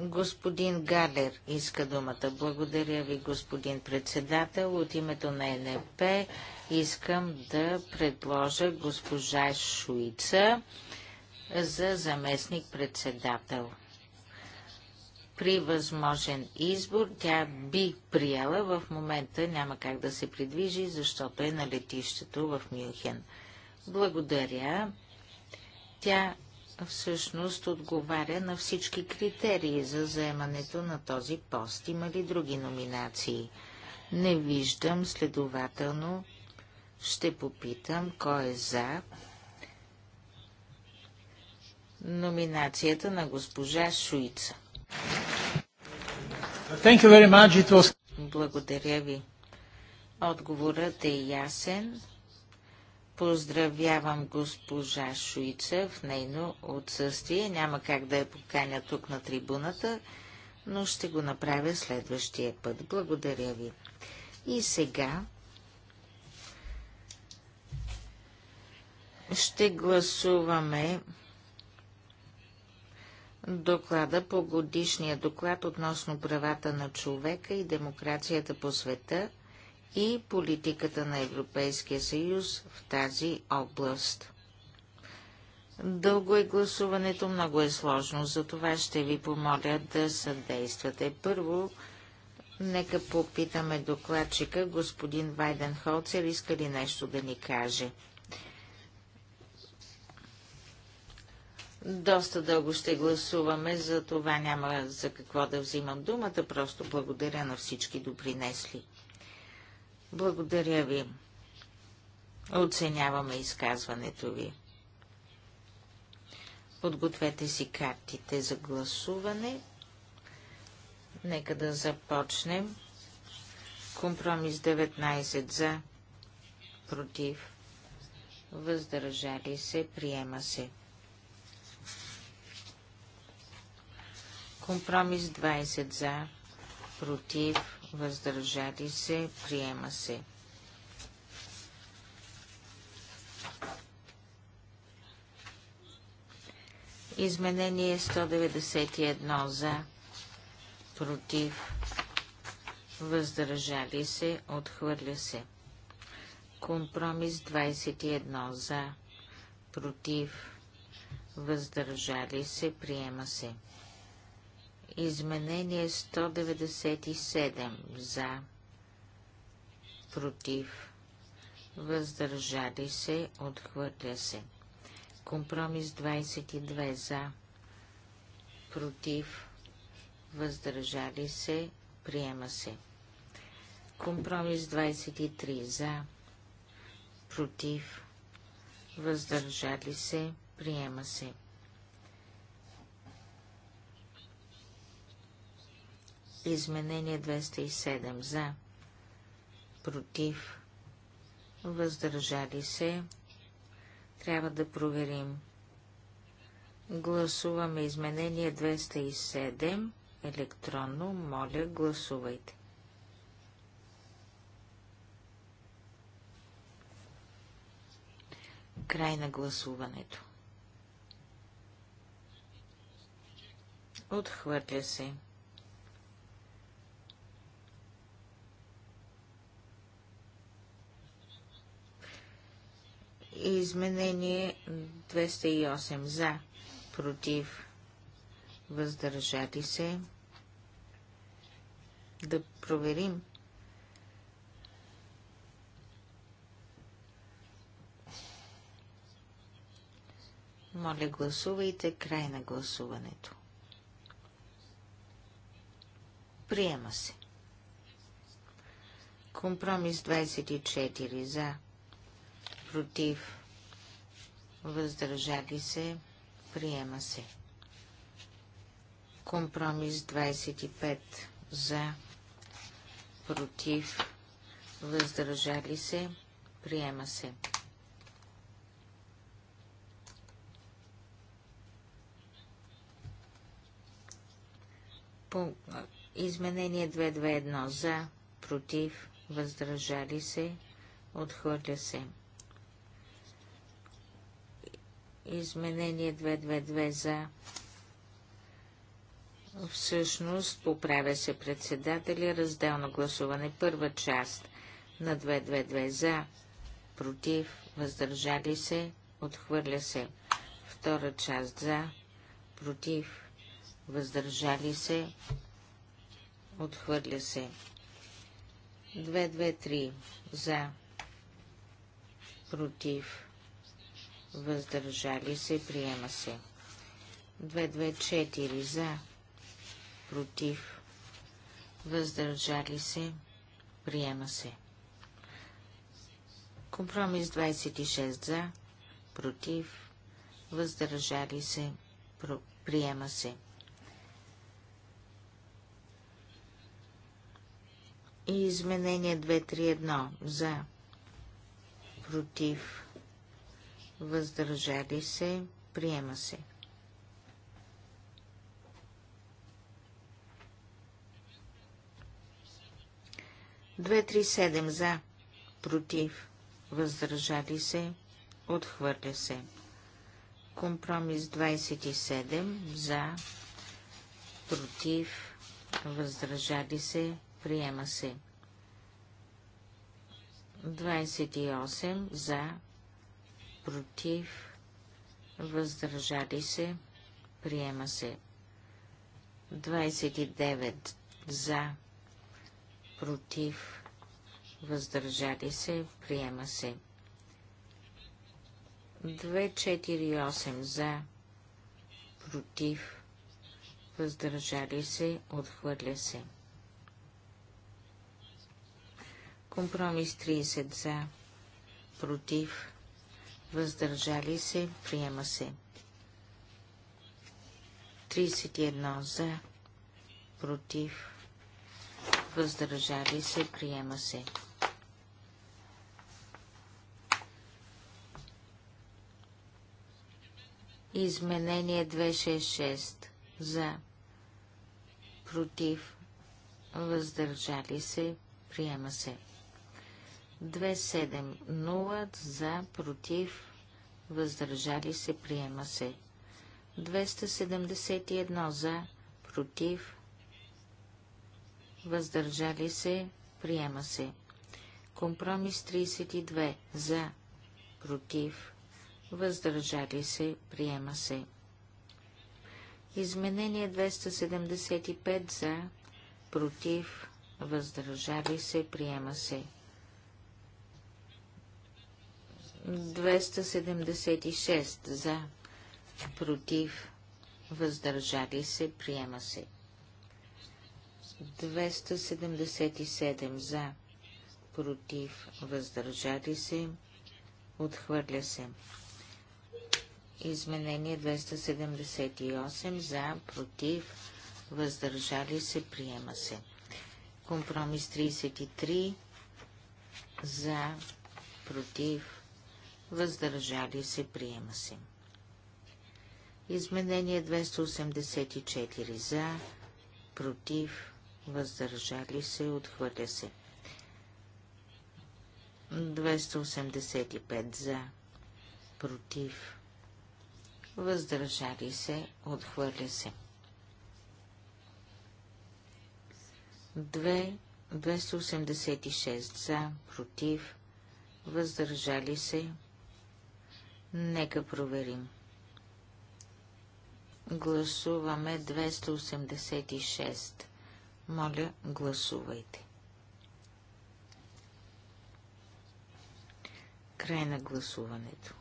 Господин Галер иска думата. Благодаря ви, господин председател. От името на НП искам да предложа госпожа Шуица за заместник председател при възможен избор тя би приела, в момента няма как да се придвижи, защото е на летището в Мюнхен. Благодаря. Тя всъщност отговаря на всички критерии за заемането на този пост. Има ли други номинации? Не виждам, следователно ще попитам кой е за номинацията на госпожа Шуица. Was... Благодаря ви. Отговорът е ясен. Поздравявам госпожа Шуица в нейно отсъствие. Няма как да я поканя тук на трибуната, но ще го направя следващия път. Благодаря ви. И сега ще гласуваме доклада по годишния доклад относно правата на човека и демокрацията по света и политиката на Европейския съюз в тази област. Дълго е гласуването, много е сложно, затова ще ви помоля да съдействате. Първо, нека попитаме докладчика, господин Вайден Холцер, иска ли нещо да ни каже. Доста дълго ще гласуваме, за това няма за какво да взимам думата, просто благодаря на всички допринесли. Благодаря ви. Оценяваме изказването ви. Подгответе си картите за гласуване. Нека да започнем. Компромис 19 за, против, въздържали се, приема се. Компромис 20 за, против, въздържали се, приема се. Изменение 191 за, против, въздържали се, отхвърля се. Компромис 21 за, против, въздържали се, приема се. Изменение 197 за, против, въздържали се, отхвърля се. Компромис 22 за, против, въздържали се, приема се. Компромис 23 за, против, въздържали се, приема се. Изменение 207 за. Против. Въздържали се. Трябва да проверим. Гласуваме изменение 207 електронно. Моля, гласувайте. Край на гласуването. Отхвърля се. Изменение 208 за, против, въздържали се. Да проверим. Моля, гласувайте край на гласуването. Приема се. Компромис 24 за, против, въздържали се, приема се. Компромис 25 за, против, въздържали се, приема се. По изменение 221 за, против, въздържали се, отхвърля се. Изменение 222 за. Всъщност, поправя се председателя, разделно гласуване, първа част на 222 за, против, въздържали се, отхвърля се, втора част за, против, въздържали се, отхвърля се, 223 за, против, въздържали се, приема се. 224 за, против, въздържали се, приема се. Компромис 26 за, против, въздържали се, приема се. И изменение 231 за, против, въздържали се, приема се. Две, три, седем за, против, въздържали се, отхвърля се. Компромис 27 за, против, въздържали се, приема се. 28 за, против, въздържали се, приема се. 29 за, против, въздържали се, приема се. 248 за, против, въздържали се, отхвърля се. Компромис 30 за, против, въздържали се, приема се. 31 за, против, въздържали се, приема се. Изменение 266 за, против, въздържали се, приема се. 270 за, против, въздържали се, приема се. 271 за, против, въздържали се, приема се. Компромис 32 за, против, въздържали се, приема се. Изменение 275 за, против, въздържали се, приема се. 276 за, против, въздържали се, приема се. 277 за, против, въздържали се, отхвърля се. Изменение 278 за, против, въздържали се, приема се. Компромис 33 за, против, въздържали се, приема се. Изменение 284 за, против, въздържали се, отхвърля се. 285 за, против, въздържали се, отхвърля се. 2, 286 за, против, въздържали се, Нека проверим. Гласуваме 286. Моля, гласувайте. Край на гласуването.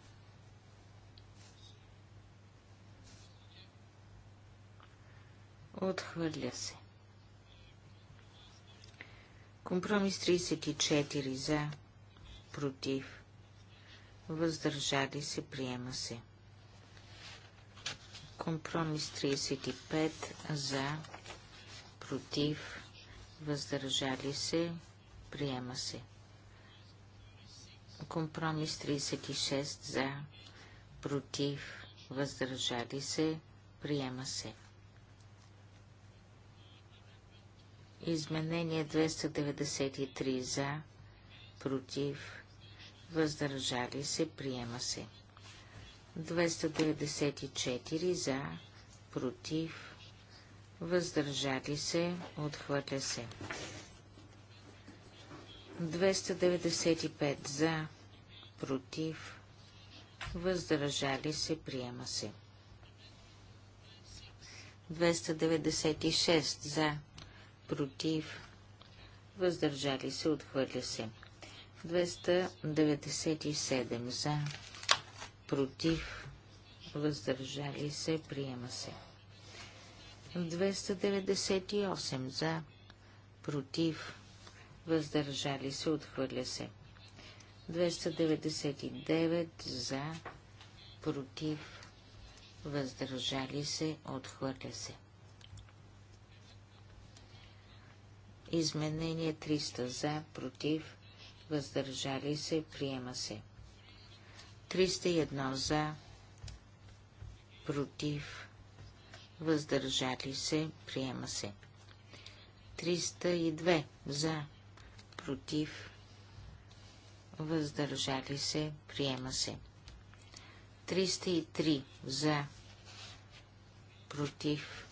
Отхвърля се. Компромис 34 за, против, въздържали се, приема се. Компромис 35 за, против, въздържали се, приема се. Компромис 36 за, против, въздържали се, приема се. Изменение 293 за, против, въздържали се, приема се. 294 за, против, въздържали се, отхвърля се. 295 за, против, въздържали се, приема се. 296 за, против, въздържали се, отхвърля се. 297 297 за, против, въздържали се, приема се. 298 за, против, въздържали се, отхвърля се. 299 за, против, въздържали се, отхвърля се. Изменение 300 за, против, въздържали се, приема се. 301 за, против, въздържали се, приема се. 302 за, против, въздържали се, приема се. 303 за, против,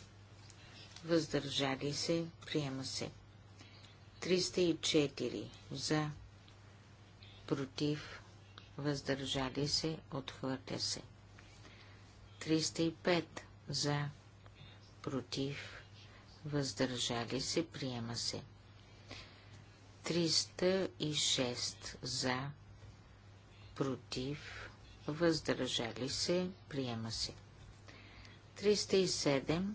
въздържали се, приема се. 304 за, против, въздържали се, отхвърля се. 305 за, против, въздържали се, приема се. 306 за, против, въздържали се, приема се. 307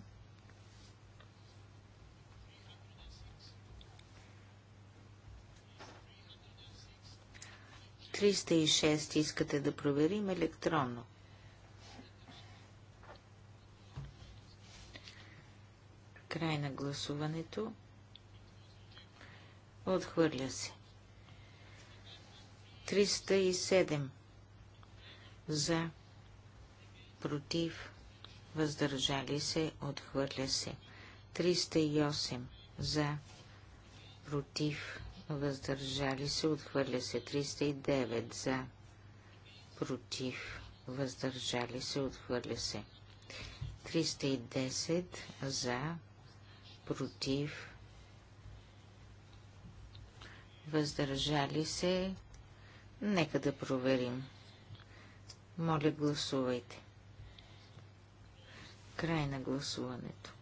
306 искате да проверим електронно. Край на гласуването. Отхвърля се. 307 за против въздържали се, отхвърля се. 308 за против въздържали се, отхвърля се 309 за, против, въздържали се, отхвърля се 310 за, против, въздържали се, нека да проверим. Моля, гласувайте. Край на гласуването.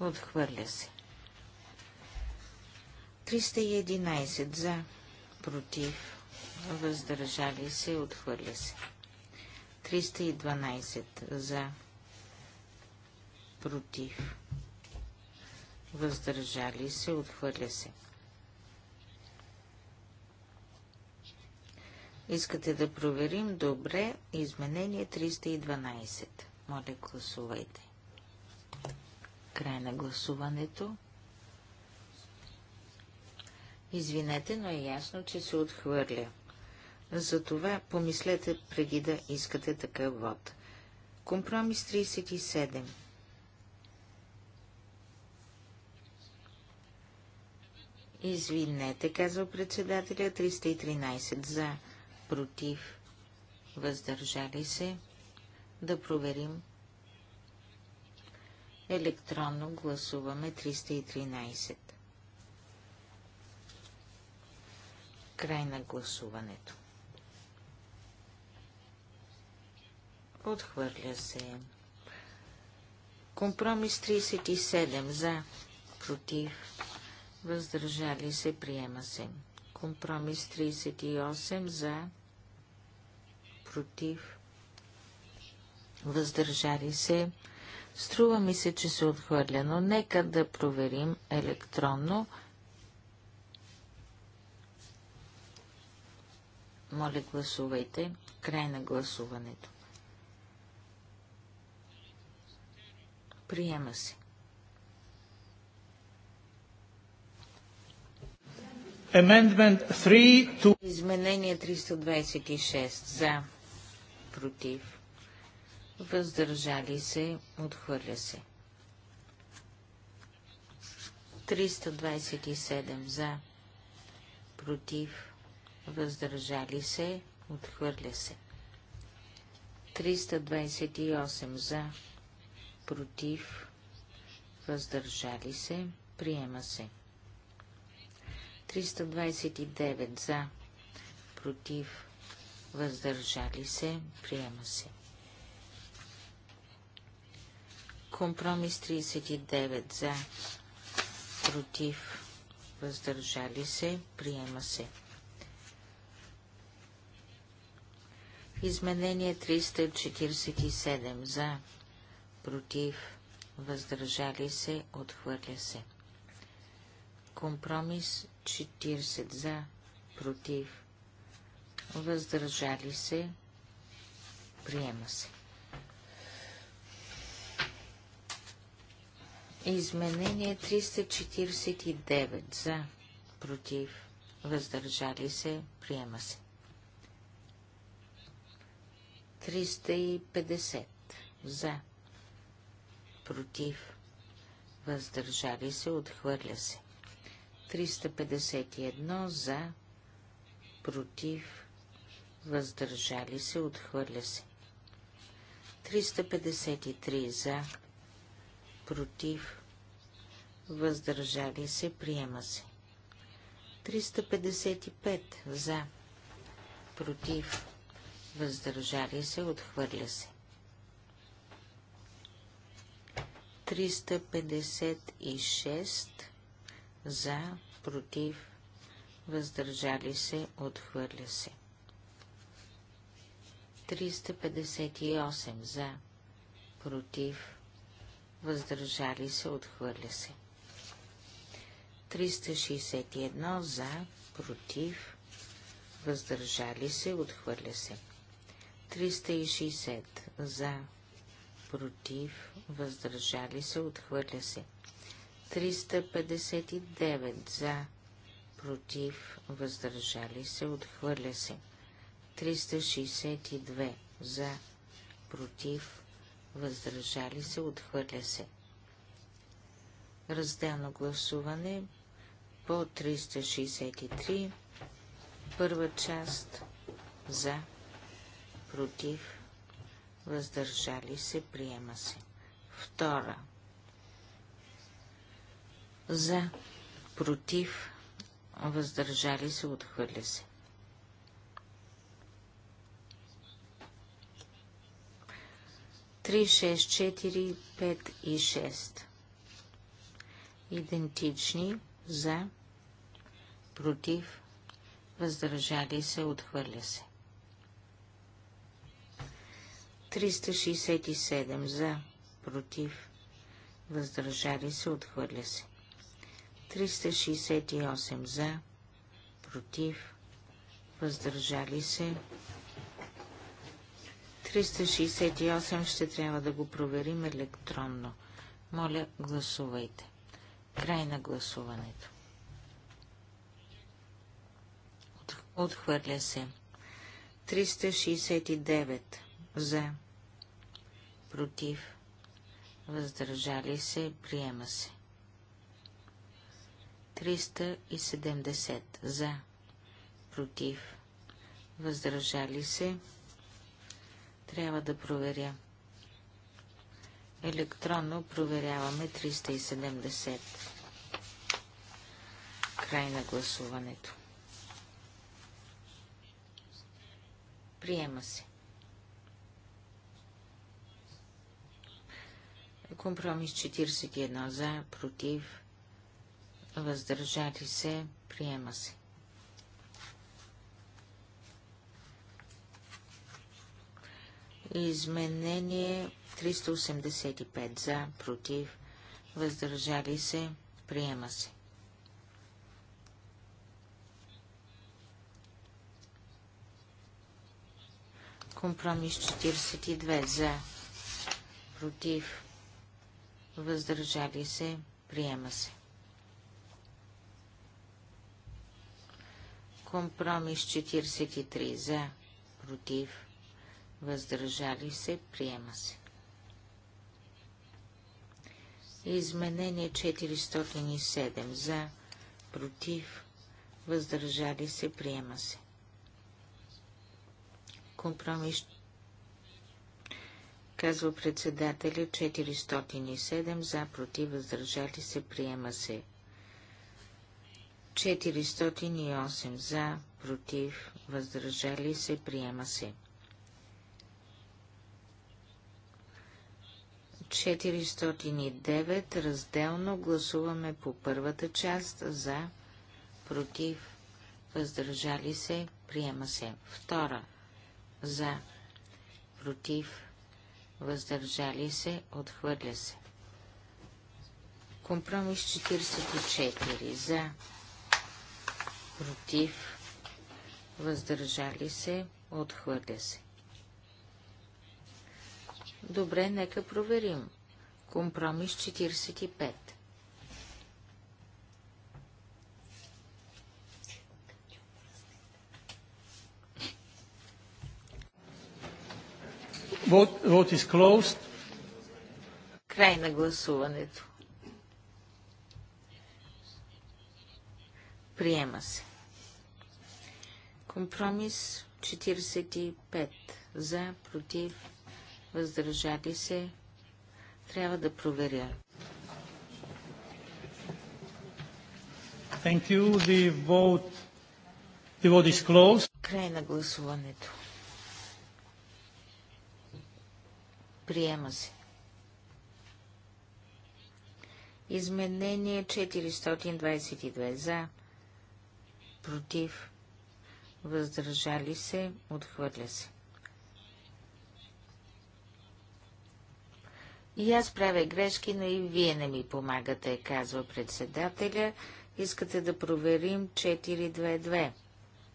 Отхвърля се. 311 за, против, въздържали се, отхвърля се. 312 за, против, въздържали се, отхвърля се. Искате да проверим добре изменение 312. Моля, гласувайте. Край на гласуването. Извинете, но е ясно, че се отхвърля. Затова помислете преди да искате такъв вод. Компромис 37 Извинете, казва председателя, 313 за, против, въздържали се. Да проверим. Електронно гласуваме 313. Край на гласуването. Отхвърля се. Компромис 37 за, против, въздържали се, приема се. Компромис 38 за, против, въздържали се. Струва ми се, че се отхвърля, но нека да проверим електронно. Моля, гласувайте. Край на гласуването. Приема се. Изменение 326. За. Против. Въздържали се. Отхвърля се. 327. За. Против въздържали се, отхвърля се. 328 за, против, въздържали се, приема се. 329 за, против, въздържали се, приема се. Компромис 39 за, против, въздържали се, приема се. Изменение 347 за, против, въздържали се, отхвърля се. Компромис 40 за, против, въздържали се, приема се. Изменение 349 за, против, въздържали се, приема се. 350 за, против, въздържали се, отхвърля се. 351 за, против, въздържали се, отхвърля се. 353 за, против, въздържали се, приема се. 355 за, против, въздържали се, отхвърля се. 356 за, против, въздържали се, отхвърля се. 358 за, против, въздържали се, отхвърля се. 361 за, против, въздържали се, отхвърля се. 360 за, против, въздържали се, отхвърля се. 359 за, против, въздържали се, отхвърля се. 362 за, против, въздържали се, отхвърля се. Разделно гласуване по 363, първа част за, против, въздържали се, приема се. Втора. За, против, въздържали се, отхвърля се. Три, шест, четири, пет и шест. Идентични за, против, въздържали се, отхвърля се. 367 за, против, въздържали се, отхвърля се. 368 за, против, въздържали се. 368 ще трябва да го проверим електронно. Моля, гласувайте. Край на гласуването. Отхвърля се. 369 за, против, въздържали се, приема се. 370 за, против, въздържали се, трябва да проверя. Електронно проверяваме 370. Край на гласуването. Приема се. Компромис 41 за, против, въздържали се, приема се. Изменение 385 за, против, въздържали се, приема се. Компромис 42 за, против, въздържали се, приема се. Компромис 43 за, против, въздържали се, приема се. Изменение 407 за, против, въздържали се, приема се. Компромис казва председателя 407 за, против, въздържали се, приема се. 408 за, против, въздържали се, приема се. 409 разделно гласуваме по първата част за, против, въздържали се, приема се. Втора за, против, въздържали се, отхвърля се. Компромис 44 за, против, въздържали се, отхвърля се. Добре, нека проверим. Компромис 45. Vote, vote is closed. Край на гласуването. Приема се. Компромис 45. За, против, въздържали се. Трябва да проверя. Thank you. The vote, the vote is closed. Край на гласуването. Приема се. Изменение 422 за, против, въздържали се, отхвърля се. И аз правя грешки, но и вие не ми помагате, казва председателя. Искате да проверим 422.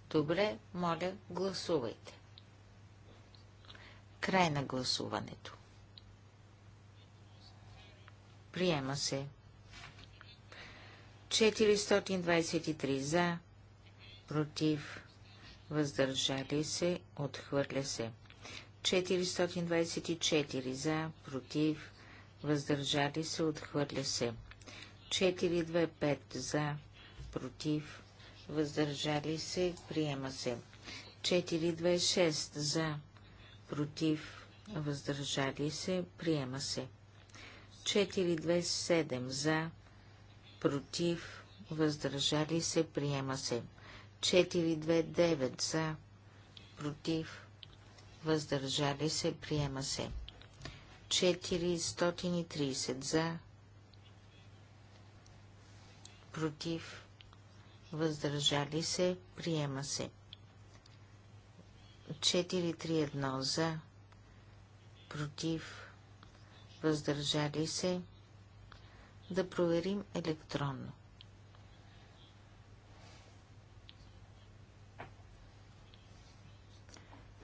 Добре, моля, гласувайте. Край на гласуването. Приема се. 423 за, против, въздържали се, отхвърля се. 424 за, против, въздържали се, отхвърля се. 425 за, против, въздържали се, приема се. 426 за, против, въздържали се, приема се. 427 за, против, въздържали се, приема се. 429 за, против, въздържали се, приема се. 430 за, против, въздържали се, приема се. 431 за, против, въздържали се, да проверим електронно.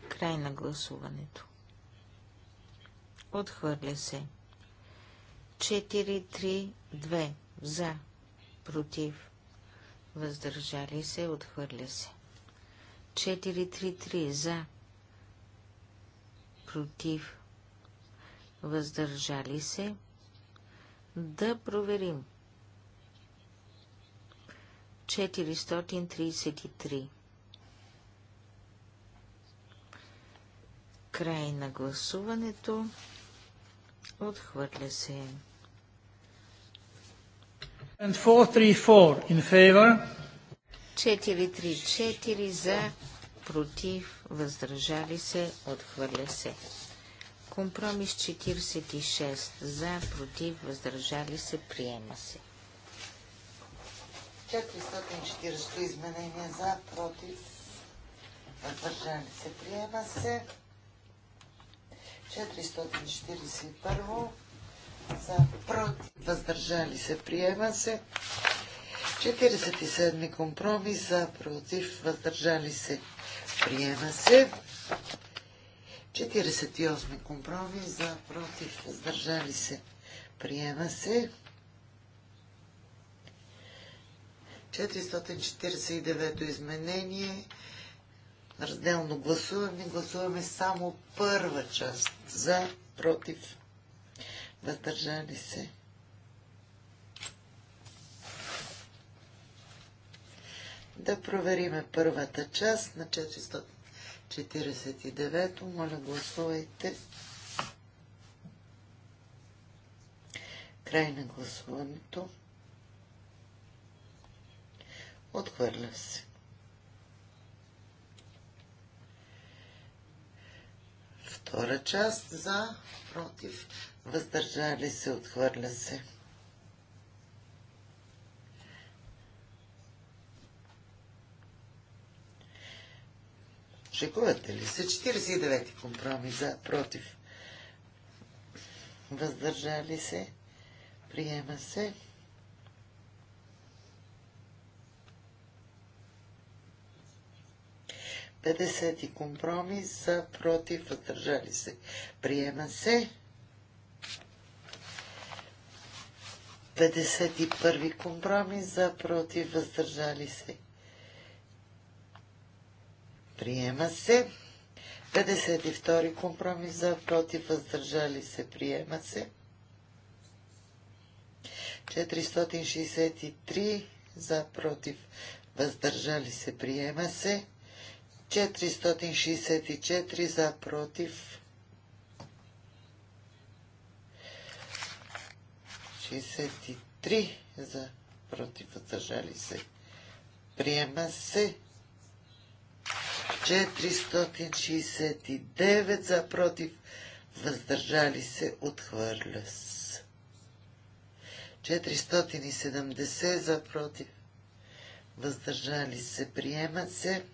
Край на гласуването. Отхвърля се. 4-3-2 за, против, въздържали се, отхвърля се. 4-3-3 за, против, въздържали се, да проверим. 433 Край на гласуването. Отхвърля се. And 434 in favor. 434 за, против, въздържали се, отхвърля се. Компромис 46. За, против, въздържали се, приема се. 440 изменения за, против, въздържали се, приема се. 441 за, против, въздържали се, приема се. 47 компромис за, против, въздържали се, приема се. 48 компромис за против въздържали се. Приема се. 449 изменение. Разделно гласуваме. Гласуваме само първа част за против въздържали се. Да провериме първата част на 449. 49-то. Моля, гласувайте. Край на гласуването. Отхвърля се. Втора част за, против, въздържали се, отхвърля се. Шекувате ли се? 49-ти компромис за, против. Въздържали се. Приема се. Петдесети компромис за против въздържали се. Приема се. 51 компромис за против въздържали се. Приема се. 52 компромис за против въздържали се. Приема се. 463 за против въздържали се. Приема се. 464 за против. 63 за против въздържали се. Приема се. 469 за против въздържали се отхвърля с 470 за против въздържали се приема се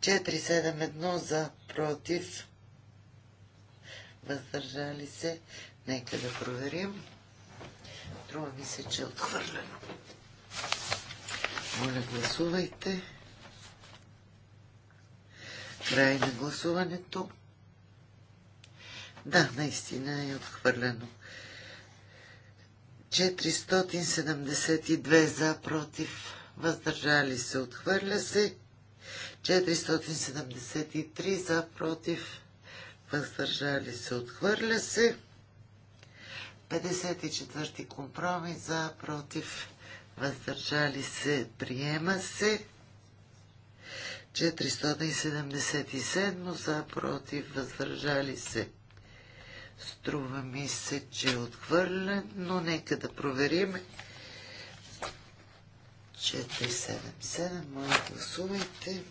471 за против въздържали се нека да проверим Трува ми се, че е отхвърлено. Моля, гласувайте. Край на гласуването. Да, наистина е отхвърлено. 472 за, против, въздържали се, отхвърля се. 473 за, против, въздържали се, отхвърля се. 54 компромис за, против, въздържали се, приема се. 477 за против въздържали се. Струва ми се, че е отхвърлен, но нека да проверим. 477, моля гласувайте.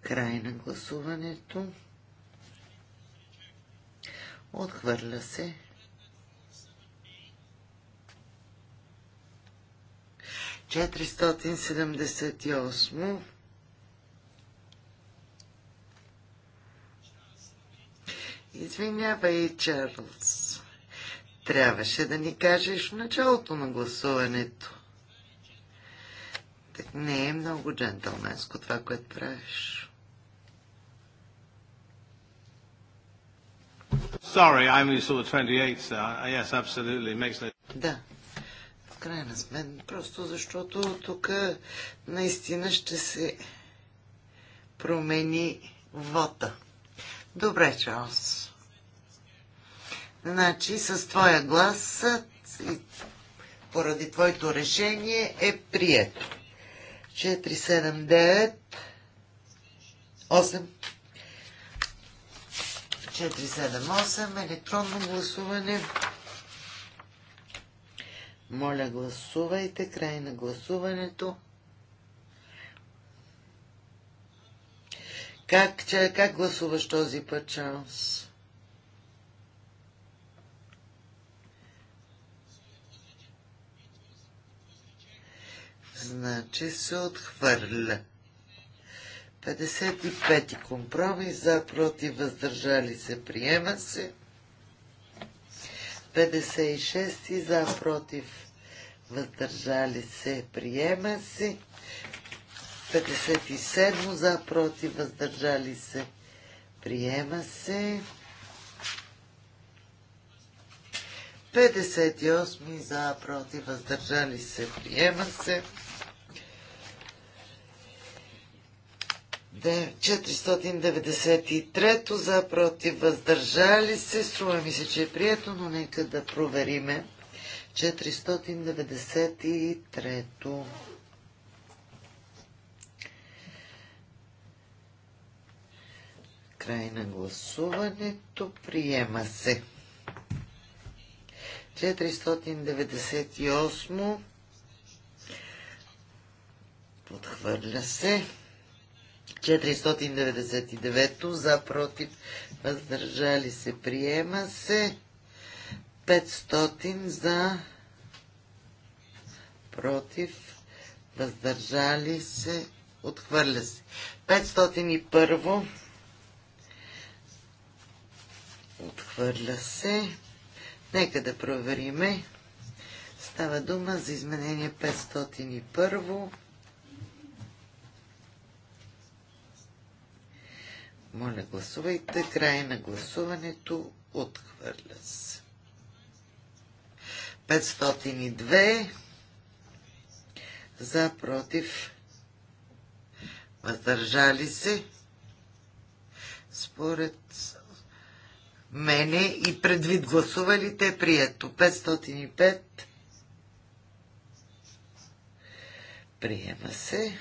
Край на гласуването. Отхвърля се. 478. Извинявай, Чарлз. Трябваше да ни кажеш в началото на гласуването. Так не е много джентълменско това, което правиш. Sorry, I'm sort of 28, sir. Yes, absolutely. Makes no... Да, крайна смен. просто защото тук наистина ще се промени вота. Добре, Чарлз. Значи, с твоя глас и поради твоето решение е прието. 479 8 478 електронно гласуване моля, гласувайте. Край на гласуването. Как, че, как гласуваш този път, Чарлз? Значи се отхвърля. 55 компромис за, против, въздържали се, приема се. 56 и за против въздържали се, приема се. 57 за против въздържали се, приема се. 58 за против въздържали се, приема се. 493 за против въздържали се. Струва ми се, че е прието, но нека да провериме. 493 Край на гласуването. Приема се. 498 Подхвърля се. 499 за против въздържали се приема се 500 за против въздържали се отхвърля се 501 отхвърля се нека да провериме става дума за изменение 501 Моля, гласувайте. Край на гласуването. Отхвърля се. 502 за против. Въздържали се. Според мене и предвид гласувалите е прието. 505 приема се.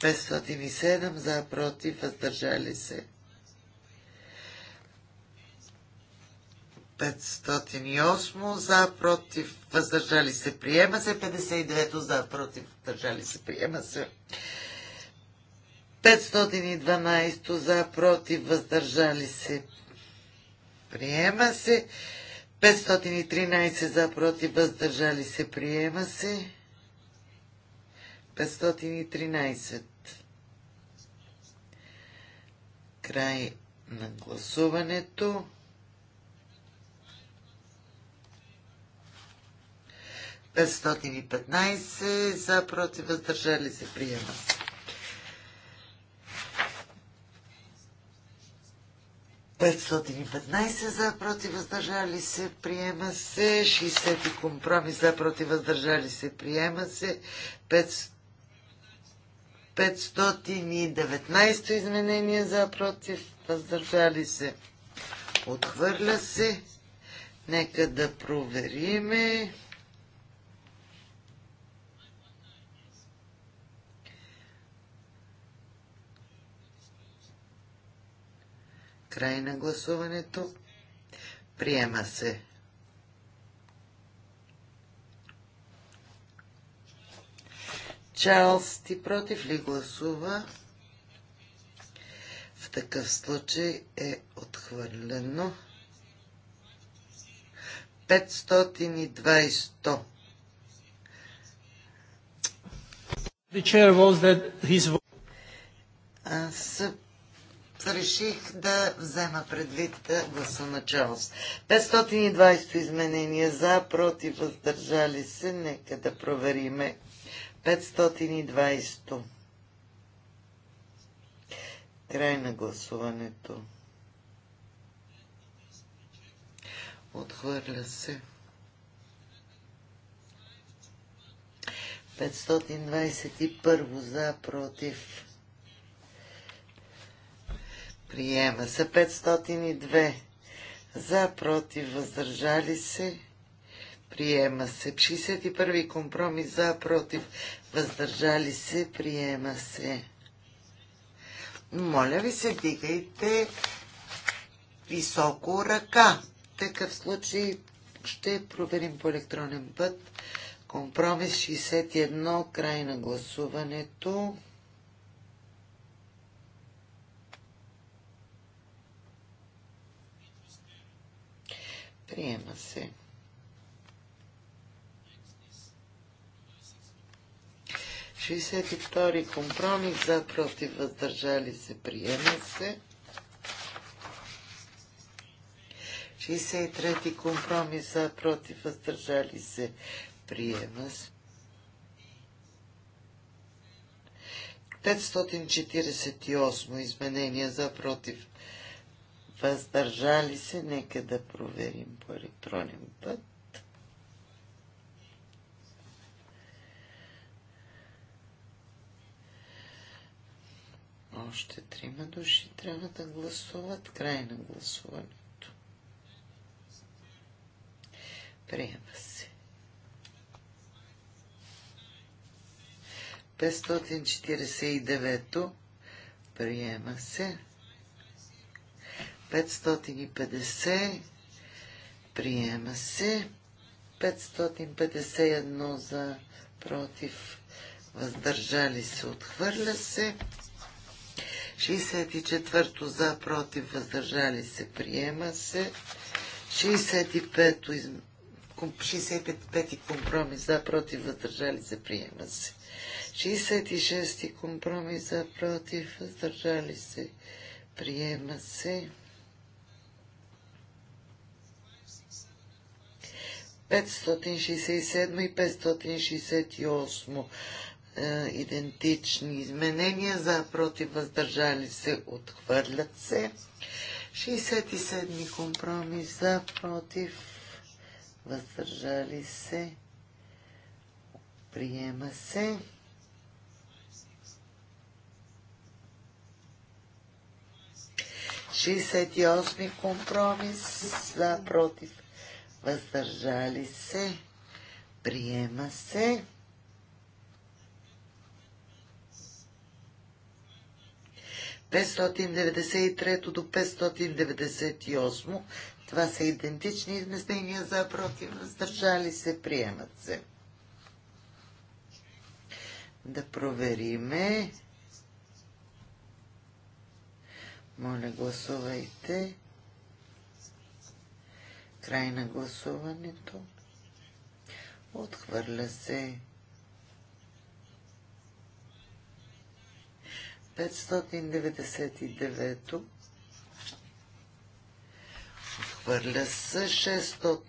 507 за, против, въздържали се. 508 за, против, въздържали се, приема се. 59 за, против, въздържали се, приема се. 512 за, против, въздържали се, приема се. 513 за, против, въздържали се, приема се. 513. Край на гласуването. Петстотин за против въздържали се приема. Петстотин за против въздържали се приема се. 60 компромис за против въздържали се приема се. 500 519 изменение за против, въздържали се, отхвърля се. Нека да провериме. Край на гласуването. Приема се. Чарлз, ти против ли гласува? В такъв случай е отхвърлено. 520. His... Аз реших да взема предвид гласа на Чарлз. 520 изменения за, против, въздържали се. Нека да провериме 520. Край на гласуването. Отхвърля се. 521 за, против. Приема се 502 за, против, въздържали се. Приема се 61 компромис за, против, въздържали се, приема се. Моля ви се, дигайте високо ръка. В такъв случай ще проверим по електронен път. Компромис 61, край на гласуването. Приема се. 62 компромис за против въздържали се приема се. 63 компромис за против въздържали се приема се. 548 изменения за против въздържали се. Нека да проверим по електронен път. Още трима души трябва да гласуват. Край на гласуването. Приема се. 549-то. Приема се. 550. Приема се. 551 за против. Въздържали се. Отхвърля се. 64-то за, против, въздържали се, приема се. 65-то, 65-ти компромис за, против, въздържали се, приема се. 66-ти компромис за, против, въздържали се, приема се. 567 и 568 е, идентични изменения за против въздържали се отхвърлят се. 67 компромис за против въздържали се приема се. Шестдесет и осми компромис за против въздържали се приема се. 593 до 598. Това са идентични Изместения за против, въздържали се, приемат се. Да провериме. Моля, гласувайте. Край на гласуването. Отхвърля се. 599 то отхвърля се 600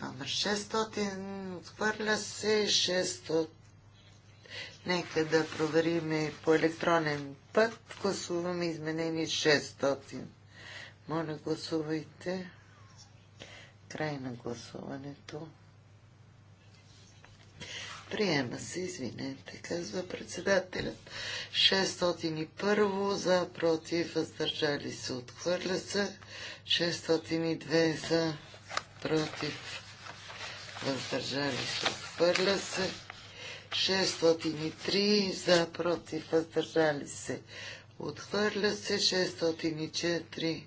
номер 600 отхвърля се 600 нека да проверим по електронен път гласуваме изменение 600 моля гласувайте край на гласуването Приема се, извинете, казва председателят. 601 за, против, въздържали се, отхвърля се. 602 за, против, въздържали се, отхвърля се. 603 за, против, въздържали се, отхвърля се. 604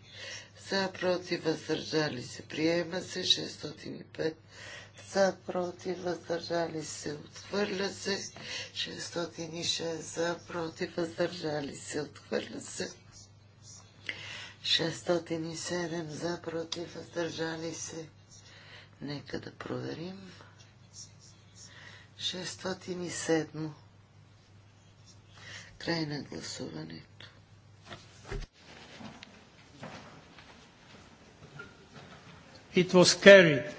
за, против, въздържали се, приема се. 605 за, против, въздържали се, отхвърля се. 606 за, против, въздържали се, отхвърля се. 607 за, против, въздържали се. Нека да проверим. 607. Край на гласуването. It was carried.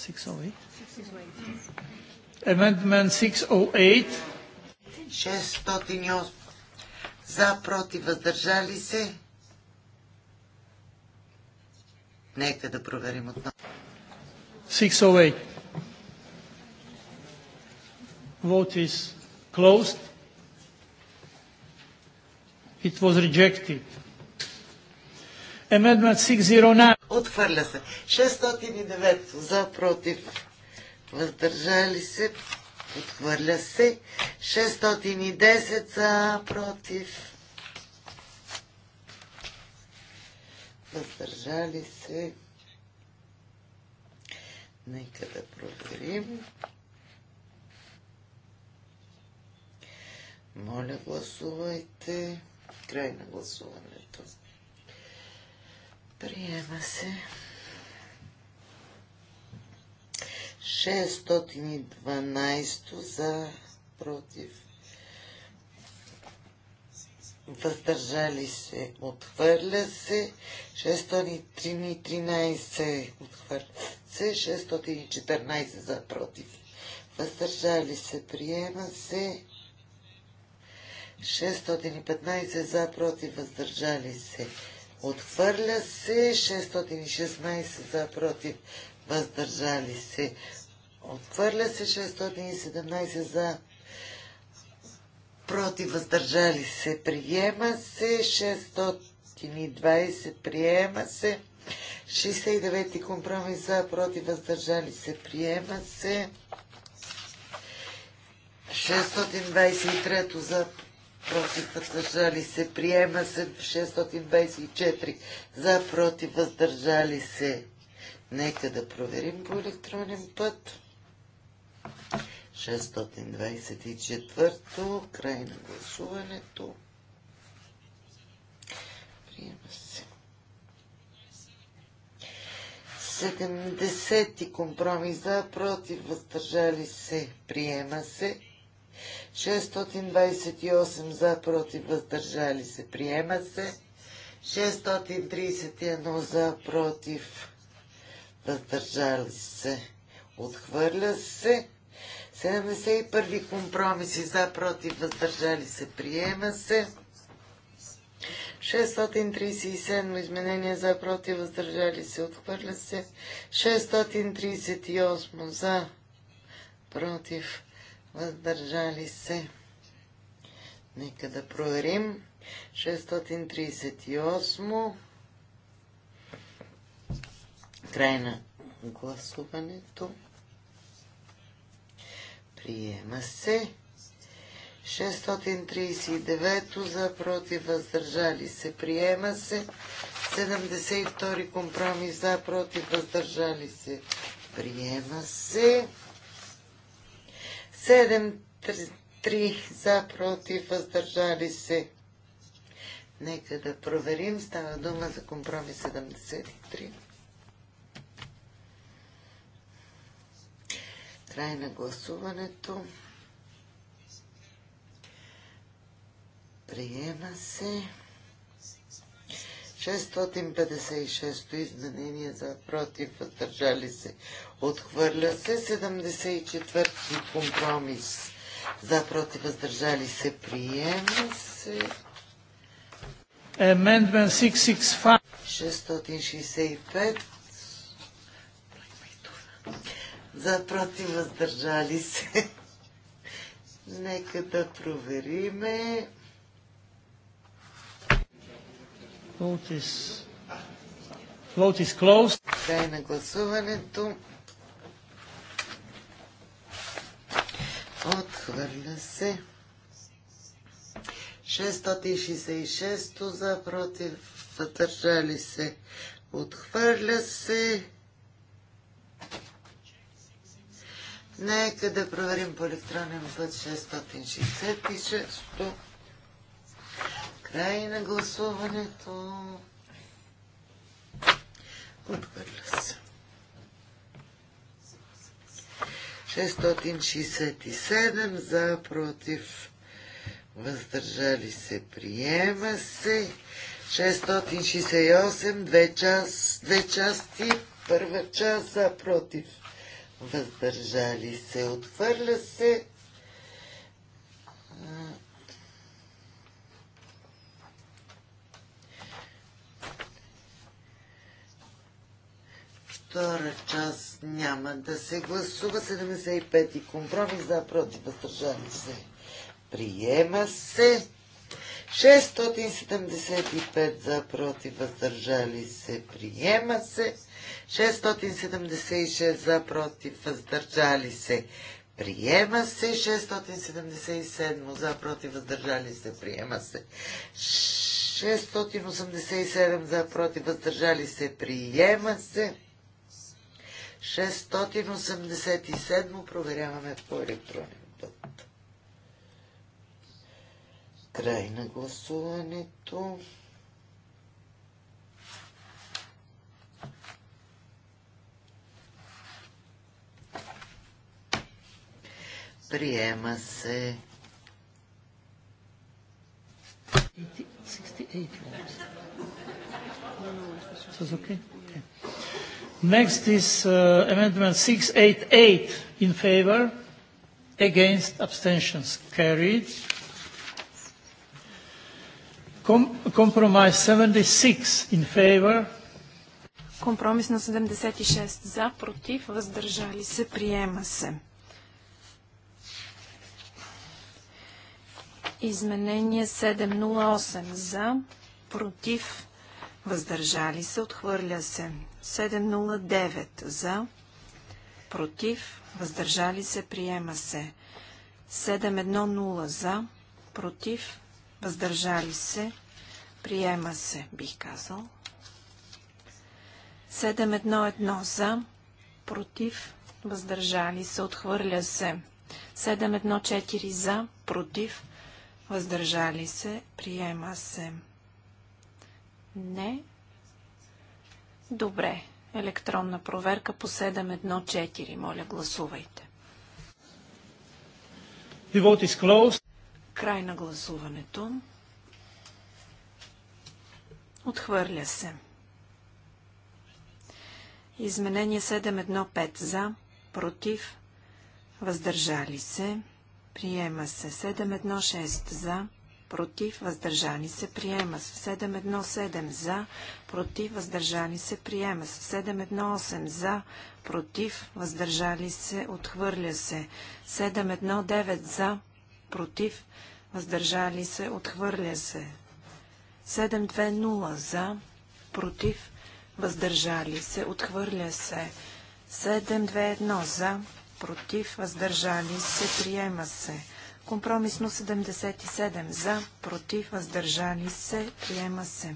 608. Amendment 608. 608. За, против, въздържали се. Нека да проверим отново. 608. Vote is closed. It was rejected. Amendment 609. Отхвърля се. 609 за против. Въздържали се. Отхвърля се. 610 за против. Въздържали се. Нека да проверим. Моля, гласувайте. Край на гласуването. Приема се. 612 за против. Въздържали се. Отхвърля се. 613 отхвърля се. 614 за против. Въздържали се. Приема се. 615 за против. Въздържали се. Отхвърля се 616 за против. Въздържали се. Отвърля се 617 за против. Въздържали се. Приема се 620. Приема се. 69 компромис за против. Въздържали се. Приема се. 623 за против, въздържали се, приема се 624, за, против, въздържали се. Нека да проверим по електронен път. 624, край на гласуването. Приема се. 70 компромис за, против, въздържали се, приема се. 628 за, против, въздържали се, приема се. 631 за, против, въздържали се, отхвърля се. 71 компромиси за, против, въздържали се, приема се. 637 изменения за, против, въздържали се, отхвърля се. 638 за, против, въздържали се. Нека да проверим. 638. Край на гласуването. Приема се. 639 за против въздържали се. Приема се. 72 компромис за против въздържали се. Приема се. 7-3 за, против, въздържали се. Нека да проверим. Става дума за компромис 73. Край на гласуването. Приема се. 656-то изменение за против, въздържали се, отхвърля се. 74-ти компромис за против, въздържали се, приема се. Amendment 665. 665. За против, въздържали се. Нека да провериме. Vote is... Vote is closed. Край на гласуването. Отхвърля се. 666 за против. Въдържали се. Отхвърля се. Нека да проверим по електронен път 666. Край на гласуването. Отхвърля се. 667 за, против, въздържали се, приема се. 668, две, час, две части, първа част за, против, въздържали се, отхвърля се. втора част няма да се гласува. 75-ти компромис за против въздържали се. Приема се. 675 за против въздържали се. Приема се. 676 за против въздържали се. Приема се 677 за против въздържали се. Приема се 687 за против въздържали се. Приема се 687 проверяваме по електронен път. Край на гласуването. Приема се. 68 votes. So it's okay. Next is uh, amendment 688 in favor, against abstentions carried. Com compromise 76 in favor. Компромис на 76 за, против, въздържали се, приема се. Изменение 708 за, против, въздържали се, отхвърля се. 709 за, против, въздържали се, приема се. 710 за, против, въздържали се, приема се, бих казал. 711 за, против, въздържали се, отхвърля се. 714 за, против, въздържали се, приема се. Не. Добре. Електронна проверка по 714. Моля, гласувайте. The vote is closed. Край на гласуването. Отхвърля се. Изменение 715 за, против, въздържали се. Приема се 716 за, против, въздържани се, приема се. 717 за, против, въздържани се, приема се. 718 за, против, въздържали се, отхвърля се. 719 за, против, въздържали се, отхвърля се. 720 за, против, въздържали се, отхвърля се. 721 за, против, въздържали се, приема се. Компромисно 77 за, против, въздържали се, приема се.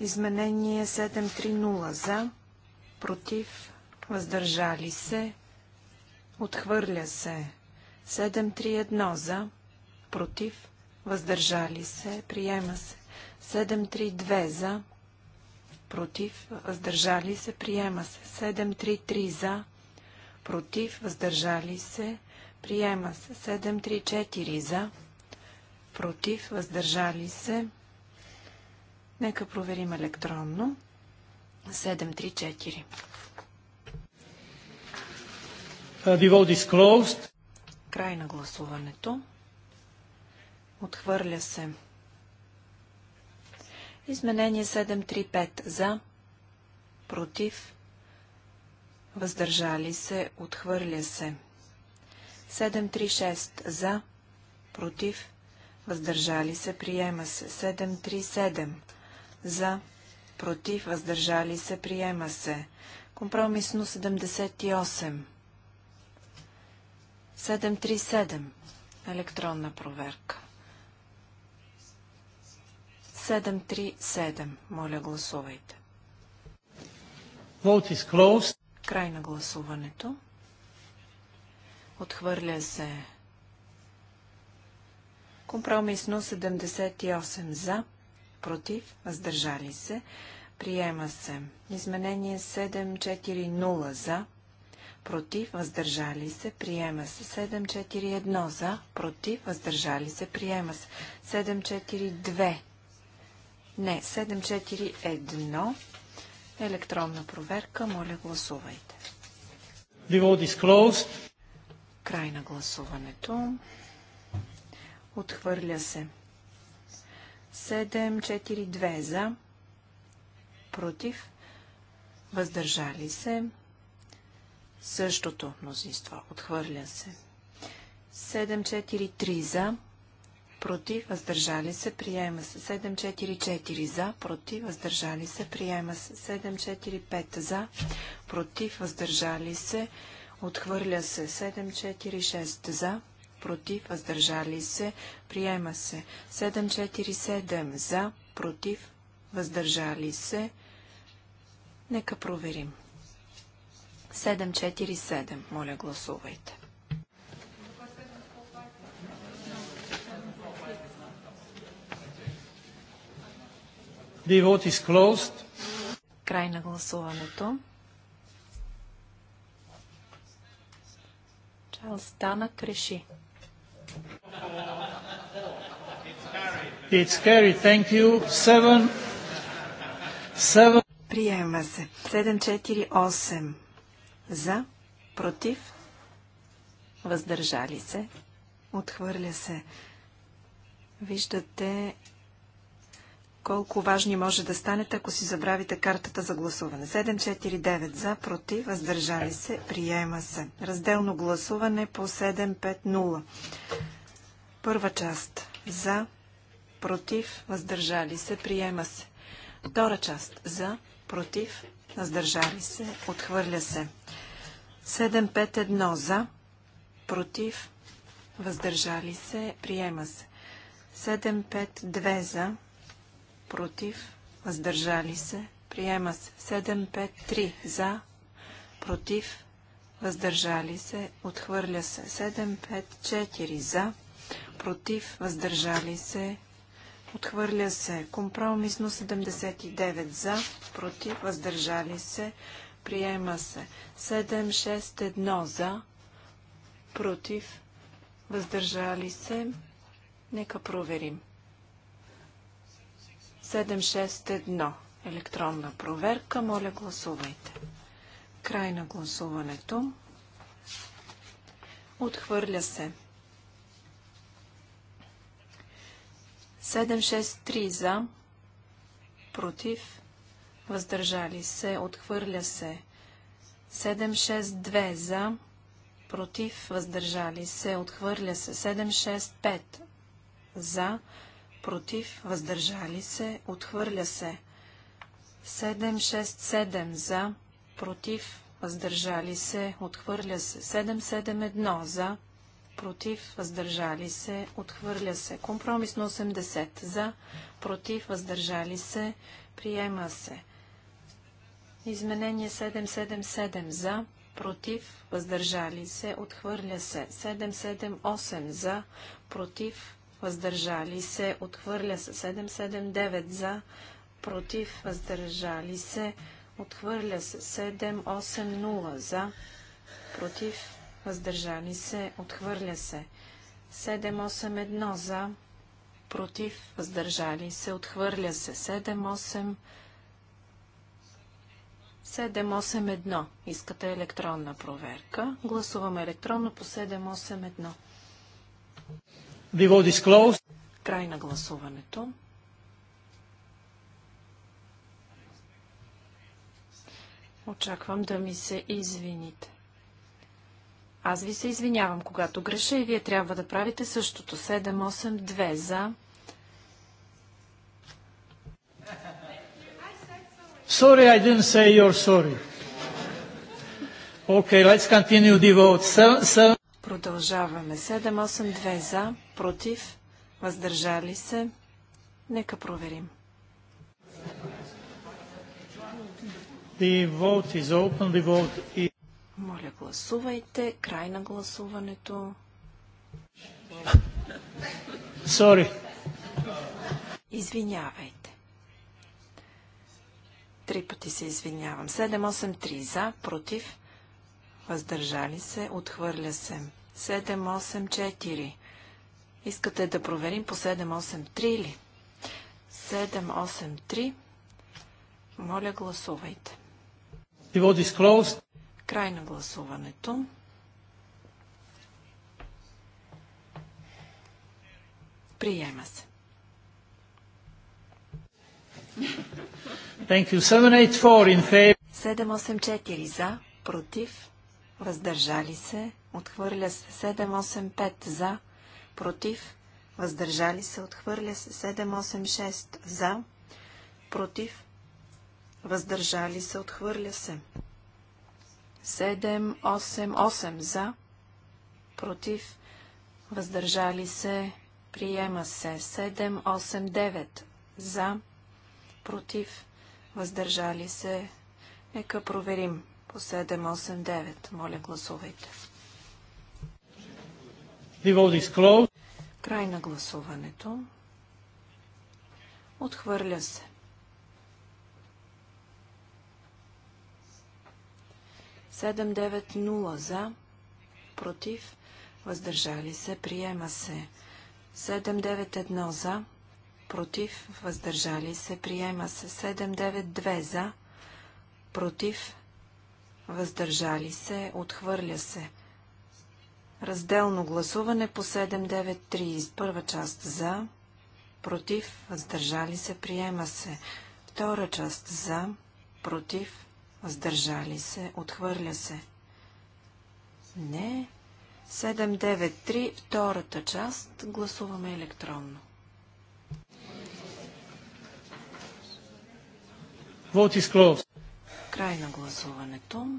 Изменение 730 за, против, въздържали се, отхвърля се. 731 за, против, въздържали се, приема се. 732 за, против, въздържали се, приема се. 733 за, против, въздържали се, Приема се 734 за, против, въздържали се. Нека проверим електронно. 734. Uh, Край на гласуването. Отхвърля се. Изменение 735 за, против, въздържали се, отхвърля се. 736 за, против, въздържали се, приема се. 737 за, против, въздържали се, приема се. Компромисно 78. 737. Електронна проверка. 737. Моля, гласувайте. Край на гласуването. Отхвърля се. Компромисно 78 за, против, въздържали се. Приема се. Изменение 740 за, против, въздържали се, приема се. 741 за, против, въздържали се, приема се. 742. Не, 741. Електронна проверка. Моля, гласувайте. The vote is closed. Край на гласуването. Отхвърля се. 7-4-2 за. Против. Въздържали се. Същото мнозинство. Отхвърля се. 7-4-3 за. Против. Въздържали се. Приема се. 7-4-4 за. Против. Въздържали се. Приема се. 7-4-5 за. Против. Въздържали се. Приема се Отхвърля се 746 за, против, въздържали се, приема се 747 за, против, въздържали се. Нека проверим. 747, моля гласувайте. The vote is closed. Край на гласуването. Чарлз Танък реши. It's scary, thank you. Seven. Seven. Приема се. За. Против. Въздържали се. Отхвърля се. Виждате колко важни може да станете, ако си забравите картата за гласуване. 749 за, против, въздържали се, приема се. Разделно гласуване по 750. Първа част за, против, въздържали се, приема се. Втора част за, против, въздържали се, отхвърля се. 751 за, против, въздържали се, приема се. 752 за, против, въздържали се, приема се. 753 за, против, въздържали се, отхвърля се. 754 за, против, въздържали се, отхвърля се. Компромисно 79 за, против, въздържали се, приема се. 761 за, против, въздържали се. Нека проверим. 761. Електронна проверка. Моля, гласувайте. Край на гласуването. Отхвърля се. 763 за. Против. Въздържали се. Отхвърля се. 762 за. Против. Въздържали се. Отхвърля се. 765 за. Против против, въздържали се, отхвърля се. 767 за, против, въздържали се, отхвърля се. 771 за, против, въздържали се, отхвърля се. Компромисно 80 за, против, въздържали се, приема се. Изменение 777 за, против, въздържали се, отхвърля се. 778 за, против, въздържали се, отхвърля се. 779 за, против, въздържали се, отхвърля се. 780 за, против, въздържали се, отхвърля се. 781 за, против, въздържали се, отхвърля се. 78 781. Искате електронна проверка. Гласуваме електронно по 781. The vote is closed. Край на гласуването. Очаквам да ми се извините. Аз ви се извинявам, когато греша и вие трябва да правите същото. 7-8-2 за. Sorry, I didn't say you're sorry. Okay, let's continue the vote. So, so... Продължаваме. 7-8-2 за, против, въздържали се. Нека проверим. Моля, гласувайте. Край на гласуването. Sorry. Извинявайте. Три пъти се извинявам. 7-8-3 за, против, въздържали се, отхвърля се. 784. Искате да проверим по 783 ли? 783. Моля, гласувайте. Край на гласуването. Приема се. Thank you. 784 in favor. 784 за, против, въздържали се, отхвърля се 785 за, против, въздържали се, отхвърля се 786 за, против, въздържали се, отхвърля се 788 за, против, въздържали се, приема се 789 за, против, въздържали се, нека проверим по 7, 8, 9. Моля, гласувайте. Край на гласуването. Отхвърля се. Седем девет нула за, против, въздържали се, приема се. Седем, девет, едно за, против, въздържали се, приема се. Седем, девет, две за, против, въздържали се, отхвърля се. Разделно гласуване по 793. Първа част за, против, въздържали се, приема се. Втора част за, против, въздържали се, отхвърля се. Не. 793, втората част, гласуваме електронно. Вот изклов. Край на гласуването.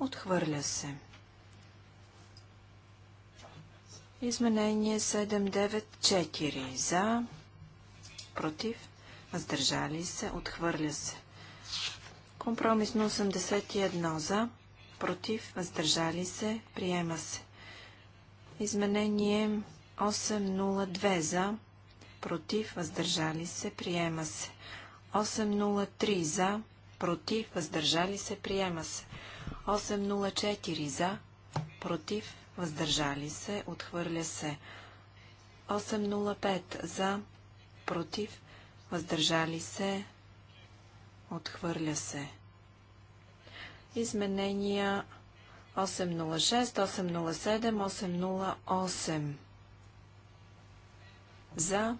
Отхвърля се. Изменение 794 за, против, въздържали се, отхвърля се. Компромисно 81 за, против, въздържали се, приема се. Изменение 802 за, против, въздържали се, приема се. 803 за, против, въздържали се, приема се. 804 за, против, въздържали се, отхвърля се. 805 за, против, въздържали се, отхвърля се. Изменения 806, 807, 808 за,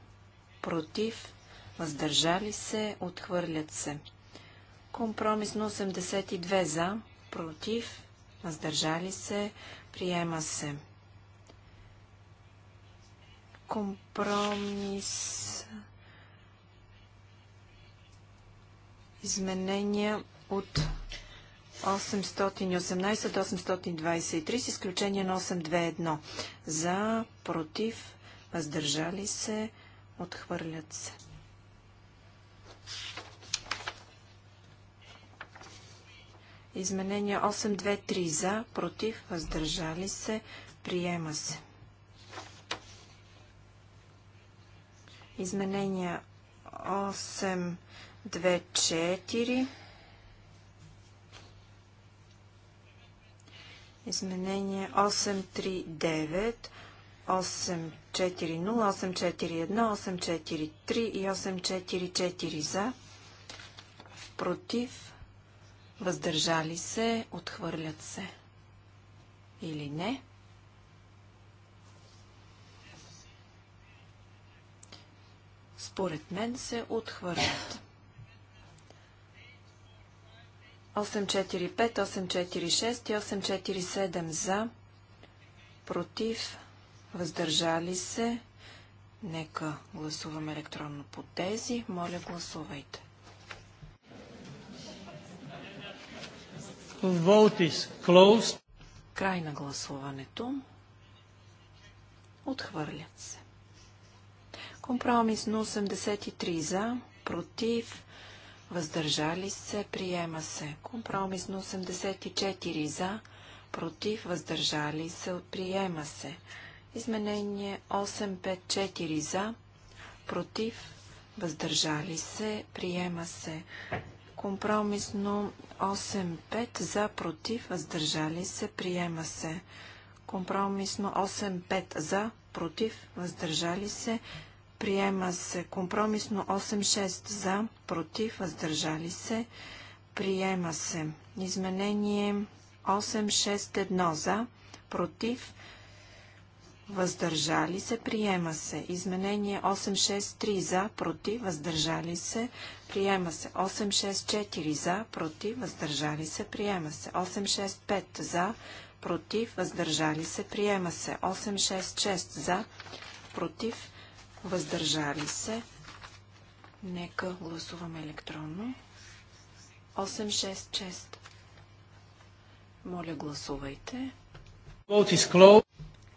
против, въздържали се, отхвърлят се. Компромисно 82 за, против, въздържали се, приема се. Компромис изменения от 818 до 823 с изключение на 821. За, против, въздържали се, отхвърлят се. Изменение 823 за, против, въздържали се, приема се. Изменение 824. Изменение 839, 840, 841, 843 и 844 за, против, въздържали се, отхвърлят се или не. Според мен се отхвърлят. 845, 846 и 847 за, против, въздържали се. Нека гласуваме електронно по тези. Моля, гласувайте. Vote is closed. Край на гласуването. Отхвърлят се. на 83 за, против, въздържали се, приема се. на 84 за, против, въздържали се, приема се. Изменение 854 за, против, въздържали се, приема се. Компромисно 8-5 за, против, въздържали се, приема се. Компромисно 8-5 за, против, въздържали се, приема се. Компромисно 8-6 за, против, въздържали се, приема се. Изменение 8-6-1 за, против, въздържали се, приема се. Изменение 863 за, против, въздържали се, приема се. 864 за, против, въздържали се, приема се. 865 за, против, въздържали се, приема се. 866 за, против, въздържали се. Нека гласуваме електронно. 866. Моля, гласувайте.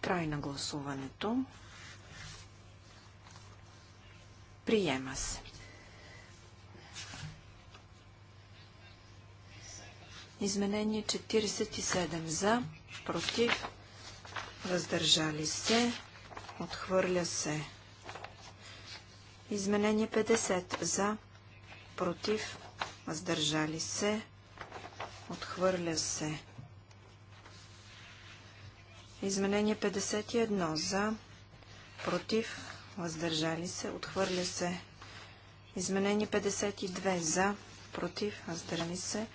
Край на гласуването. Приема се. Изменение 47 за, против, въздържали се, отхвърля се. Изменение 50 за, против, въздържали се, отхвърля се. Изменение 51 за, против, въздържали се, отхвърля се. Изменение 52 за, против, въздържали се,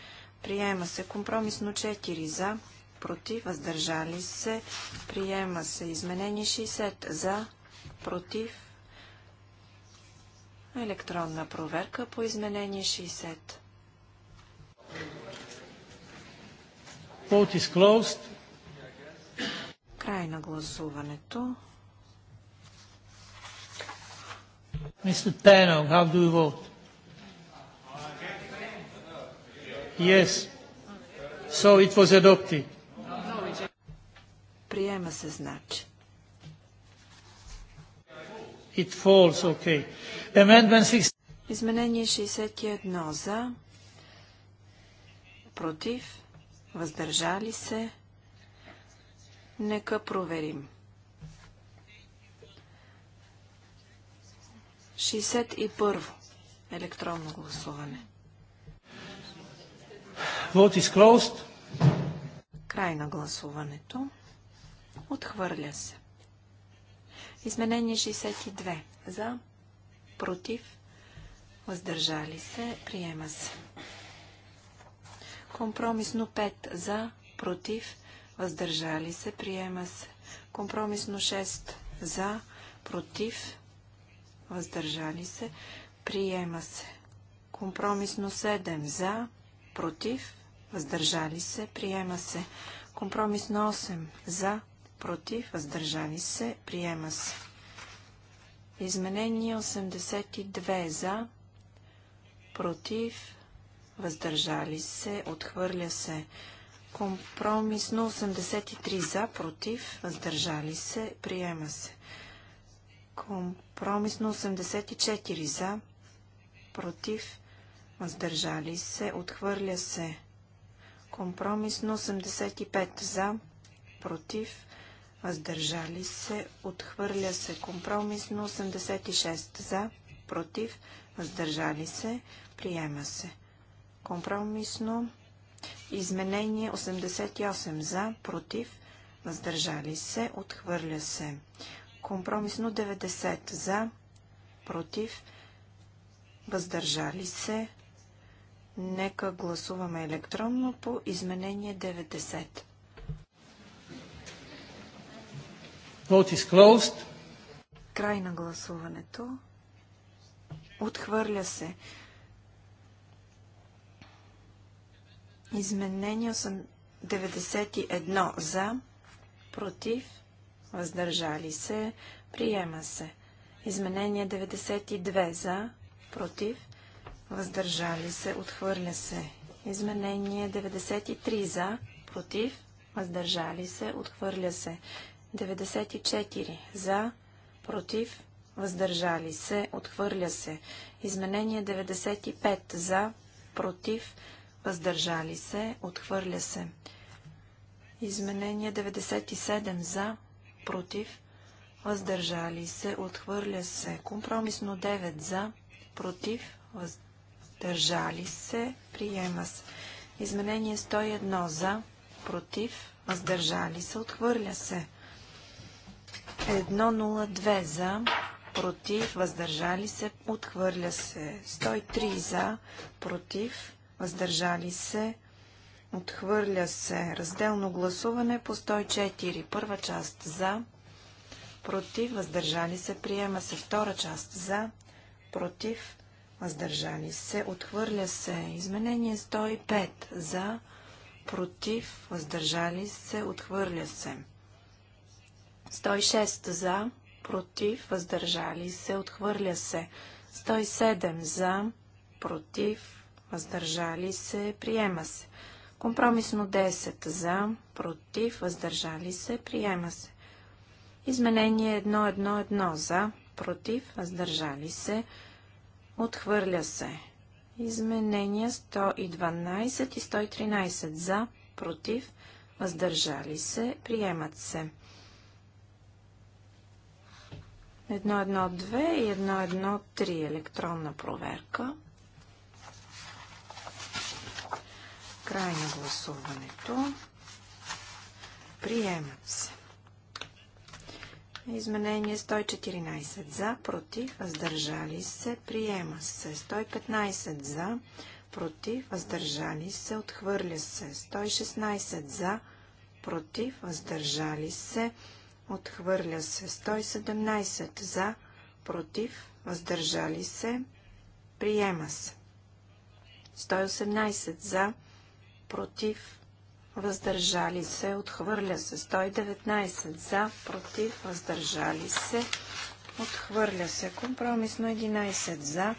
приема се. Компромисно 4 за, против, въздържали се, приема се. Изменение 60 за, против, електронна проверка по изменение 60. Vote is closed. Край на гласуването. do you vote? Yes. So it was adopted. Приема се значи. It falls, okay. Amendment 6. Изменение 61 за, против, въздържали се, Нека проверим. 61. Електронно гласуване. Vote is closed. Край на гласуването. Отхвърля се. Изменение 62. За, против, въздържали се, приема се. Компромисно 5. За, против, въздържали се, приема се. Компромисно 6 за, против, въздържали се, приема се. Компромисно 7 за, против, въздържали се, приема се. Компромисно 8 за, против, въздържали се, приема се. Изменение 82 за, против, въздържали се, отхвърля се. Компромисно 83 за, против, въздържали се, приема се. Компромисно 84 за, против, въздържали се, отхвърля се. Компромисно 85 за, против, въздържали се, отхвърля се. Компромисно 86 за, против, въздържали се, приема се. Компромисно 86 Изменение 88 за, против, въздържали се, отхвърля се. Компромисно 90 за, против, въздържали се. Нека гласуваме електронно по изменение 90. Vote is closed. Край на гласуването. Отхвърля се. Изменение 91 за, против, въздържали се, приема се. Изменение 92 за, против, въздържали се, отхвърля се. Изменение 93 за, против, въздържали се, отхвърля се. 94 за, против, въздържали се, отхвърля се. Изменение 95 за, против, въздържали се, отхвърля се. Изменение 97 за, против, въздържали се, отхвърля се. Компромисно 9 за, против, въздържали се, приема се. Изменение 101 за, против, въздържали се, отхвърля се. 102 за, против, въздържали се, отхвърля се. 103 за, против, въздържали се, отхвърля се. Разделно гласуване по 104. Първа част за, против, въздържали се, приема се. Втора част за, против, въздържали се, отхвърля се. Изменение 105 за, против, въздържали се, отхвърля се. 106 за, против, въздържали се, отхвърля се. 107 за, против, въздържали се, приема се. Компромисно 10 за, против, въздържали се, приема се. Изменение 1-1-1 за, против, въздържали се, отхвърля се. Изменения 112 и 113 за, против, въздържали се, приемат се. 2 и 3 електронна проверка. Край на гласуването. Приемат се. Изменение 114 за, против, въздържали се, приема се. 115 за, против, въздържали се, отхвърля се. 116 за, против, въздържали се, отхвърля се. 117 за, против, въздържали се, приема се. 118 за, против, въздържали се, отхвърля се. 119 за, против, въздържали се, отхвърля се. Компромисно 11 за,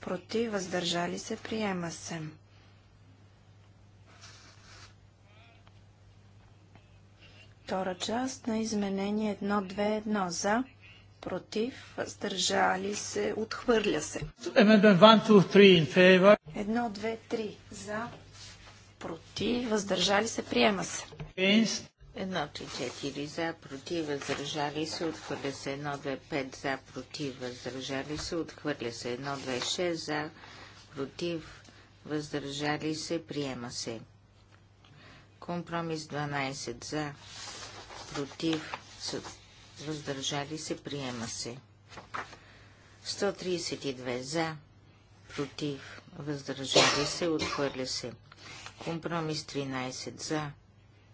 против, въздържали се, приема се. Втора част на изменение 1-2-1 за, против, въздържали се, отхвърля се. 1-2-3 за, против, въздържали се, приема се. че четири за, против, въздържали се, отхвърля се Едно две, пет за, против, въздържали се, отхвърля се Едно две, шест за, против, въздържали се, приема се. Компромис 12 за, против, въздържали се, приема се. 132 за, против, въздържали се, отхвърля се. Компромис 13 за,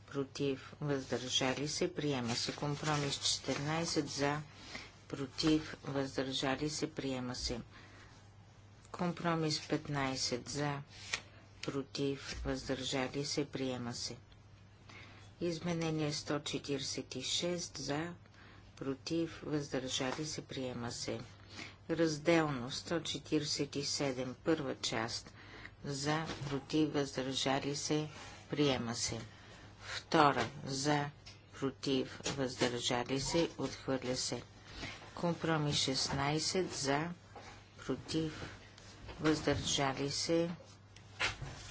против, въздържали се, приема се. Компромис 14 за, против, въздържали се, приема се. Компромис 15 за, против, въздържали се, приема се. Изменение 146 за, против, въздържали се, приема се. Разделно 147, първа част за, против, въздържали се, приема се. Втора, за, против, въздържали се, отхвърля се. Компромис 16, за, против, въздържали се,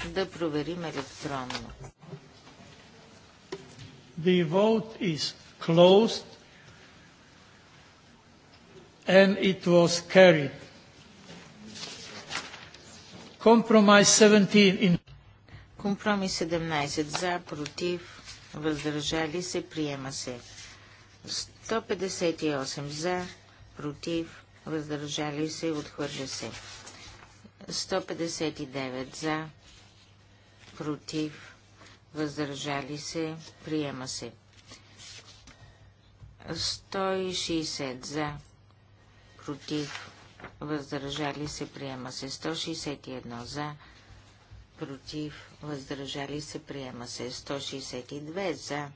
да проверим електронно. The vote is closed and it was carried. 17 in... Компромис 17 за, против, въздържали се, приема се. 158 за, против, въздържали се, отхвърля се. 159 за, против, въздържали се, приема се. 160 за, против, въздържали се, приема се 161 за, против, въздържали се, приема се 162 за,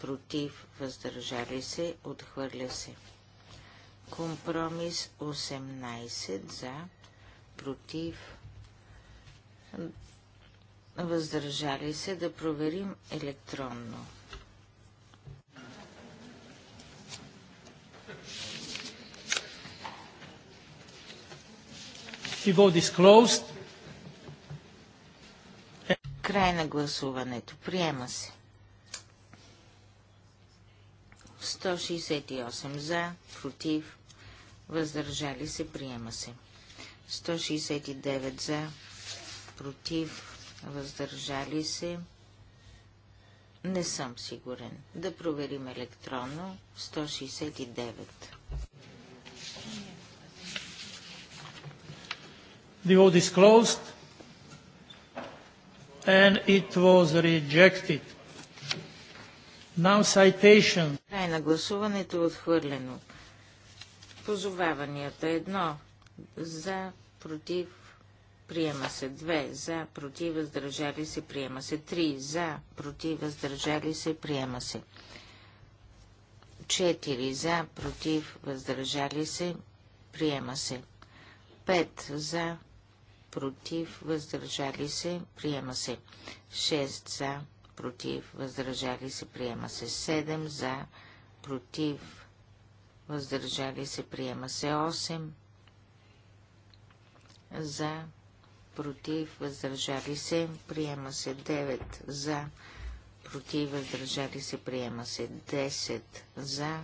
против, въздържали се, отхвърля се. Компромис 18 за, против, въздържали се да проверим електронно. vote is closed. Край на гласуването. Приема се. 168 за, против, въздържали се, приема се. 169 за, против, въздържали се. Не съм сигурен. Да проверим електронно. 169. The vote is closed. And it was rejected. Now citation. Край на гласуването е отхвърлено. Позоваванията едно. За, против, приема се Две за, против, въздържали се, приема се Три за, против, въздържали се, приема се четири за, против, въздържали се, приема се Пет за, против, въздържали се, приема се. 6 за, против, въздържали се, приема се. 7 за, против, въздържали се, приема се. 8 за, против, въздържали се, приема се. 9 за, против, въздържали се, приема се. 10 за,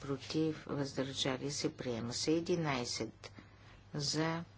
против, въздържали се, приема се. 11 за, против,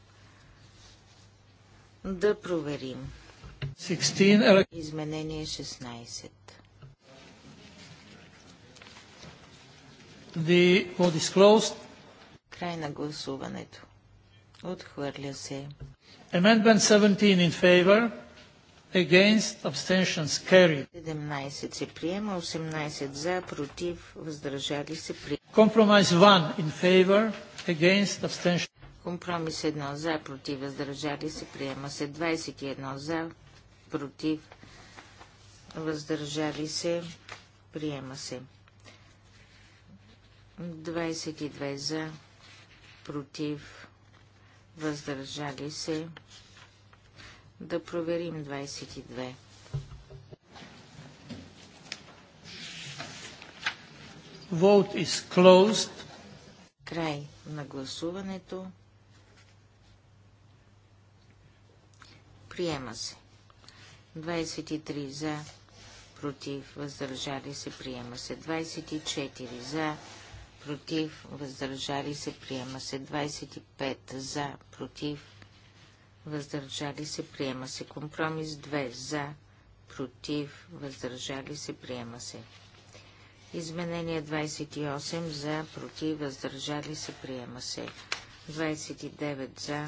да проверим. 16... Изменение 16. The vote is closed. Край на гласуването. Отхвърля се. Amendment 17 in favor. Against abstentions carried. 17 се приема, 18 за, против, въздържали се приема. Compromise 1 in favor. Against abstentions. Компромис 1 за, против, въздържали се, приема се 21 за, против, въздържали се, приема се 22 за, против, въздържали се. Да проверим 22. Vote is closed. Край на гласуването. Приема се. 23 за, против, въздържали се, приема се. 24 за, против, въздържали се, приема се. 25 за, против, въздържали се, приема се. Компромис 2 за, против, въздържали се, приема се. Изменение 28 за, против, въздържали се, приема се. 29 за,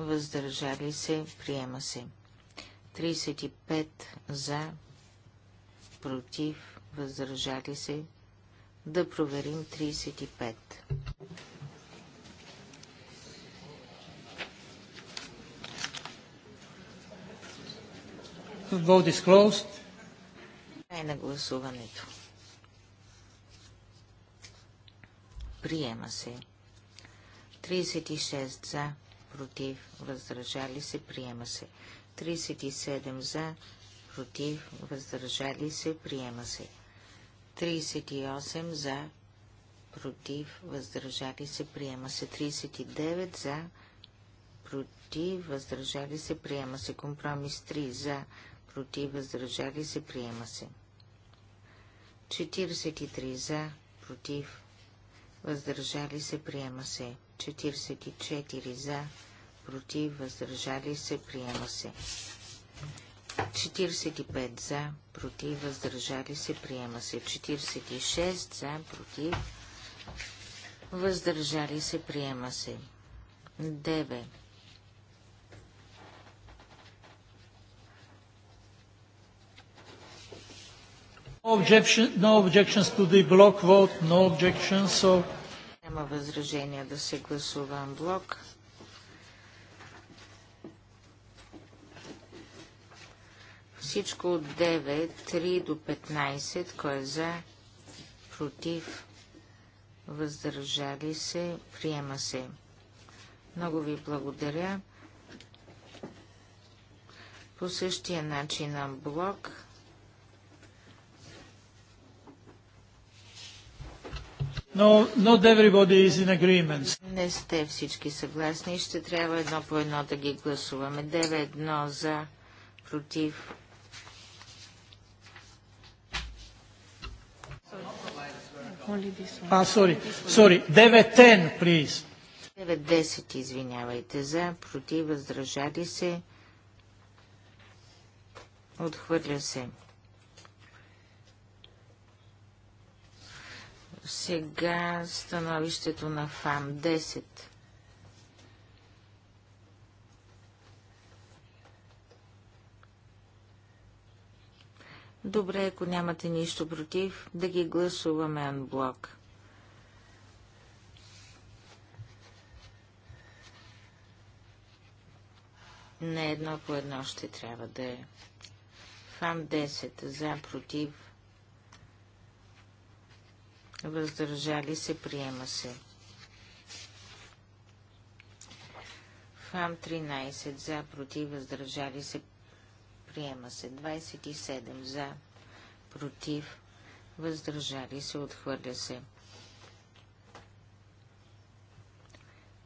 въздържали се, приема се. 35 за, против, въздържали се. Да проверим 35. Vote is closed. Край на гласуването. Приема се. 36 за против, въздържали се, приема се. 37 за, против, въздържали се, приема се. 38 за, против, въздържали се, приема се. 39 за, против, въздържали се, приема се. Компромис 3 за, против, въздържали се, приема се. 43 за, против, въздържали се, приема се. 44 за, против, въздържали се, приема се. 45 за, против, въздържали се, приема се. 46 за, против, въздържали се, приема се. 9. No, objections to the block vote, no objections, so няма възражение да се гласува блок. Всичко от 9, 3 до 15, кой е за, против, въздържали се, приема се. Много ви благодаря. По същия начин на блок No, not everybody is in agreement. Не сте всички съгласни. Ще трябва едно по едно да ги гласуваме. 9-1 за, против. А, сори, сори. 9-10, please. 9-10, извинявайте, за, против, въздържали се. Отхвърля се. Сега становището на ФАМ 10. Добре, ако нямате нищо против, да ги гласуваме анблок. Не едно по едно ще трябва да е. ФАМ 10 за, против, въздържали се, приема се. Фам 13 за, против, въздържали се, приема се. 27 за, против, въздържали се, отхвърля се.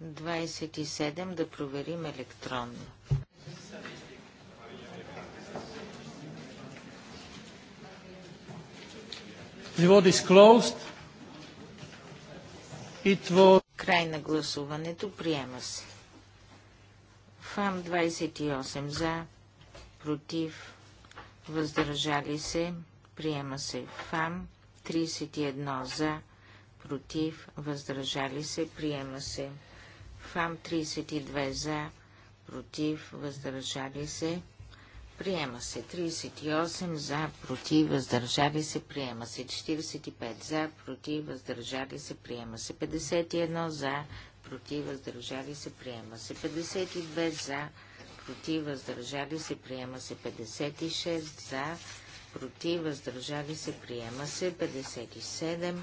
27 да проверим електронно. The vote is closed. Край на гласуването. Приема се. ФАМ 28 за, против, въздържали се. Приема се. ФАМ 31 за, против, въздържали се. Приема се. ФАМ 32 за, против, въздържали се. Приема се 38 за, против, въздържали се, приема се 45 за, против, въздържали се, приема се 51 за, против, въздържали се, приема се 52 за, против, въздържали се, приема се 56 за, против, въздържали се, приема се 57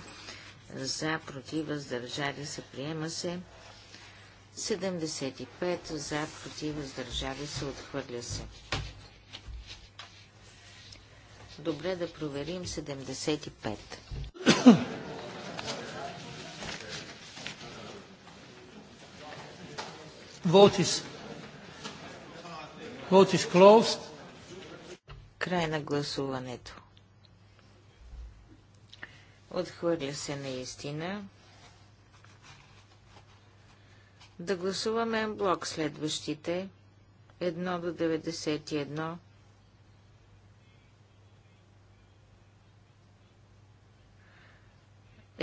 за, против, въздържали се, приема се 75 за, против, въздържали се, отхвърля се. Добре да проверим 75. Vote is, vote is Край на гласуването. Отхвърля се наистина. Да гласуваме блок следващите. 1 до 91.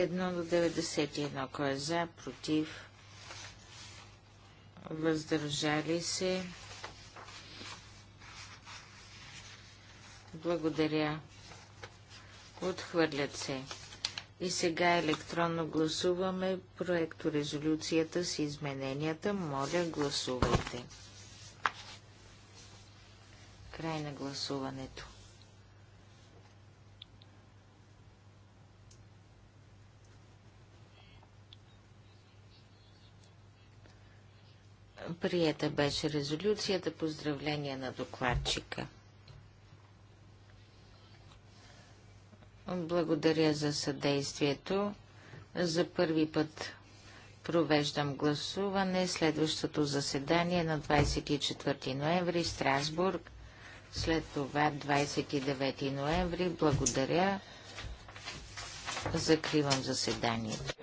1 до 91. Кой е за, против, въздържали се. Благодаря. Отхвърлят се. И сега електронно гласуваме проекто резолюцията с измененията. Моля, гласувайте. Край на гласуването. Приета беше резолюцията. Поздравления на докладчика. Благодаря за съдействието. За първи път провеждам гласуване. Следващото заседание на 24 ноември Страсбург. След това 29 ноември. Благодаря. Закривам заседанието.